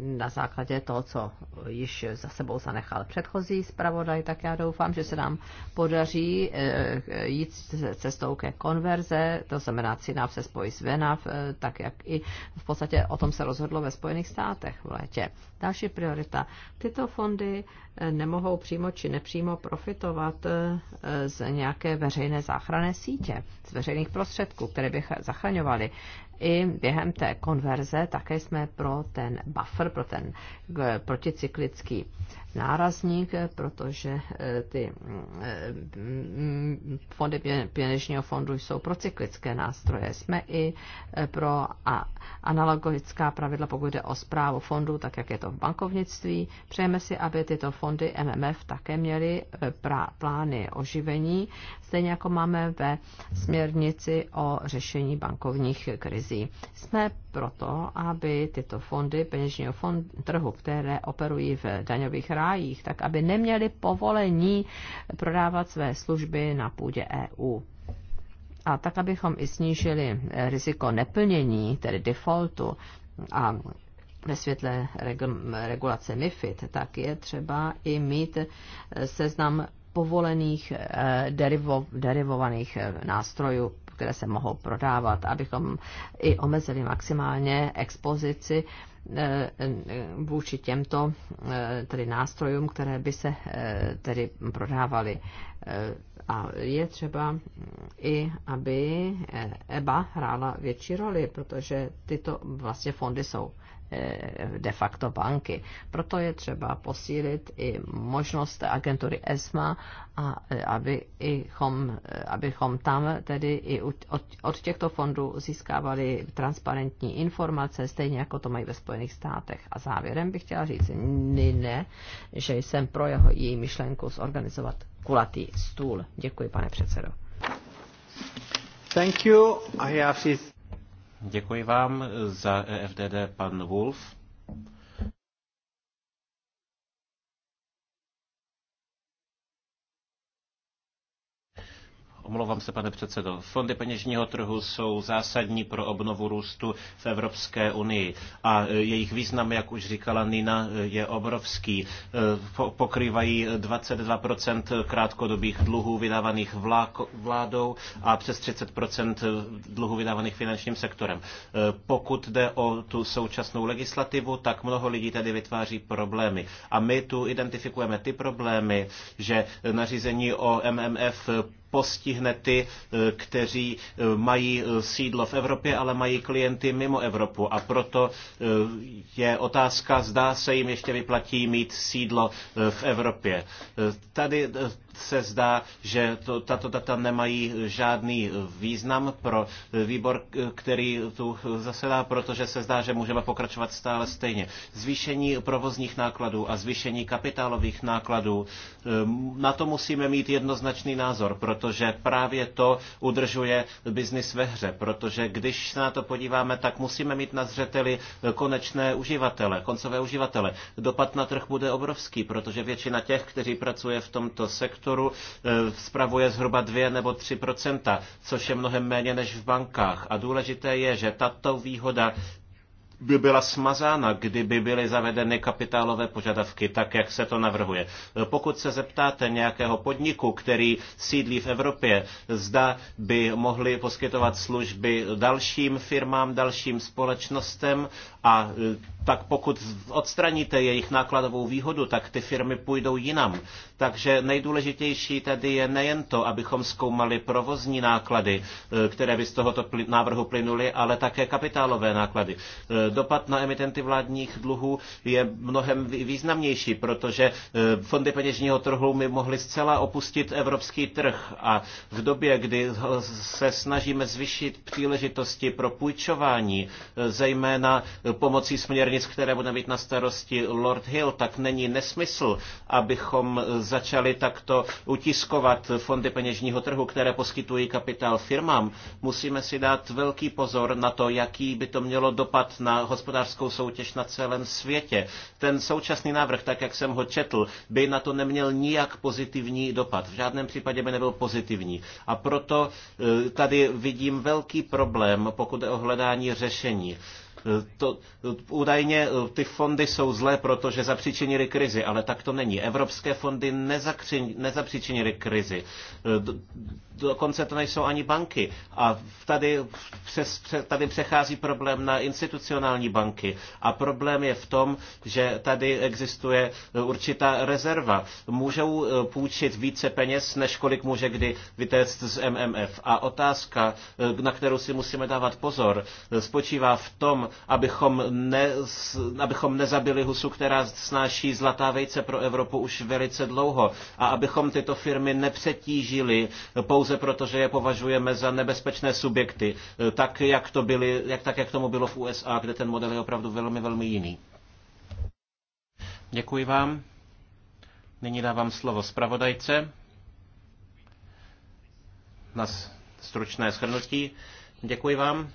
D: na základě toho, co již za sebou zanechal předchozí zpravodaj, tak já doufám, že se nám podaří eh, jít cestou ke konverze, to znamená CINAV se spojí s VENAV, eh, tak jak i v podstatě o tom se rozhodlo ve Spojených státech v létě. Další priorita. Tyto fondy eh, nemohou přímo či nepřímo profitovat z nějaké veřejné záchranné sítě, z veřejných prostředků, které by zachraňovaly i během té konverze také jsme pro ten buffer, pro ten proticyklický nárazník, protože eh, ty mm, eh, fondy peněžního fondu jsou cyklické nástroje. Jsme i eh, pro analogická pravidla, pokud jde o zprávu fondu, tak jak je to v bankovnictví. Přejeme si, aby tyto fondy MMF také měly plány oživení, stejně jako máme ve směrnici o řešení bankovních krizí. Jsme proto, aby tyto fondy peněžního fond, trhu, které operují v daňových rájích, tak aby neměly povolení prodávat své služby na půdě EU. A tak, abychom i snížili eh, riziko neplnění, tedy defaultu, a ve světle regulace MIFID, tak je třeba i mít eh, seznam povolených eh, derivo, derivovaných nástrojů které se mohou prodávat, abychom i omezili maximálně expozici eh, eh, vůči těmto eh, tedy nástrojům, které by se tedy prodávaly. A je třeba i, aby EBA e hrála větší roli, protože tyto vlastně fondy jsou Eh, de facto banky. Proto je třeba posílit i možnost agentury ESMA, a, eh, aby ichom, eh, abychom tam tedy i od, od těchto fondů získávali transparentní informace, stejně jako to mají ve Spojených státech. A závěrem bych chtěla říct, ne, že jsem pro jeho, její myšlenku zorganizovat kulatý stůl. Děkuji, pane předsedo.
C: Thank you. I have this Děkuji vám za EFDD, pan Wolf. Omlouvám se, pane předsedo. Fondy peněžního trhu jsou zásadní pro obnovu růstu v Evropské unii a e, jejich význam, jak už říkala Nina, e, je obrovský. E, pokrývají 22% krátkodobých dluhů vydávaných vládou a přes 30% dluhů vydávaných finančním sektorem. Pokud jde o tu současnou legislativu, tak mnoho lidí tady vytváří problémy. A my tu identifikujeme ty problémy, že nařízení o MMF postihne ty, eh, kteří eh, mají eh, sídlo v Evropě, ale mají klienty mimo Evropu. A proto je otázka, zdá se jim ještě vyplatí mít sídlo v Evropě. Tady se zdá, že to, tato data nemají žádný význam pro výbor, který tu zasedá, protože se zdá, že můžeme pokračovat stále stejně. Zvýšení provozních nákladů a zvýšení kapitálových nákladů, eh, na to musíme mít jednoznačný názor, protože právě to udržuje biznis ve hře, protože když se na to podíváme, tak musíme mít na zřeteli konečné uživatele, koncové uživatele. Dopad na trh bude obrovský, protože většina těch, kteří pracuje v tomto sektoru, sektoru eh, spravuje zhruba 2 nebo 3 což je mnohem méně než v bankách. A důležité je, že tato výhoda by byla smazána, kdyby byly zavedeny kapitálové požadavky, tak jak se to navrhuje. Eh, pokud se zeptáte nějakého podniku, který sídlí v Evropě, zda by mohli poskytovat služby dalším firmám, dalším společnostem a e, tak pokud odstraníte jejich nákladovou výhodu, tak ty firmy půjdou jinam. Takže nejdůležitější tady je nejen to, abychom zkoumali provozní náklady, e, které by z tohoto návrhu plynuly, ale také kapitálové náklady. E, dopad na emitenty vládních dluhů je mnohem významnější, protože fondy peněžního trhu by mohly zcela opustit evropský trh a v době, kdy se snažíme zvyšit příležitosti pro půjčování, zejména pomocí směrnic, které bude mít na starosti Lord Hill, tak není nesmysl, abychom začali takto utiskovat fondy peněžního trhu, které poskytují kapitál firmám. Musíme si dát velký pozor na to, jaký by to mělo dopad na hospodářskou soutěž na celém světě. Ten současný návrh, tak jak jsem ho četl, by na to neměl nijak pozitivní dopad. V žádném případě by nebyl pozitivní. A proto eh, tady vidím velký problém, pokud je o hledání řešení. To, údajně eh, ty fondy jsou zlé, protože zapříčinili krizi, ale tak to není. Evropské fondy nezapříčinili krizi. Eh, Do, dokonce to nejsou ani banky. A tady, přes, tady přechází problém na institucionální banky. A problém je v tom, že tady existuje eh, určitá rezerva. Můžou půjčit více peněz, než kolik může kdy vytéct z MMF. A otázka, na kterou si musíme dávat pozor, spočívá v tom, abychom, ne, abychom nezabili husu, která snáší zlatá vejce pro Evropu už velice dlouho a abychom tyto firmy nepřetížili pouze proto, že je považujeme za nebezpečné subjekty, tak jak, to byly, jak, tak jak tomu bylo v USA, kde ten model je opravdu velmi, velmi jiný. Děkuji vám. Nyní dávám slovo zpravodajce na stručné shrnutí. Děkuji vám.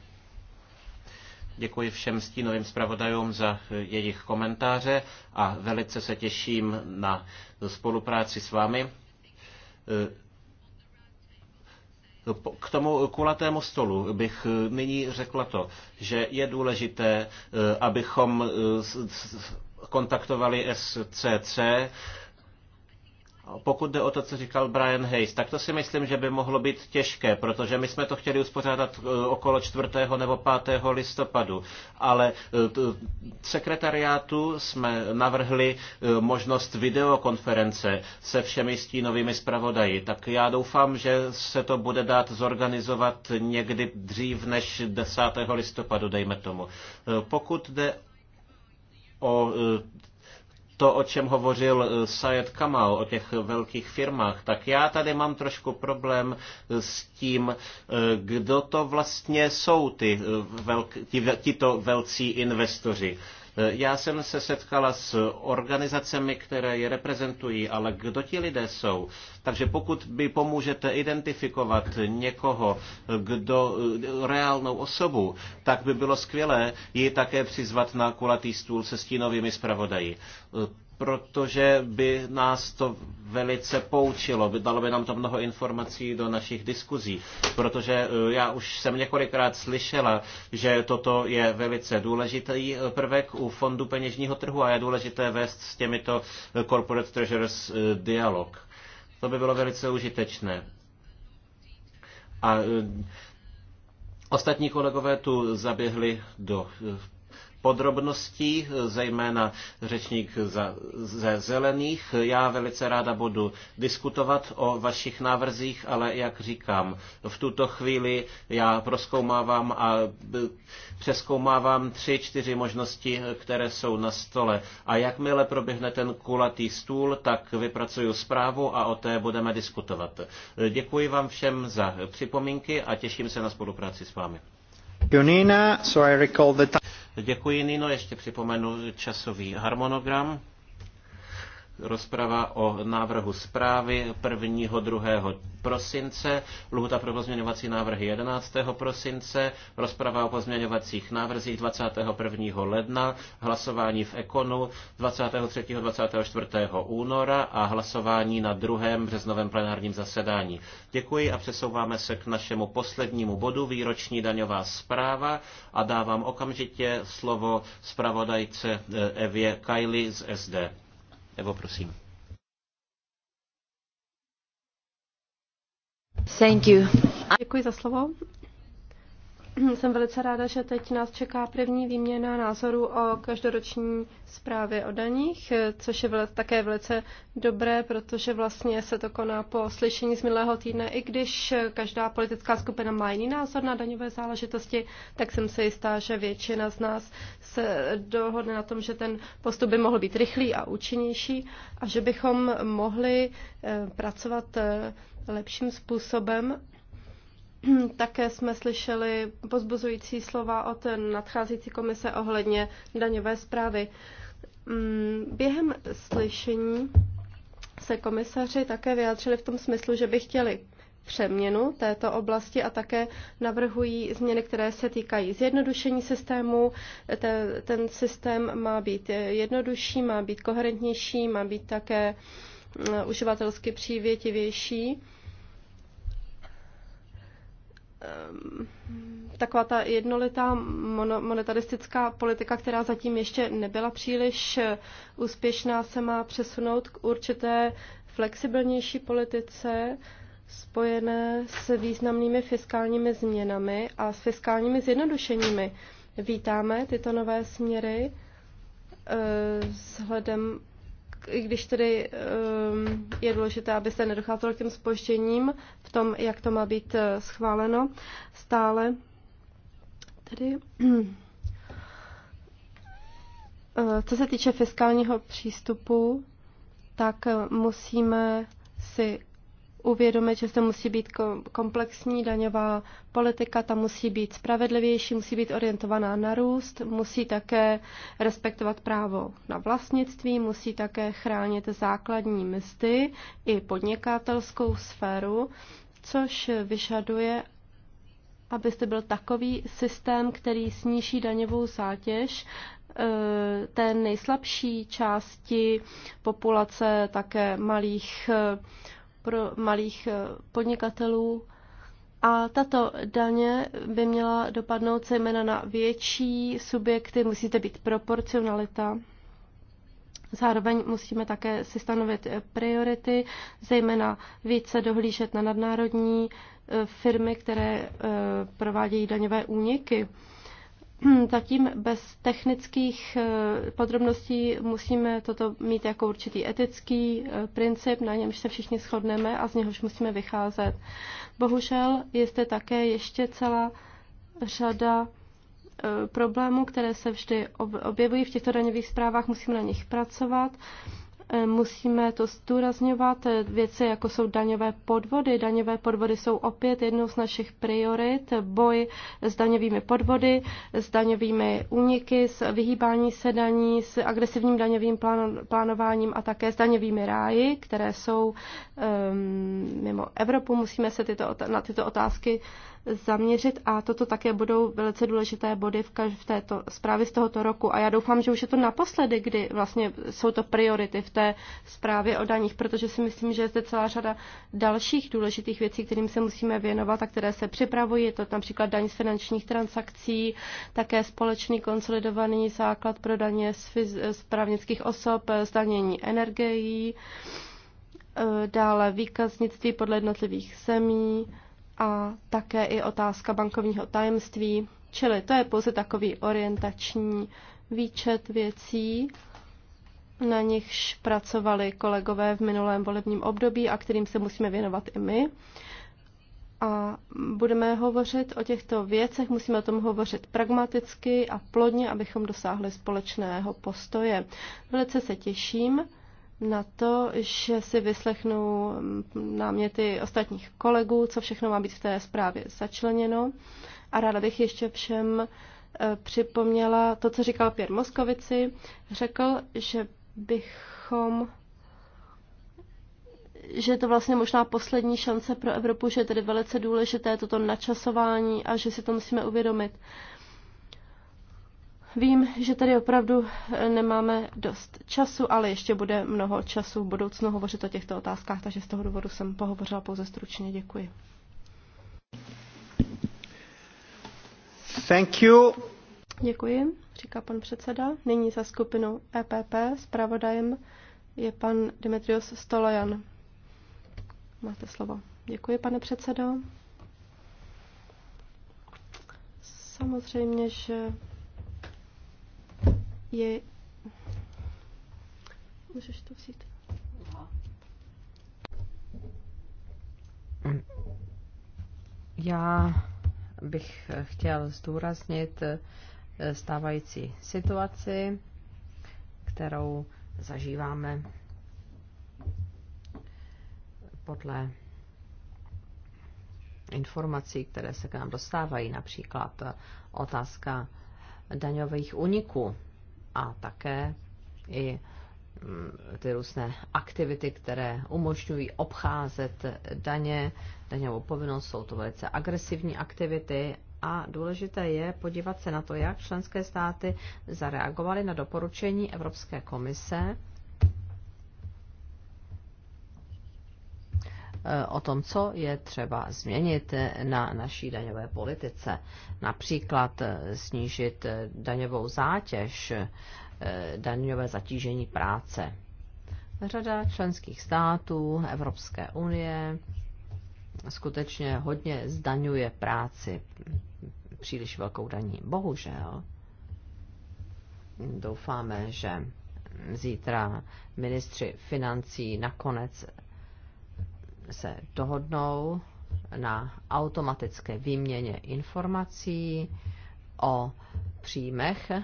C: Děkuji všem stínovým zpravodajům za eh, jejich komentáře a velice se těším na spolupráci s vámi. Eh, k tomu kulatému stolu bych eh, nyní řekla to, že je důležité, abychom kontaktovali SCC, pokud jde o to, co říkal Brian Hayes, tak to si myslím, že by mohlo být těžké, protože my jsme to chtěli uspořádat e, okolo 4. nebo 5. listopadu, ale e, sekretariátu jsme navrhli e, možnost videokonference se všemi stínovými zpravodaji. Tak já doufám, že se to bude dát zorganizovat někdy dřív než 10. listopadu, dejme tomu. Pokud jde o to, o čem hovořil eh, Sayed Kamal, o těch velkých firmách, tak já tady mám trošku problém eh, s tím, eh, kdo to vlastně jsou ty velk, ti, tito velcí investoři. Eh, já jsem se setkala s organizacemi, které je reprezentují, ale kdo ti lidé jsou? Takže pokud by pomůžete identifikovat někoho, eh, kdo eh, reálnou osobu, tak by bylo skvělé ji také přizvat na kulatý stůl se stínovými zpravodají protože by nás to velice poučilo, dalo by nám to mnoho informací do našich diskuzí, protože e, já už jsem několikrát slyšela, že toto je velice důležitý e, prvek u fondu peněžního trhu a je důležité vést s těmito e, corporate treasurers dialog. To by bylo velice užitečné. A ostatní kolegové tu zaběhli do podrobností, zejména řečník ze zelených. Já velice ráda budu diskutovat o vašich návrzích, ale jak říkám, v tuto chvíli já proskoumávám a přeskoumávám tři, čtyři možnosti, které jsou na stole. A jakmile proběhne ten kulatý stůl, tak vypracuju zprávu a o té budeme diskutovat. Děkuji vám všem za připomínky a těším se na spolupráci s vámi.
A: Junina, so I recall the time.
C: Děkuji, Nino. Ještě připomenu časový harmonogram rozprava o návrhu zprávy 1. 2. prosince, lhuta pro pozměňovací návrhy 11. prosince, rozprava o pozměňovacích návrzích 21. ledna, hlasování v Ekonu 23. 24. února a hlasování na 2. březnovém plenárním zasedání. Děkuji a přesouváme se k našemu poslednímu bodu, výroční daňová zpráva a dávám okamžitě slovo zpravodajce eh, Evě Kajli z SD. Evo, prosím.
B: Thank you. Děkuji za slovo. Jsem velice ráda, že teď nás čeká první výměna názorů o každoroční zprávě o daních, což je také velice dobré, protože vlastně se to koná po slyšení z minulého týdne. I když každá politická skupina má jiný názor na daňové záležitosti, tak jsem se jistá, že většina z nás se dohodne na tom, že ten postup by mohl být rychlý a účinnější a že bychom mohli eh, pracovat eh, lepším způsobem Také jsme slyšeli pozbuzující slova od nadcházející komise ohledně daňové zprávy. Mm, během slyšení se komisaři také vyjádřili v tom smyslu, že by chtěli přeměnu této oblasti a také navrhují změny, které se týkají zjednodušení systému. Ten, systém má být jednodušší, má být koherentnější, má být také mm, uživatelsky přívětivější. Ehm, taková ta jednolitá monetaristická politika, která zatím ještě nebyla příliš úspěšná, se má přesunout k určité flexibilnější politice spojené s významnými fiskálními změnami a s fiskálními zjednodušeními. Vítáme tyto nové směry eh, vzhledem i když tedy um, je důležité, aby se nedocházelo k těm spožděním v tom, jak to má být eh, schváleno stále. Tedy, eh, co se týče fiskálního přístupu, tak eh, musíme si uvědomit, že se musí být komplexní daňová politika, ta musí být spravedlivější, musí být orientovaná na růst, musí také respektovat právo na vlastnictví, musí také chránit základní mzdy i podnikatelskou sféru, což vyžaduje, abyste byl takový systém, který sníží daňovou zátěž eh, té nejslabší části populace, také malých eh, pro malých eh, podnikatelů. A tato daně by měla dopadnout zejména na větší subjekty, musíte být proporcionalita. Zároveň musíme také si stanovit eh, priority, zejména více dohlížet na nadnárodní eh, firmy, které provádějí daňové úniky. Hmm, zatím bez technických eh, podrobností musíme toto mít jako určitý etický eh, princip, na němž se všichni shodneme a z něhož musíme vycházet. Bohužel je zde také ještě celá řada eh, problémů, které se vždy objevují v těchto daňových zprávách, musíme na nich pracovat. Eh, musíme to zdůrazňovat. Eh, věci, jako jsou daňové podvody. Daňové podvody jsou opět jednou z našich priorit. Boj s daňovými podvody, s daňovými úniky, s vyhýbání se daní, s agresivním daňovým plánováním a také s daňovými ráji, které jsou um, mimo Evropu. Musíme se tyto, na tyto otázky zaměřit a toto také budou velice důležité body v, v této zprávě z tohoto roku. A já doufám, že už je to naposledy, kdy vlastně jsou to priority v té zprávě o daních, protože si myslím, že je zde celá řada dalších důležitých věcí, kterým se musíme věnovat a které se připravují. Je to například daň z finančních transakcí, také společný konsolidovaný základ pro daně z, z právnických osob, zdanění energií, e, dále výkaznictví podle jednotlivých zemí, a také i otázka bankovního tajemství, čili to je pouze takový orientační výčet věcí, na nichž pracovali kolegové v minulém volebním období a kterým se musíme věnovat i my. A budeme hovořit o těchto věcech, musíme o tom hovořit pragmaticky a plodně, abychom dosáhli společného postoje. Velice se těším na to, že si vyslechnu mm, náměty ostatních kolegů, co všechno má být v té zprávě začleněno. A ráda bych ještě všem e, připomněla to, co říkal Pěr Moskovici. Řekl, že bychom že je to vlastně možná poslední šance pro Evropu, že je tedy velice důležité toto načasování a že si to musíme uvědomit. Uh, Vím, že tady opravdu eh, nemáme dost času, ale ještě bude mnoho času v budoucnu hovořit o těchto otázkách, takže z toho důvodu jsem pohovořila pouze stručně. Děkuji. Thank you. Děkuji, říká pan předseda. Nyní za skupinu EPP s pravodajem je pan Dimitrios Stolojan. Máte slovo. Děkuji, pane předsedo. Samozřejmě, že je...
E: Můžeš to vzít?
D: Já bych chtěl zdůraznit eh, stávající situaci, kterou zažíváme podle informací, které se k nám dostávají, například eh, otázka daňových uniků a také i mm, ty různé aktivity, které umožňují obcházet daně, daňovou povinnost, jsou to velice agresivní aktivity a důležité je podívat se na to, jak členské státy zareagovaly na doporučení Evropské komise o tom, co je třeba změnit na naší daňové politice. Například eh, snížit eh, daňovou zátěž, eh, daňové zatížení práce. Řada členských států Evropské unie skutečně hodně zdaňuje práci příliš velkou daní. Bohužel doufáme, že zítra ministři financí nakonec se dohodnou na automatické výměně informací o příjmech eh,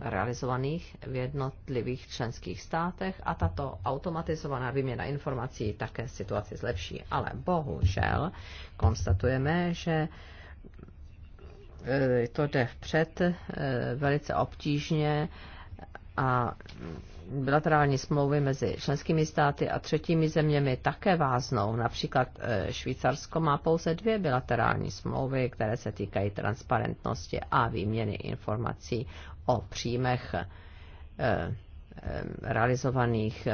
D: realizovaných v jednotlivých členských státech a tato automatizovaná výměna informací také situaci zlepší. Ale bohužel konstatujeme, že eh, to jde vpřed eh, velice obtížně a bilaterální smlouvy mezi členskými státy a třetími zeměmi také váznou. Například eh, Švýcarsko má pouze dvě bilaterální smlouvy, které se týkají transparentnosti a výměny informací o příjmech eh, eh, realizovaných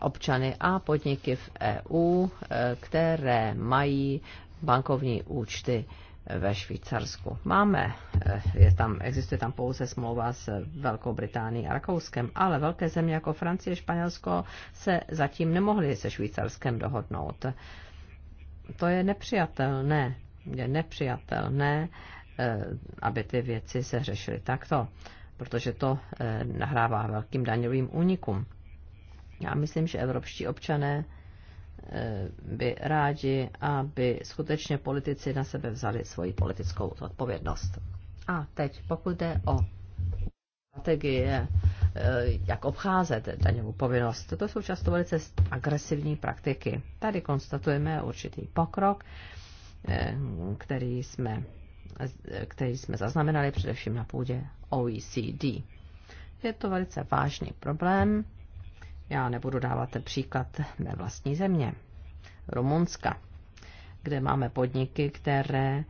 D: občany a podniky v EU, které mají bankovní účty ve Švýcarsku. Máme, eh, je tam, existuje tam pouze smlouva s Velkou Británií a Rakouskem, ale velké země jako Francie, Španělsko se zatím nemohly se Švýcarskem dohodnout. To je nepřijatelné. Je nepřijatelné, eh, aby ty věci se řešily takto, protože to eh, nahrává velkým daňovým únikům. Já myslím, že evropští občané Eh, by rádi, aby skutečně politici na sebe vzali svoji politickou odpovědnost. A teď, pokud jde o strategie, eh, jak obcházet daňovou povinnost, to jsou často velice agresivní praktiky. Tady konstatujeme určitý pokrok, eh, který jsme, který jsme zaznamenali především na půdě OECD. Je to velice vážný problém, já nebudu dávat příklad mé vlastní země, Rumunska, kde máme podniky, které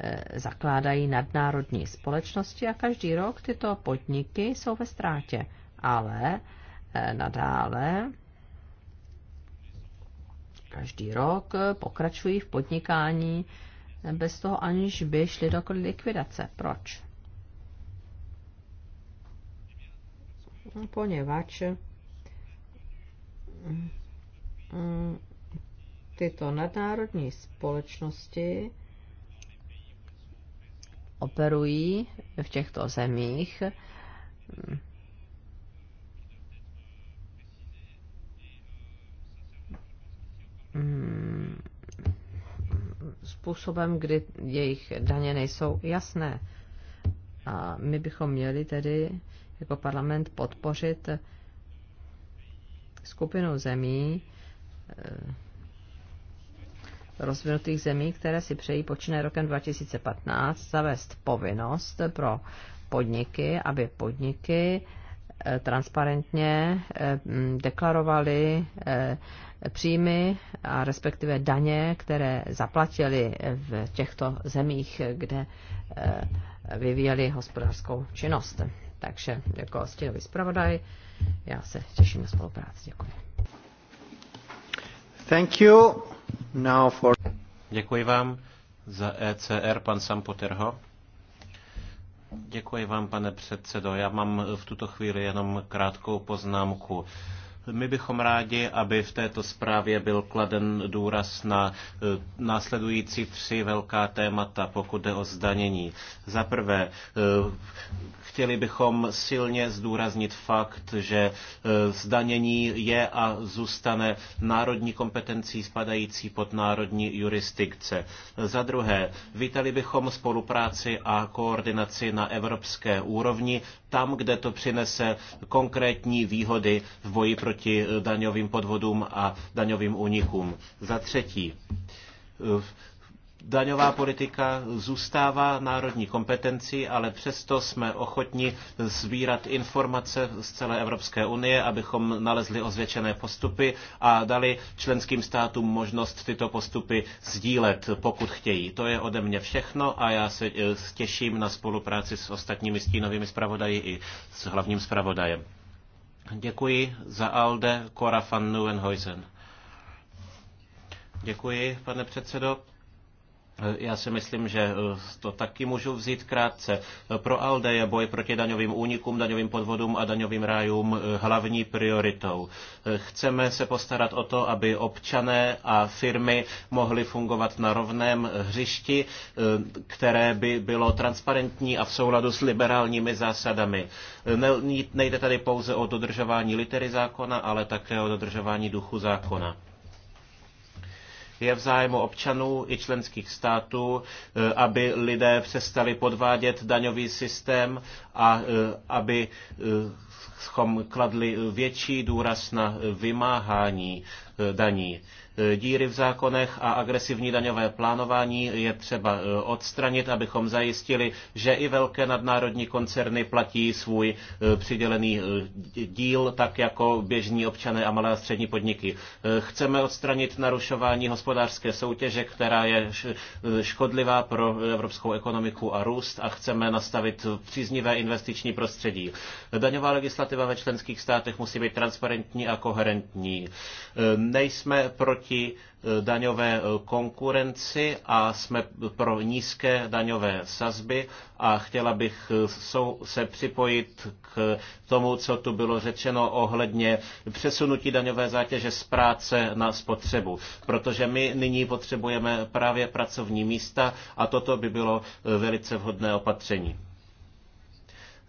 D: e, zakládají nadnárodní společnosti a každý rok tyto podniky jsou ve ztrátě. Ale e, nadále každý rok pokračují v podnikání bez toho, aniž by šli do likvidace. Proč? Poněvadž tyto nadnárodní společnosti operují v těchto zemích způsobem, kdy jejich daně nejsou jasné. A my bychom měli tedy jako parlament podpořit skupinou zemí, eh, rozvinutých zemí, které si přejí počínaje rokem 2015 zavést povinnost pro podniky, aby podniky eh, transparentně eh, deklarovali příjmy a respektive daně, které zaplatili v těchto zemích, kde vyvíjeli hospodářskou činnost. Takže jako stínový zpravodaj já se těším na spolupráci. Děkuji.
C: Thank you. Now for... Děkuji vám za ECR, pan Sampoterho. Děkuji vám, pane předsedo. Já mám v tuto chvíli jenom krátkou poznámku. My bychom rádi, aby v této zprávě byl kladen důraz na eh, následující tři velká témata, pokud jde o zdanění. Za prvé, eh, chtěli bychom silně zdůraznit fakt, že eh, zdanění je a zůstane národní kompetencí spadající pod národní jurisdikce. Za druhé, vítali bychom spolupráci a koordinaci na evropské úrovni tam, kde to přinese konkrétní výhody v boji proti eh, daňovým podvodům a daňovým únikům. Za třetí, eh, Daňová politika zůstává národní kompetencí, ale přesto jsme ochotni sbírat informace z celé Evropské unie, abychom nalezli ozvědčené postupy a dali členským státům možnost tyto postupy sdílet, pokud chtějí. To je ode mě všechno a já se eh, těším na spolupráci s ostatními stínovými zpravodaji i s hlavním zpravodajem. Děkuji za Alde Cora van Neuenhuizen. Děkuji, pane předsedo. Eh, já si myslím, že eh, to taky můžu vzít krátce. Eh, pro ALDE je boj proti daňovým únikům, daňovým podvodům a daňovým rájům hlavní prioritou. Chceme se postarat o to, aby občané a firmy mohly fungovat na rovném hřišti, které by bylo transparentní a v souladu s liberálními zásadami. Nejde tady pouze o dodržování litery zákona, ale také o dodržování duchu zákona. Je v zájmu občanů i členských států, e, aby lidé přestali podvádět daňový systém a e, aby e, kladli větší důraz na vymáhání daní. Eh, díry v zákonech a agresivní daňové plánování je třeba eh, odstranit, abychom zajistili, že i velké nadnárodní koncerny platí svůj eh, přidělený díl, tak jako běžní občané a malé a střední podniky. Chceme odstranit narušování hospodářské soutěže, která je škodlivá pro evropskou ekonomiku a růst a chceme nastavit příznivé investiční prostředí. Daňová legislativa ve členských státech musí být transparentní a koherentní. Nejsme proti proti eh, daňové eh, konkurenci a jsme pro nízké daňové sazby a chtěla bych eh, se připojit k tomu, co tu bylo řečeno ohledně přesunutí daňové zátěže z práce na spotřebu, protože my nyní potřebujeme právě pracovní místa a toto by bylo velice vhodné opatření.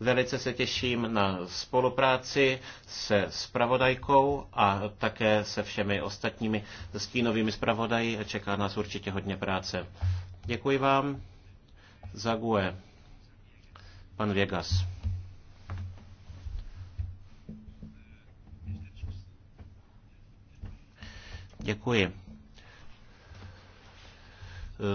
C: Velice se těším na spolupráci se spravodajkou a také se všemi ostatními stínovými spravodaji. Čeká nás určitě hodně práce. Děkuji vám. Zague. Pan Vegas. Děkuji.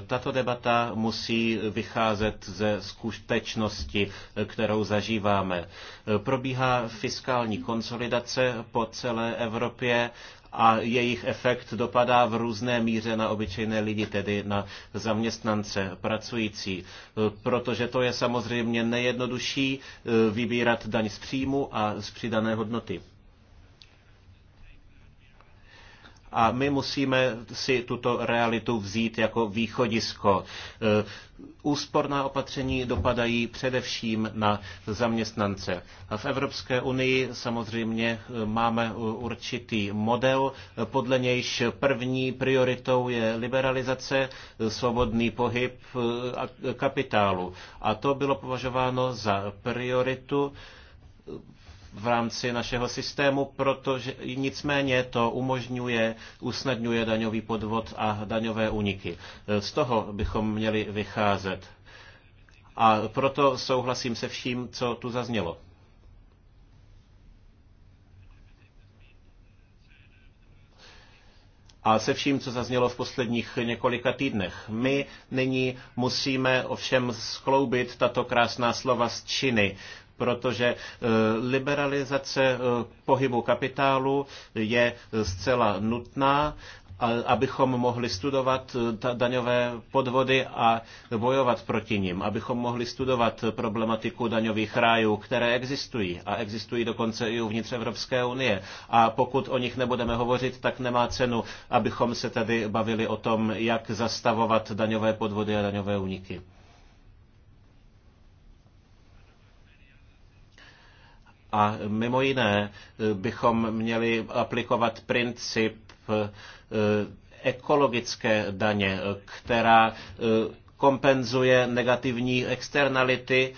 C: Tato debata musí vycházet ze skutečnosti, kterou zažíváme. Probíhá fiskální konsolidace po celé Evropě a jejich efekt dopadá v různé míře na obyčejné lidi, tedy na zaměstnance pracující, protože to je samozřejmě nejjednodušší eh, vybírat daň z příjmu a z přidané hodnoty. A my musíme si tuto realitu vzít jako východisko. E, úsporná opatření dopadají především na zaměstnance. V Evropské unii samozřejmě e, máme e, určitý model, podle nějž první prioritou je liberalizace, svobodný pohyb kapitálu. A to bylo považováno za prioritu v rámci našeho systému, protože nicméně to umožňuje, usnadňuje daňový podvod a daňové úniky. Z toho bychom měli vycházet. A proto souhlasím se vším, co tu zaznělo. a se vším, co zaznělo v posledních několika týdnech. My nyní musíme ovšem skloubit tato krásná slova z činy protože eh, liberalizace eh, pohybu kapitálu je zcela nutná abychom mohli studovat eh, daňové podvody a bojovat proti nim, abychom mohli studovat problematiku daňových rájů, které existují a existují dokonce i uvnitř Evropské unie. A pokud o nich nebudeme hovořit, tak nemá cenu, abychom se tady bavili o tom, jak zastavovat daňové podvody a daňové úniky. A mimo jiné eh, bychom měli aplikovat princip eh, ekologické daně, která eh, kompenzuje negativní externality,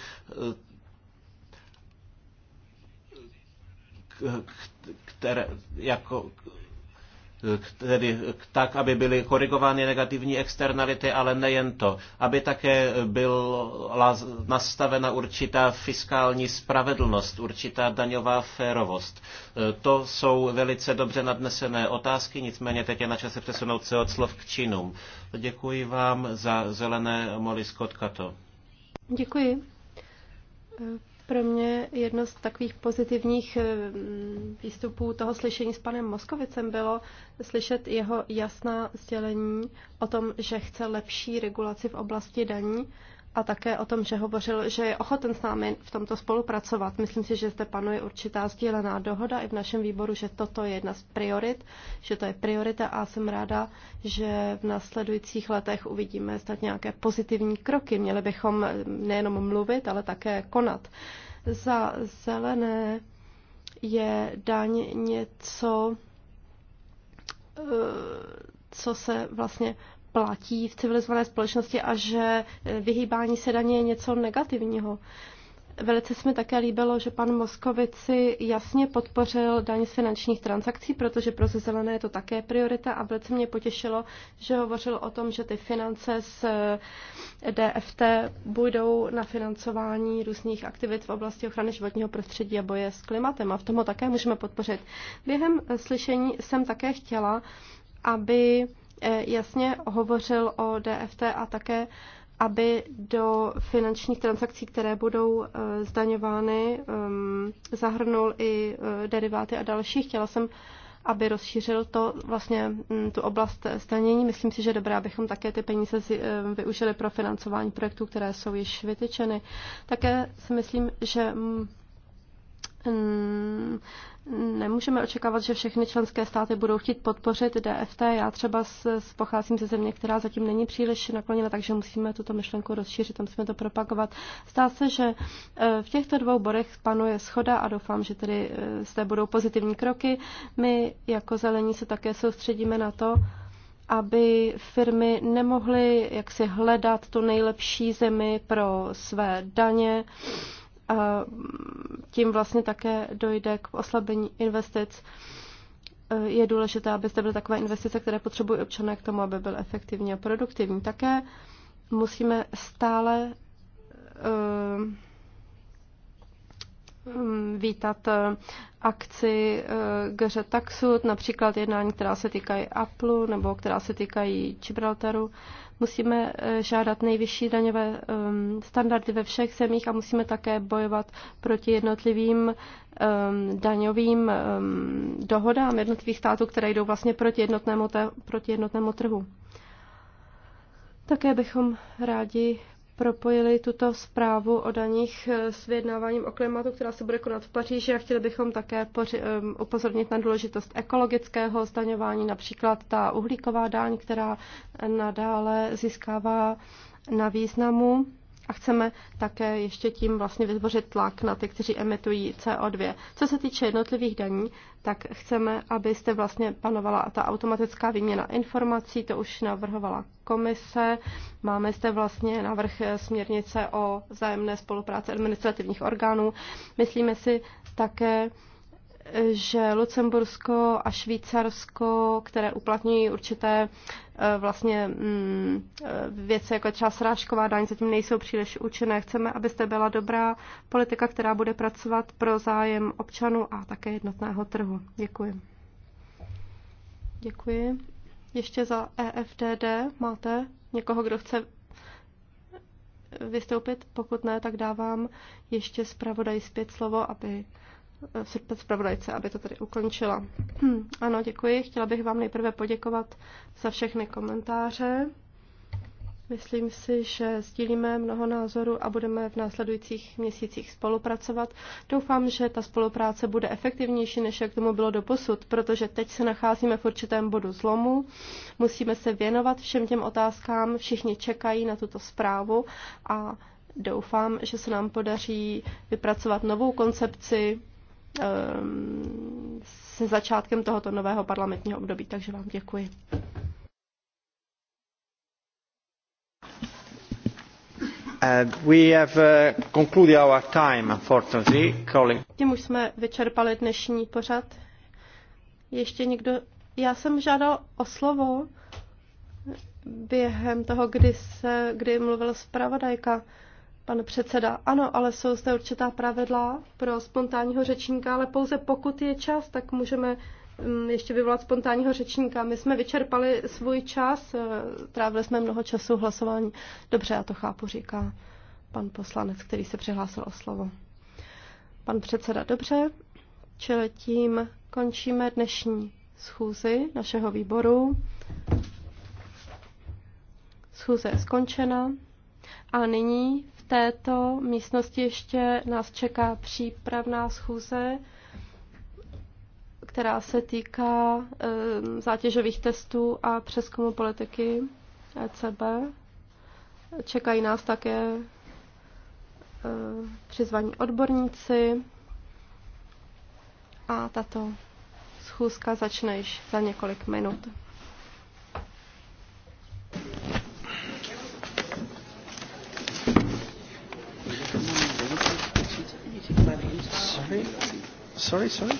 C: které, jako, tedy tak, aby byly korigovány negativní externality, ale nejen to, aby také byla nastavena určitá fiskální spravedlnost, určitá daňová férovost. To jsou velice dobře nadnesené otázky, nicméně teď je na čase přesunout se od slov k činům. Děkuji vám za zelené Molly Scott Kato.
B: Děkuji. Pro mě jedno z takových pozitivních eh, výstupů toho slyšení s panem Moskovicem bylo slyšet jeho jasná sdělení o tom, že chce lepší regulaci v oblasti daní a také o tom, že hovořil, že je ochoten s námi v tomto spolupracovat. Myslím si, že zde panuje určitá sdílená dohoda i v našem výboru, že toto je jedna z priorit, že to je priorita a jsem ráda, že v následujících letech uvidíme snad nějaké pozitivní kroky. Měli bychom eh, nejenom mluvit, ale také konat. Za zelené je daň něco, eh, co se vlastně platí v civilizované společnosti a že eh, vyhýbání se daně je něco negativního. Velice se mi také líbilo, že pan Moskovici jasně podpořil daň z finančních transakcí, protože pro zelené je to také priorita a velice mě potěšilo, že hovořil o tom, že ty finance z eh, DFT budou na financování různých aktivit v oblasti ochrany životního prostředí a boje s klimatem a v tom ho také můžeme podpořit. Během eh, slyšení jsem také chtěla, aby Eh, jasně hovořil o DFT a také, aby do finančních transakcí, které budou eh, zdaňovány, ehm, zahrnul i eh, deriváty a další. Chtěla jsem aby rozšířil to vlastně mm, tu oblast zdanění. Myslím si, že dobré, abychom také ty peníze využili pro financování projektů, které jsou již vytyčeny. Také si myslím, že mm, mm, Nemůžeme očekávat, že všechny členské státy budou chtít podpořit DFT. Já třeba pocházím ze země, která zatím není příliš nakloněna, takže musíme tuto myšlenku rozšířit, tam musíme to propagovat. Zdá se, že e, v těchto dvou bodech panuje schoda a doufám, že tedy e, zde budou pozitivní kroky. My jako zelení se také soustředíme na to, aby firmy nemohly jaksi hledat tu nejlepší zemi pro své daně a mm, tím vlastně také dojde k oslabení investic. E, je důležité, abyste byly takové investice, které potřebují občané k tomu, aby byl efektivní a produktivní. Také musíme stále e, mm, vítat e, akci GŘ Taxud, například jednání, která se týkají Apple nebo která se týkají Gibraltaru. Musíme eh, žádat nejvyšší daňové ehm, standardy ve všech zemích a musíme také bojovat proti jednotlivým ehm, daňovým ehm, dohodám jednotlivých států, které jdou vlastně proti jednotnému, proti jednotnému trhu. Také bychom rádi propojili tuto zprávu o daních eh, s vyjednáváním o klimatu, která se bude konat v Paříži a chtěli bychom také eh, upozornit na důležitost ekologického zdaňování, například ta uhlíková daň, která nadále získává na významu a chceme také ještě tím vlastně vytvořit tlak na ty, kteří emitují CO2. Co se týče jednotlivých daní, tak chceme, abyste vlastně panovala ta automatická výměna informací, to už navrhovala komise. Máme zde vlastně návrh směrnice o vzájemné spolupráci administrativních orgánů. Myslíme si také, že Lucembursko a Švýcarsko, které uplatňují určité Eh, vlastně mm, eh, věci jako třeba srážková daň zatím nejsou příliš účinné. Chceme, abyste byla dobrá politika, která bude pracovat pro zájem občanů a také jednotného trhu. Děkuji. Děkuji. Ještě za EFDD máte někoho, kdo chce vystoupit? Pokud ne, tak dávám ještě zpravodaj zpět slovo, aby zpravodajce, aby to tady ukončila. Hm, ano, děkuji. Chtěla bych vám nejprve poděkovat za všechny komentáře. Myslím si, že sdílíme mnoho názorů a budeme v následujících měsících spolupracovat. Doufám, že ta spolupráce bude efektivnější, než jak tomu bylo do posud, protože teď se nacházíme v určitém bodu zlomu. Musíme se věnovat všem těm otázkám, všichni čekají na tuto zprávu a doufám, že se nám podaří vypracovat novou koncepci Ehm, se začátkem tohoto nového parlamentního období. Takže vám děkuji.
A: Uh, uh,
B: Tím už jsme vyčerpali dnešní pořad. Ještě někdo? Já jsem žádal o slovo během toho, kdy, se, kdy mluvila zpravodajka. Pane předseda, ano, ale jsou zde určitá pravidla pro spontánního řečníka, ale pouze pokud je čas, tak můžeme mm, ještě vyvolat spontánního řečníka. My jsme vyčerpali svůj čas, eh, trávili jsme mnoho času hlasování. Dobře, já to chápu, říká pan poslanec, který se přihlásil o slovo. Pan předseda, dobře, čili tím končíme dnešní schůzi našeho výboru. Schůze je skončena a nyní této místnosti ještě nás čeká přípravná schůze, která se týká ehm, zátěžových testů a přeskumu politiky ECB. Čekají nás také ehm, přizvaní odborníci a tato schůzka začne již za několik minut.
F: Sorry, sorry.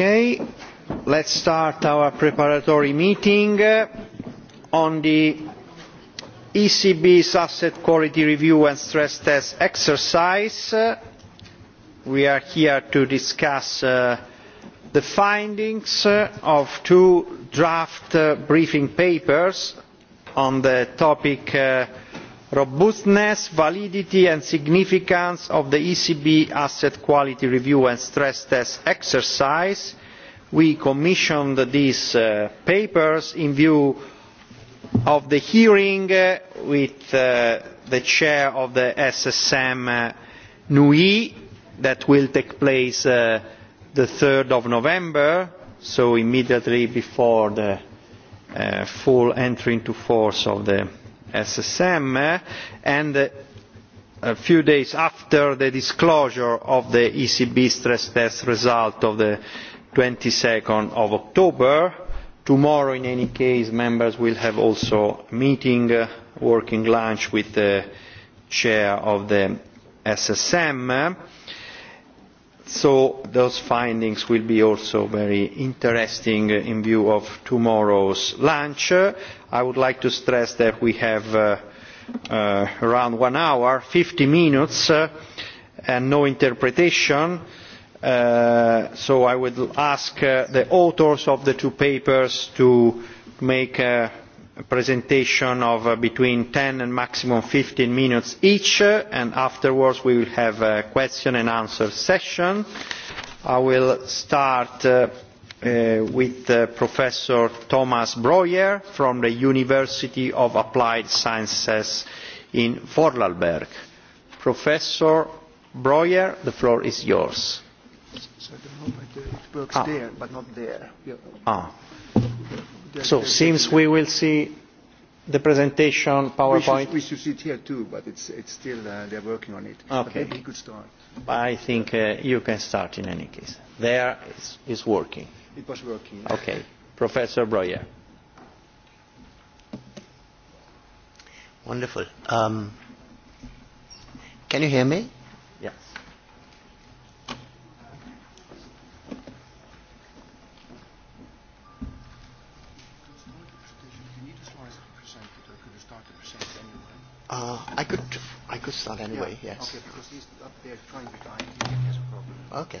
A: Okay, let's start our preparatory meeting on the ECB's asset quality review and stress test exercise. We are here to discuss uh, the findings of two draft uh, briefing papers on the topic uh, robustness validity and significance of the ecb asset quality review and stress test exercise. we commissioned these uh, papers in view of the hearing uh, with uh, the chair of the ssm nouy that will take place on three november so immediately before the full entry into force of the SSM and a few days after the disclosure of the ECB stress test result of twenty two October. Tomorrow, in any case, members will also have a meeting, a uh, working lunch with the chair of the SSM. So those findings will also be very interesting in view of tomorrow's lunch i would like to stress that we have uh, uh, around one hour fifty minutes uh, and no interpretation so i would ask the authors of the two papers to make a presentation of between ten and maximum fifteen minutes each and afterwards we will have a question and answer session. i will start Uh, with uh, Professor Thomas Breuer from the University of Applied Sciences in Vorarlberg. Professor Breuer, the floor is yours. So uh, it works ah. there, but not there. Yeah. Ah. So seems we will see the presentation PowerPoint. We should, we should see it here too, but it's, it's still uh, they're working on it. Okay. But maybe could start. I think uh, you can start in any case. There is, is working it
E: was working. Okay.
A: Professor Breuer.
G: Wonderful. Um, can you hear me? Yes.
H: Uh, I could I could start anyway. Yeah. Yes. Okay, because he's up
A: there trying to die. He has a problem.
G: Okay.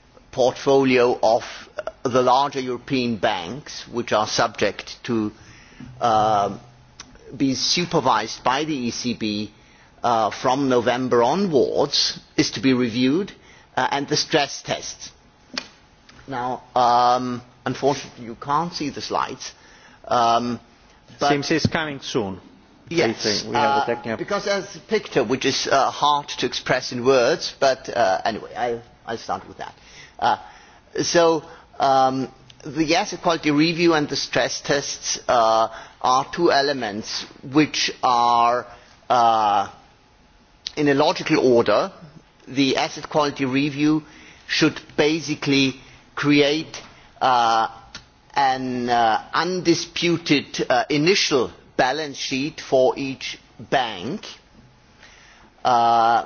G: portfolio of uh, the larger European banks, which are subject to uh, um, be supervised by the ECB uh, from November onwards, is to be reviewed, uh, and the stress tests. Now, um, unfortunately, you can't see the slides. Um, but Seems it's coming soon. Yes, we have a uh, because there's a picture which is uh, hard to express in words, but anyway, I, I'll start with that. Uh, so um, the asset quality review and the stress tests uh, are two elements which are uh, in a logical order. The asset quality review should basically create uh, an uh, undisputed uh, initial balance sheet for each bank. Uh,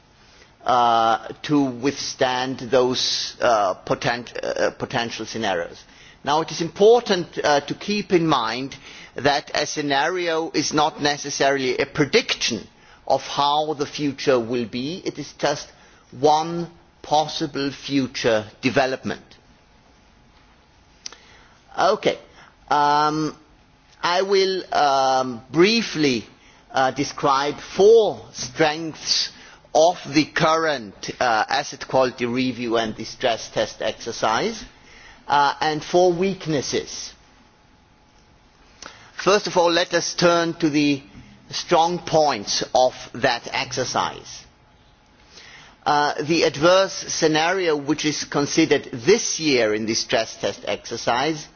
G: Uh, to withstand those uh, uh, potential scenarios. Now, it is important to keep in mind that a scenario is not necessarily a prediction of how the future will be. It is just one possible future development. Um, I will um, briefly describe four strengths of the current uh, asset quality review and the stress test exercise uh, and four weaknesses. First of all, let us turn to the strong points of that exercise. Uh, the adverse scenario which is considered this year in the stress test exercise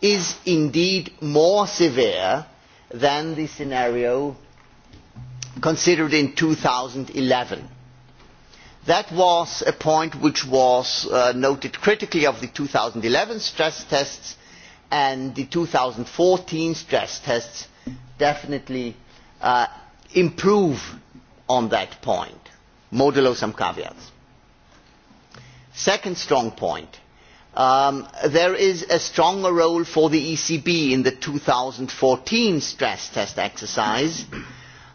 G: is indeed more severe than the scenario considered in 2011. That was a point which was uh, noted critically of the 2011 stress tests and the 2014 stress tests definitely uh, improve on that point, modulo some caveats. Second strong point, um, there is a stronger role for the ECB in the 2014 stress test exercise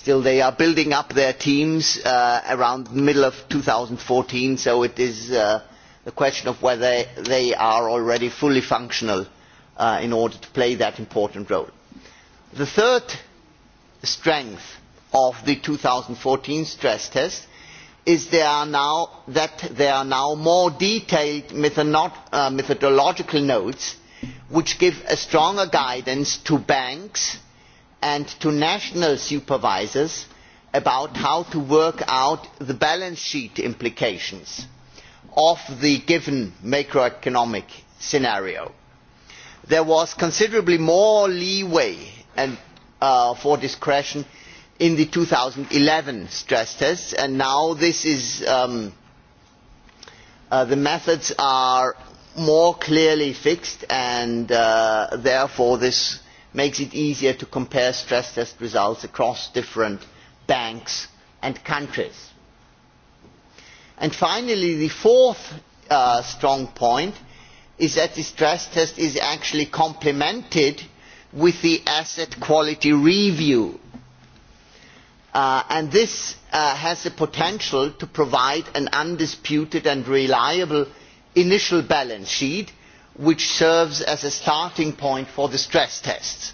G: still they are building up their teams uh, around the middle of 2014, so it is uh, the question of whether they are already fully functional uh, in order to play that important role. The third strength of the 2014 stress test is there are now, that there are now more detailed methodolog uh, methodological notes which give a stronger guidance to banks and to national supervisors about how to work out the balance sheet implications of the given macroeconomic scenario. There was considerably more leeway and, uh, for discretion in the 2011 stress tests, and now this is um, uh, the methods are more clearly fixed, and uh, therefore this makes it easier to compare stress test results across different banks and countries. And finally, the fourth uh, strong point is that the stress test is actually complemented with the asset quality review. Uh, and this uh, has the potential to provide an undisputed and reliable initial balance sheet which serves as a starting point for the stress tests.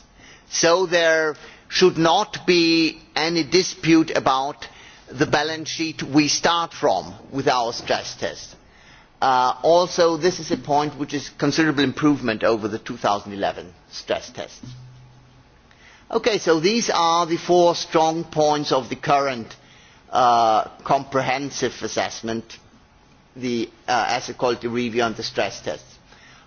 G: so there should not be any dispute about the balance sheet we start from with our stress tests. Uh, also this is a point which is a considerable improvement over the two thousand and eleven stress tests. Okay, so these are the four strong points of the current uh, comprehensive assessment the uh, asset quality review and the stress tests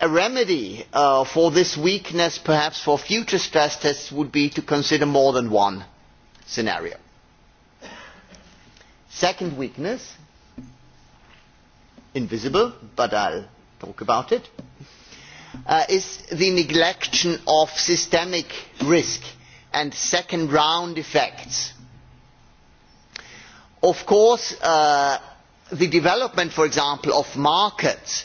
G: a remedy uh, for this weakness perhaps for future stress tests would be to consider more than one scenario. second weakness invisible but i will talk about it uh, is the neglect of systemic risk and second round effects. of course uh, the development for example of markets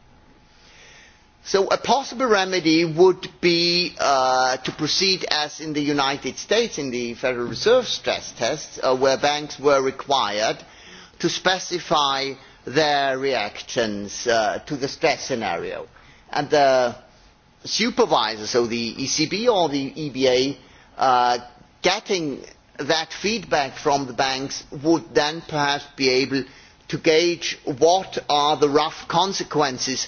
G: so a possible remedy would be uh, to proceed as in the united states in the federal reserve stress tests uh, where banks were required to specify their reactions uh, to the stress scenario and the supervisor so the ecb or the eba uh, getting that feedback from the banks would then perhaps be able to gauge what are the rough consequences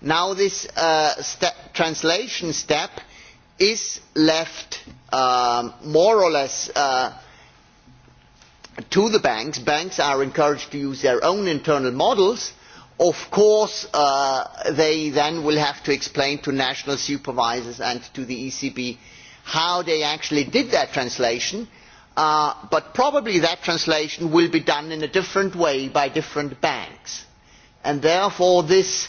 G: now this uh, translation step is left um, more or less uh, to the banks. Banks are encouraged to use their own internal models. Of course, uh, they then will have to explain to national supervisors and to the ECB how they actually did that translation. but probably that translation will be done in a different way by different banks. And therefore, this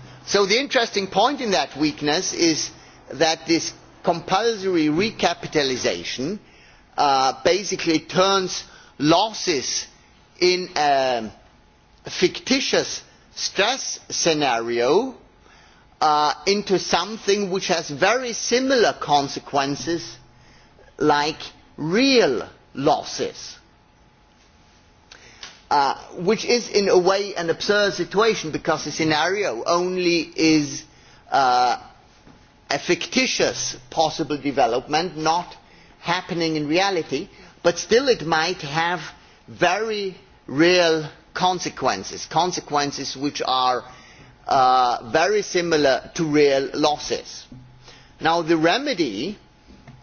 G: the interesting point in that weakness is that this compulsory recapitalisation uh, basically turns losses in a fictitious stress scenario uh, into something which has very similar consequences like real losses Uh, which is in a way an absurd situation because the scenario only is only uh, a fictitious possible development not happening in reality but still it might have very real consequences consequences which are uh, very similar to real losses. now the remedy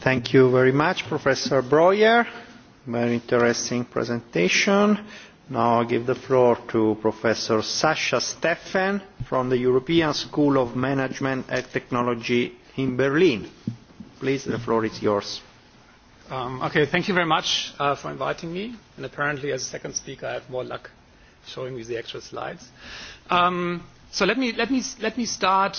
A: Thank you very much, Professor Breuer. Very interesting presentation. Now I give the floor to Professor Sasha Steffen from the European School of Management and Technology in Berlin. Please, the floor is yours.
H: Um, okay, thank you very much uh, for inviting me. And apparently, as a second speaker, I have more luck showing me the actual slides. Um, so let me, let me, let me start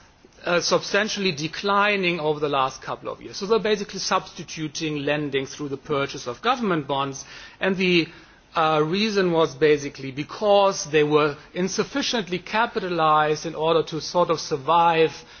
H: Uh, substantially declining over the last couple of years. So they're basically substituting lending through the purchase of government bonds. And the uh, reason was basically because they were insufficiently capitalized in order to sort of survive uh,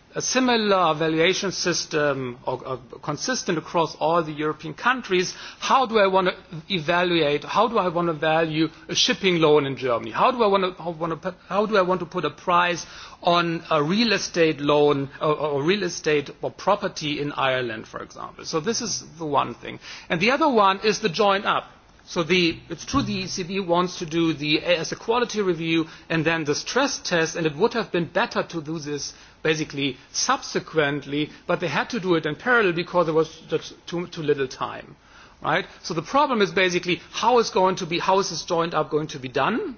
H: a similar valuation system or, or consistent across all the European countries, how do I want to evaluate, how do I want to value a shipping loan in Germany? How do I want to, how, want to, how do I want to put a price on a real estate loan or, or real estate or property in Ireland, for example? So this is the one thing. And the other one is the join up So the, it's true the ECB wants to do the eh, asset quality review and then the stress test, and it would have been better to do this basically subsequently, but they had to do it in parallel because there was just too, too little time. Right? So the problem is basically how is, going to be, how is this joined up going to be done?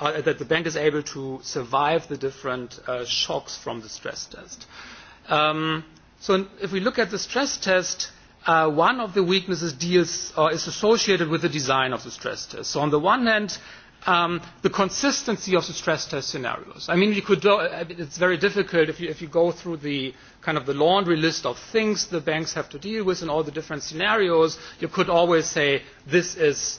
H: uh, that the bank is able to survive the different uh, shocks from the stress test. Um, so if we look at the stress test, uh, one of the weaknesses deals or uh, is associated with the design of the stress test. So on the one hand, um, the consistency of the stress test scenarios. I mean, you could do, uh, it's very difficult if you, if you go through the kind of the laundry list of things the banks have to deal with in all the different scenarios. You could always say this is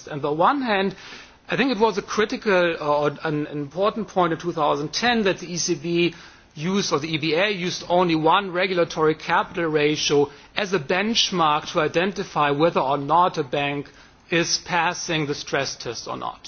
H: context. on the one hand i think it was a critical uh, or an important point in two thousand and ten that the ecb used or the eba used only one regulatory capital ratio as a benchmark to identify whether or not a bank is passing the stress test or not.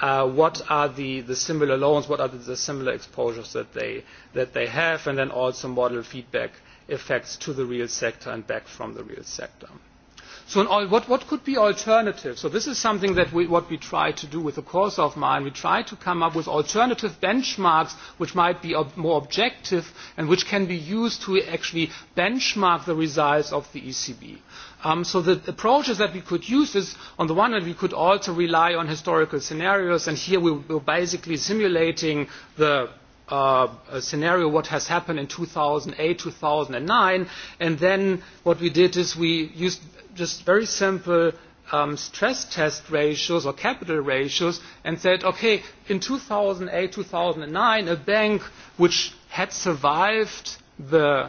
H: Uh, what are the, the similar loans, what are the, the similar exposures that they, that they have, and then also model feedback effects to the real sector and back from the real sector. So in all, what, what could be alternatives? So this is something that we, what we try to do with the course of mine. We try to come up with alternative benchmarks which might be ob more objective and which can be used to actually benchmark the results of the ECB. Um, so the approaches that we could use is, on the one hand, we could also rely on historical scenarios, and here we were basically simulating the uh, a scenario what has happened in 2008, 2009, and then what we did is we used just very simple um, stress test ratios or capital ratios and said, okay, in 2008, 2009, a bank which had survived the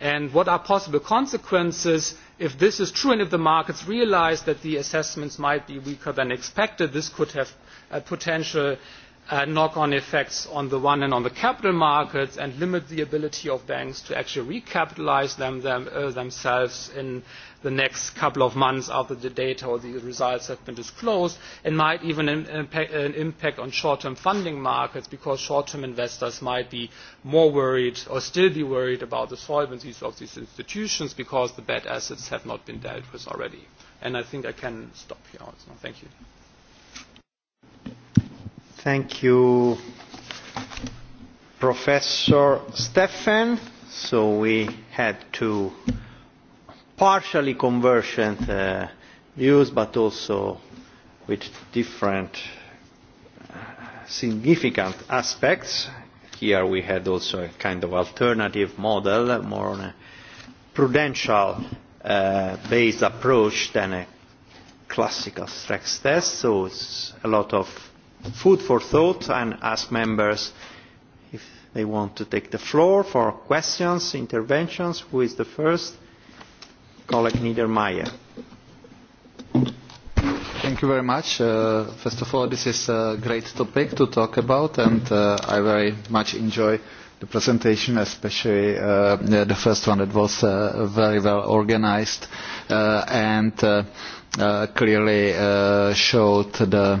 H: and what are possible consequences if this is true and if the markets realise that the assessments might be weaker than expected this could have a potential Uh, knock-on effects on the one hand on the capital markets and limit the ability of banks to actually recapitalize them, them, uh, themselves in the next couple of months after the data or the results have been disclosed and might even impact, uh, impact on short-term funding markets because short-term investors might be more worried or still be worried about the solvencies of these institutions because the bad assets have not been dealt with already. And I think I can stop here also. Thank you.
A: Thank you, Professor Stefan. So we had two partially convergent uh, views, but also with different uh, significant aspects. Here we had also a kind of alternative model, more on a prudential uh, based approach than a classical stress test, so it's a lot of food for thought and ask members if they want to take the floor for questions, interventions. Who is the first? Colleague Niedermayer. Thank you very much. Uh, first of all, this is a great topic
I: to talk about, and uh, I very much enjoy the presentation, especially uh, the first one that was uh, very well organized uh, and uh, uh, clearly uh, showed the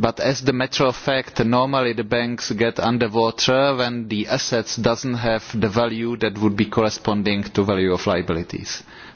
I: but as a matter of fact normally the banks get under water when the assets do not have the value that would be corresponding to the value of liabilities.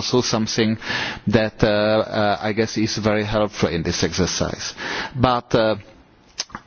I: also something that uh, uh, I guess is very helpful in this exercise. But uh,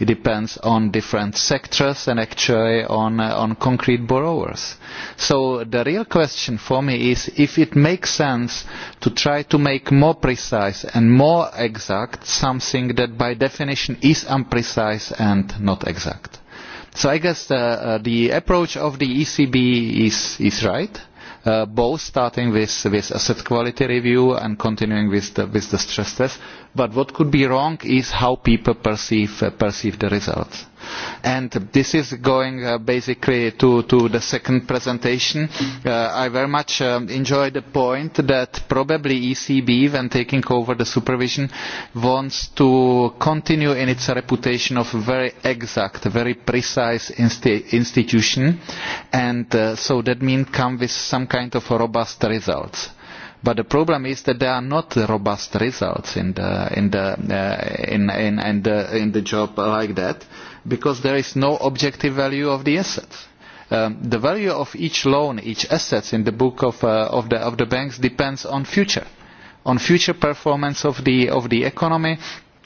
I: It depends on different sectors and actually on, uh, on concrete borrowers. So the real question for me is if it makes sense to try to make more precise and more exact something that by definition is imprecise and not exact. So I guess the, uh, the approach of the ECB is, is right uh, both starting with, with asset quality review and continuing with the, with the stress test. But what could be wrong is how people perceive, uh, perceive the results And this is going uh, basically to, to the second presentation. Uh, I very much um, enjoy the point that probably ECB, when taking over the supervision, wants to continue in its reputation of very exact, very precise insti institution. And uh, so that means come with some kind of robust results but the problem is that there are not robust results in the in the uh, in in in the in the job like that because there is no objective value of the assets, Um, the value of each loan, each asset in the book of, uh, of, the, of the banks depends on future, on future performance of the, of the economy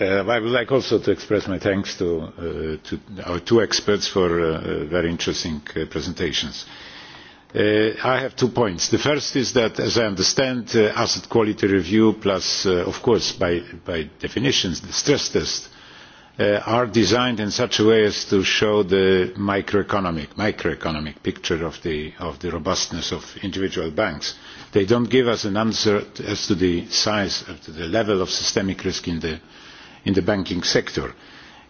J: Uh, I would like also to express my thanks to, uh, our two experts for uh, very interesting presentations. I have two points. The first is that, as I understand, asset quality review plus, of course, by, definition definitions, the stress test are designed in such a way as to show the microeconomic, picture of the, robustness of individual banks. They don't give us an answer as to the size, to the level of systemic risk in the, in the banking sector.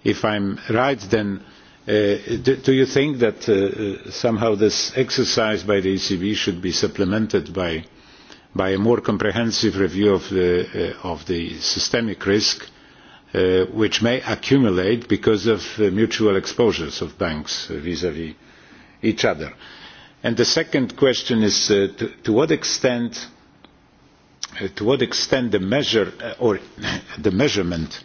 J: If I'm right, then Uh, do, do you think that uh, somehow this exercise by the ecb should be supplemented by, by a more comprehensive review of the, uh, of the systemic risk uh, which may accumulate because of uh, mutual exposures of banks vis vis each other? And the second question is uh, to, to what extent to what extent the measure or the measurement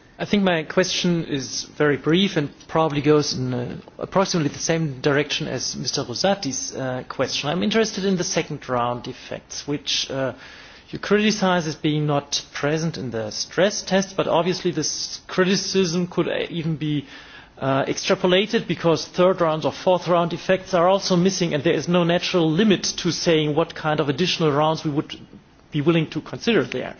K: I think my question is very brief and probably goes in uh, approximately the same direction as Mr. Rosati's uh, question. I'm interested in the second round effects, which uh, you criticize as being not present in the stress test, but obviously this criticism could uh, even be uh, extrapolated because third round or fourth round effects are also missing and there is no natural limit to saying what kind of additional rounds we would be willing to consider there. Uh,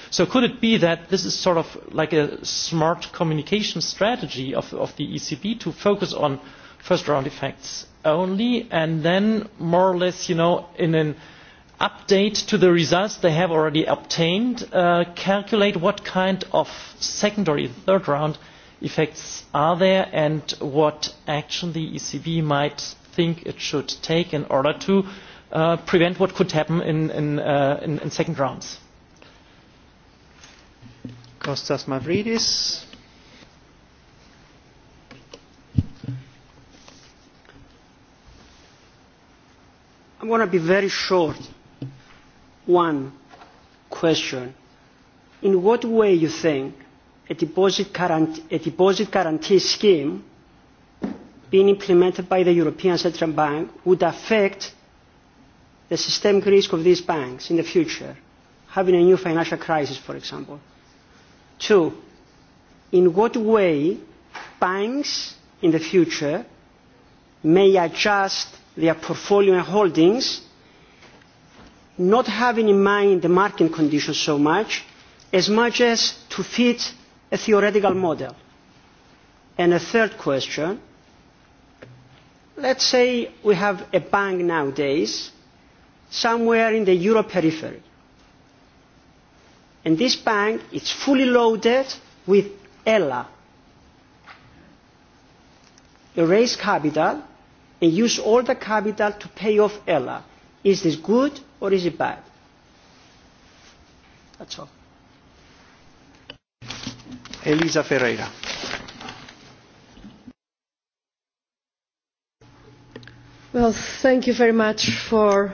K: So could it be that this is sort of like a smart communication strategy of, of the ECB to focus on first round effects only and then more or less, you know, in an update to the results they have already obtained, uh, calculate what kind of secondary third round effects are there and what action the ECB might think it should take in order to uh, prevent what could happen in, in, uh, in, in second rounds. Kostas
F: Mavridis. I'm going to be very short. One question. In what way you think a deposit, guarantee, a deposit guarantee scheme being implemented by the European Central Bank would affect the systemic risk of these banks in the future, having a new financial crisis, for example? Two, in what way banks in the future may adjust their portfolio and holdings, not having in mind the market conditions so much, as much as to fit a theoretical model. And a third question, let's say we have a bank nowadays somewhere in the euro periphery And this bank is fully loaded with ella You raise capital and use all the capital to pay off ella Is this good or is it bad? That's all.
A: Elisa Ferreira.
E: Well, thank you very much for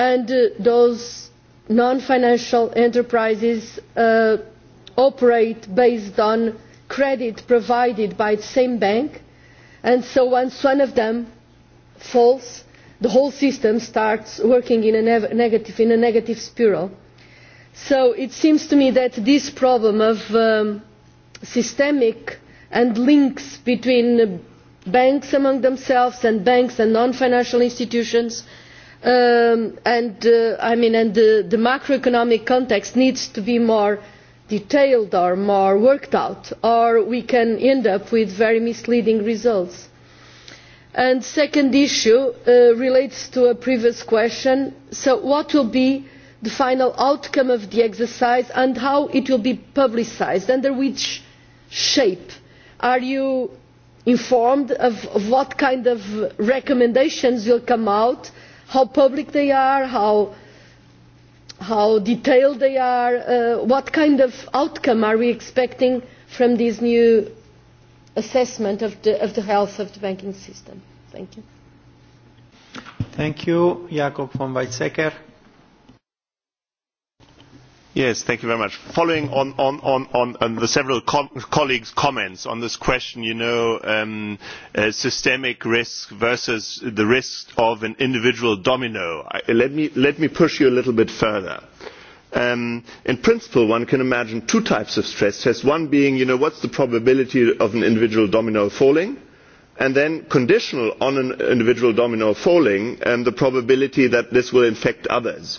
E: and uh, those non-financial enterprises uh, operate based on credit provided by the same bank and so once one of them falls the whole system starts working in a, ne negative, in a negative spiral. So it seems to me that this problem of um, systemic and links between banks among themselves and banks and non-financial institutions Um, and, uh, I mean, and the, macroeconomic context needs to be more detailed or more worked out or we can end up with very misleading results. the second issue uh, relates to a previous question so what will be the final outcome of the exercise and how it will be publicised under which shape? are you informed of, of what kind of recommendations will come out? how public they are, how, how detailed they are, uh, what kind of outcome are we expecting from this new assessment of the, of the health of the banking system. Thank you.
A: Thank you, Jakob von
L: Weizsäcker. Following on, the several colleagues' comments on this question, you know, um, uh, systemic risk versus the risk of an individual domino, let, me, push you a little bit further. Um, in principle, one can imagine two types of stress tests, one being, you know, what's the probability of an individual domino falling? And then conditional on an individual domino falling um, the probability that this will infect others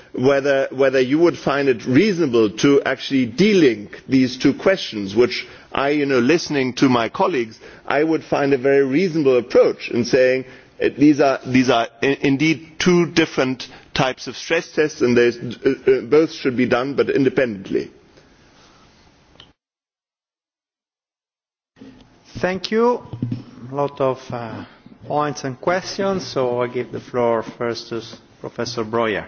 L: whether, you would find it reasonable to actually de-link these two questions, which listening to my colleagues, I would find a very reasonable approach in saying eh, these are, these are indeed two different types of stress tests and eh, eh, both should be done but independently.
A: Thank you. A lot of uh, points and questions, so I give the floor first to Professor Breuer.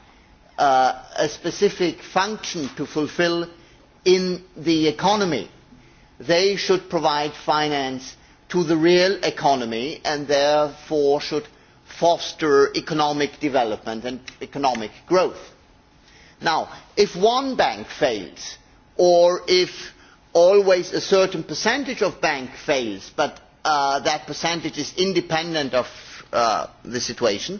G: Uh, a specific function to fulfil in the economy. They should provide finance to the real economy and therefore should foster economic development and economic growth. Now, if one bank fails, or if always a certain percentage of banks fails, but uh, that percentage is independent of uh, the situation,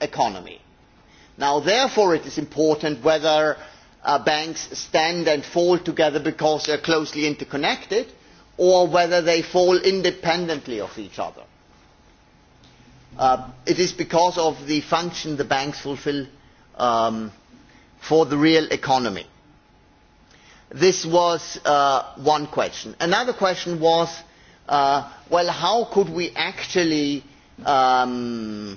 G: economy. Now, therefore it is important whether uh, banks stand and fall together because they are closely interconnected or whether they fall independently of each other. Uh, it is because of the function the banks fulfill um, for the real economy. This was uh, one question. Another question was, uh, well, how could we actually um,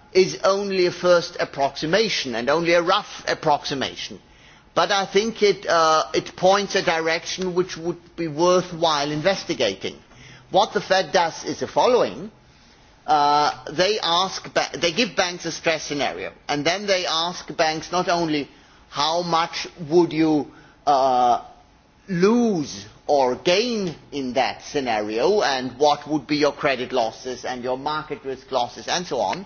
G: is only a first approximation and only a rough approximation but i think it, uh, it points a direction which would be worthwhile investigating. what the fed does is the following uh, they, ask they give banks a stress scenario and then they ask banks not only how much would you uh, lose or gain in that scenario and what would be your credit losses and your market risk losses and so on,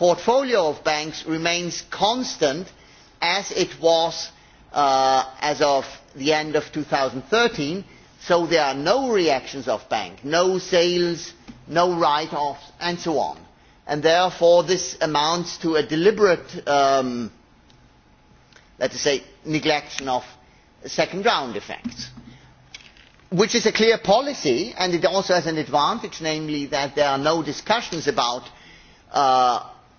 G: portfolio of banks remains constant as it was uh, as of the end of 2013, so there are no reactions of banks, no sales, no write-offs, and so on. And therefore, this amounts to a deliberate, um, let us say, neglection of second round effects, which is a clear policy, and it also has an advantage, namely that there are no discussions about uh,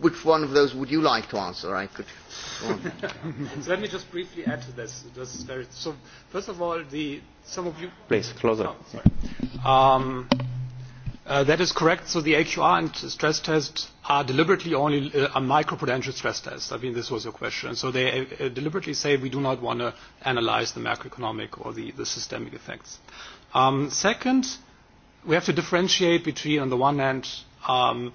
G: which one of those would you like to answer? I could.
H: so let me just briefly add to this. this is very, so first of all, the some of you. Please closer. Oh, sorry. Um, uh, that is correct. So the AQR and stress test are deliberately only uh, a microprudential stress test. I mean, this was your question. So they uh, deliberately say we do not want to analyze the macroeconomic or the, the systemic effects. Um, second, we have to differentiate between, on the one hand, um,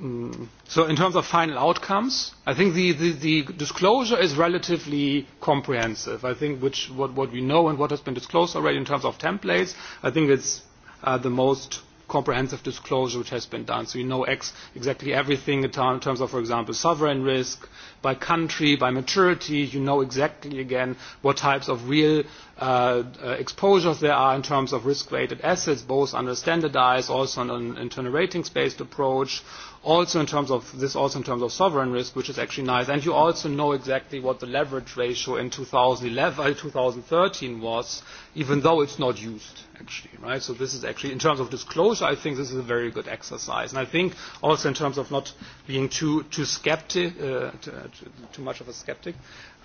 H: Mm. so in terms of final outcomes, I think the, the, the disclosure is relatively comprehensive. I think which, what, what we know and what has been disclosed already in terms of templates, I think it's uh, the most comprehensive disclosure which has been done. So you know ex exactly everything in terms of, for example, sovereign risk, by country, by maturity. You know exactly, again, what types of real uh, uh, exposures there are in terms of risk-weighted assets, both under standardized, also on an internal ratings-based approach also in terms of this also in terms of sovereign risk, which is actually nice. And you also know exactly what the leverage ratio in 2011, uh, 2013 was, even though it's not used actually, right? So this is actually in terms of disclosure, I think this is a very good exercise. And I think also in terms of not being too too skeptic, uh, too, too much of a skeptic.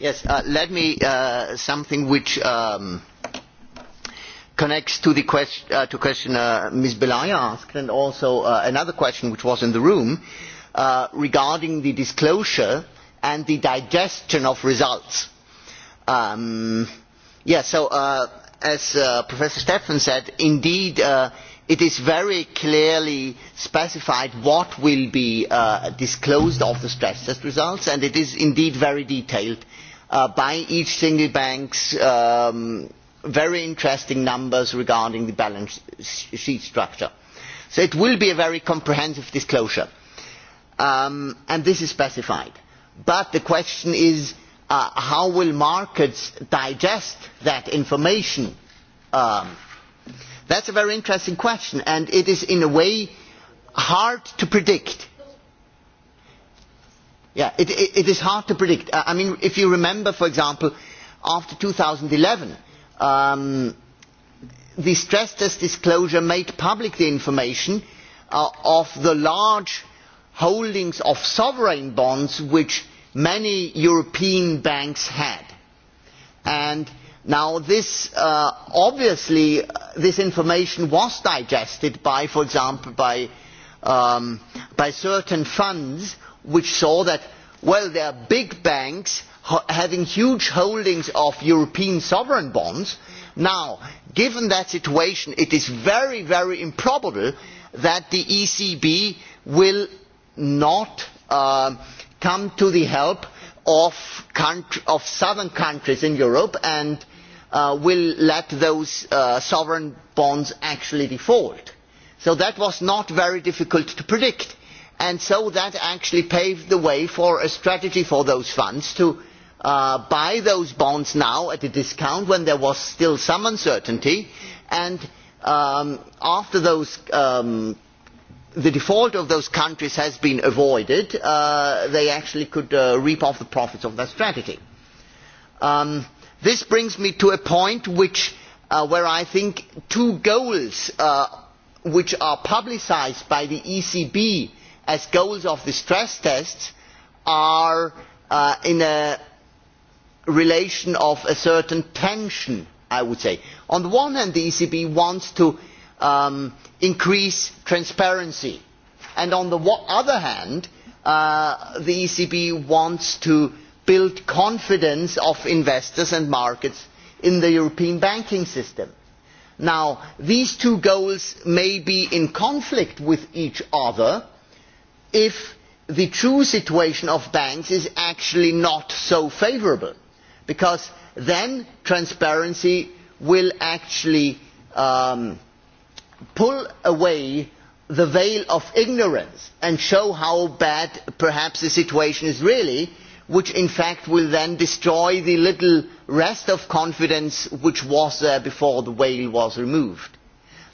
H: Yes, uh,
G: let me uh, something which um, connects to the question, uh, to question uh, Ms. Belay asked, and also uh, another question which was in the room uh, regarding the disclosure and the digestion of results. Um, yes, yeah, so uh, as uh, Professor Stefan said, indeed. Uh, it is very clearly specified what will be uh, disclosed of the stress test results and it is indeed very detailed Uh, by each single bank um, very interesting numbers regarding the balance sheet structure. So it will be a very comprehensive disclosure. Um, and this is specified. But the question is, uh, how will markets digest that information? Um, that's a very interesting question, and it is in a way hard to predict Yeah, it, it, it is hard to predict. I mean, if you remember, for example, after 2011, um, the stress test disclosure made public the information uh, of the large holdings of sovereign bonds which many European banks had. And now this, uh, obviously, uh, this information was digested by, for example, by, um, by certain funds which saw that well there are big banks having huge holdings of european sovereign bonds. now given that situation it is very very improbable that the ecb will not um, come to the help of, southern countries in europe and uh, will let those uh, sovereign bonds actually default. so that was not very difficult to predict and so that actually paved the way for a strategy for those funds to uh, buy those bonds now at a discount when there was still some uncertainty and um, after um, the default of those countries has been avoided uh, they actually could uh, reap off the profits of that strategy. Um, this brings me to a point where i think two goals which are publicised by the ecb as goals of the stress tests are uh, in a relation of a certain tension i would say. on the one hand the ecb wants to um, increase transparency and on the other hand uh, the ecb wants to build confidence of investors and markets in the european banking system. now these two goals may be in conflict with each other if the true situation of banks is actually not so favourable because then transparency will actually um, pull away the veil of ignorance and show how bad perhaps the situation is really which in fact will then destroy the little rest of confidence which was there before the veil was removed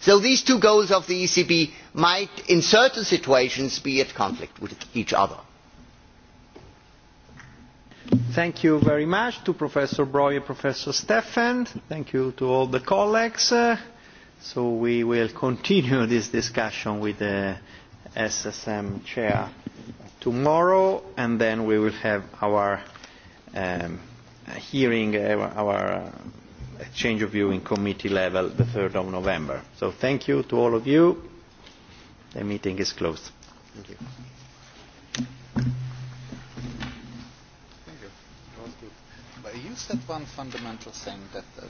G: so these two goals of the ecb might in certain situations be at conflict with each other.
A: thank you very much to professor breuer and professor stefan. thank you to all the colleagues. so we will continue this discussion with the ssm chair tomorrow and then we will have our um, hearing, uh, our uh, exchange of view in committee level the 3rd of November. So thank you to all of you. The meeting is closed. Thank you. Thank
J: you. But you said one fundamental thing that uh,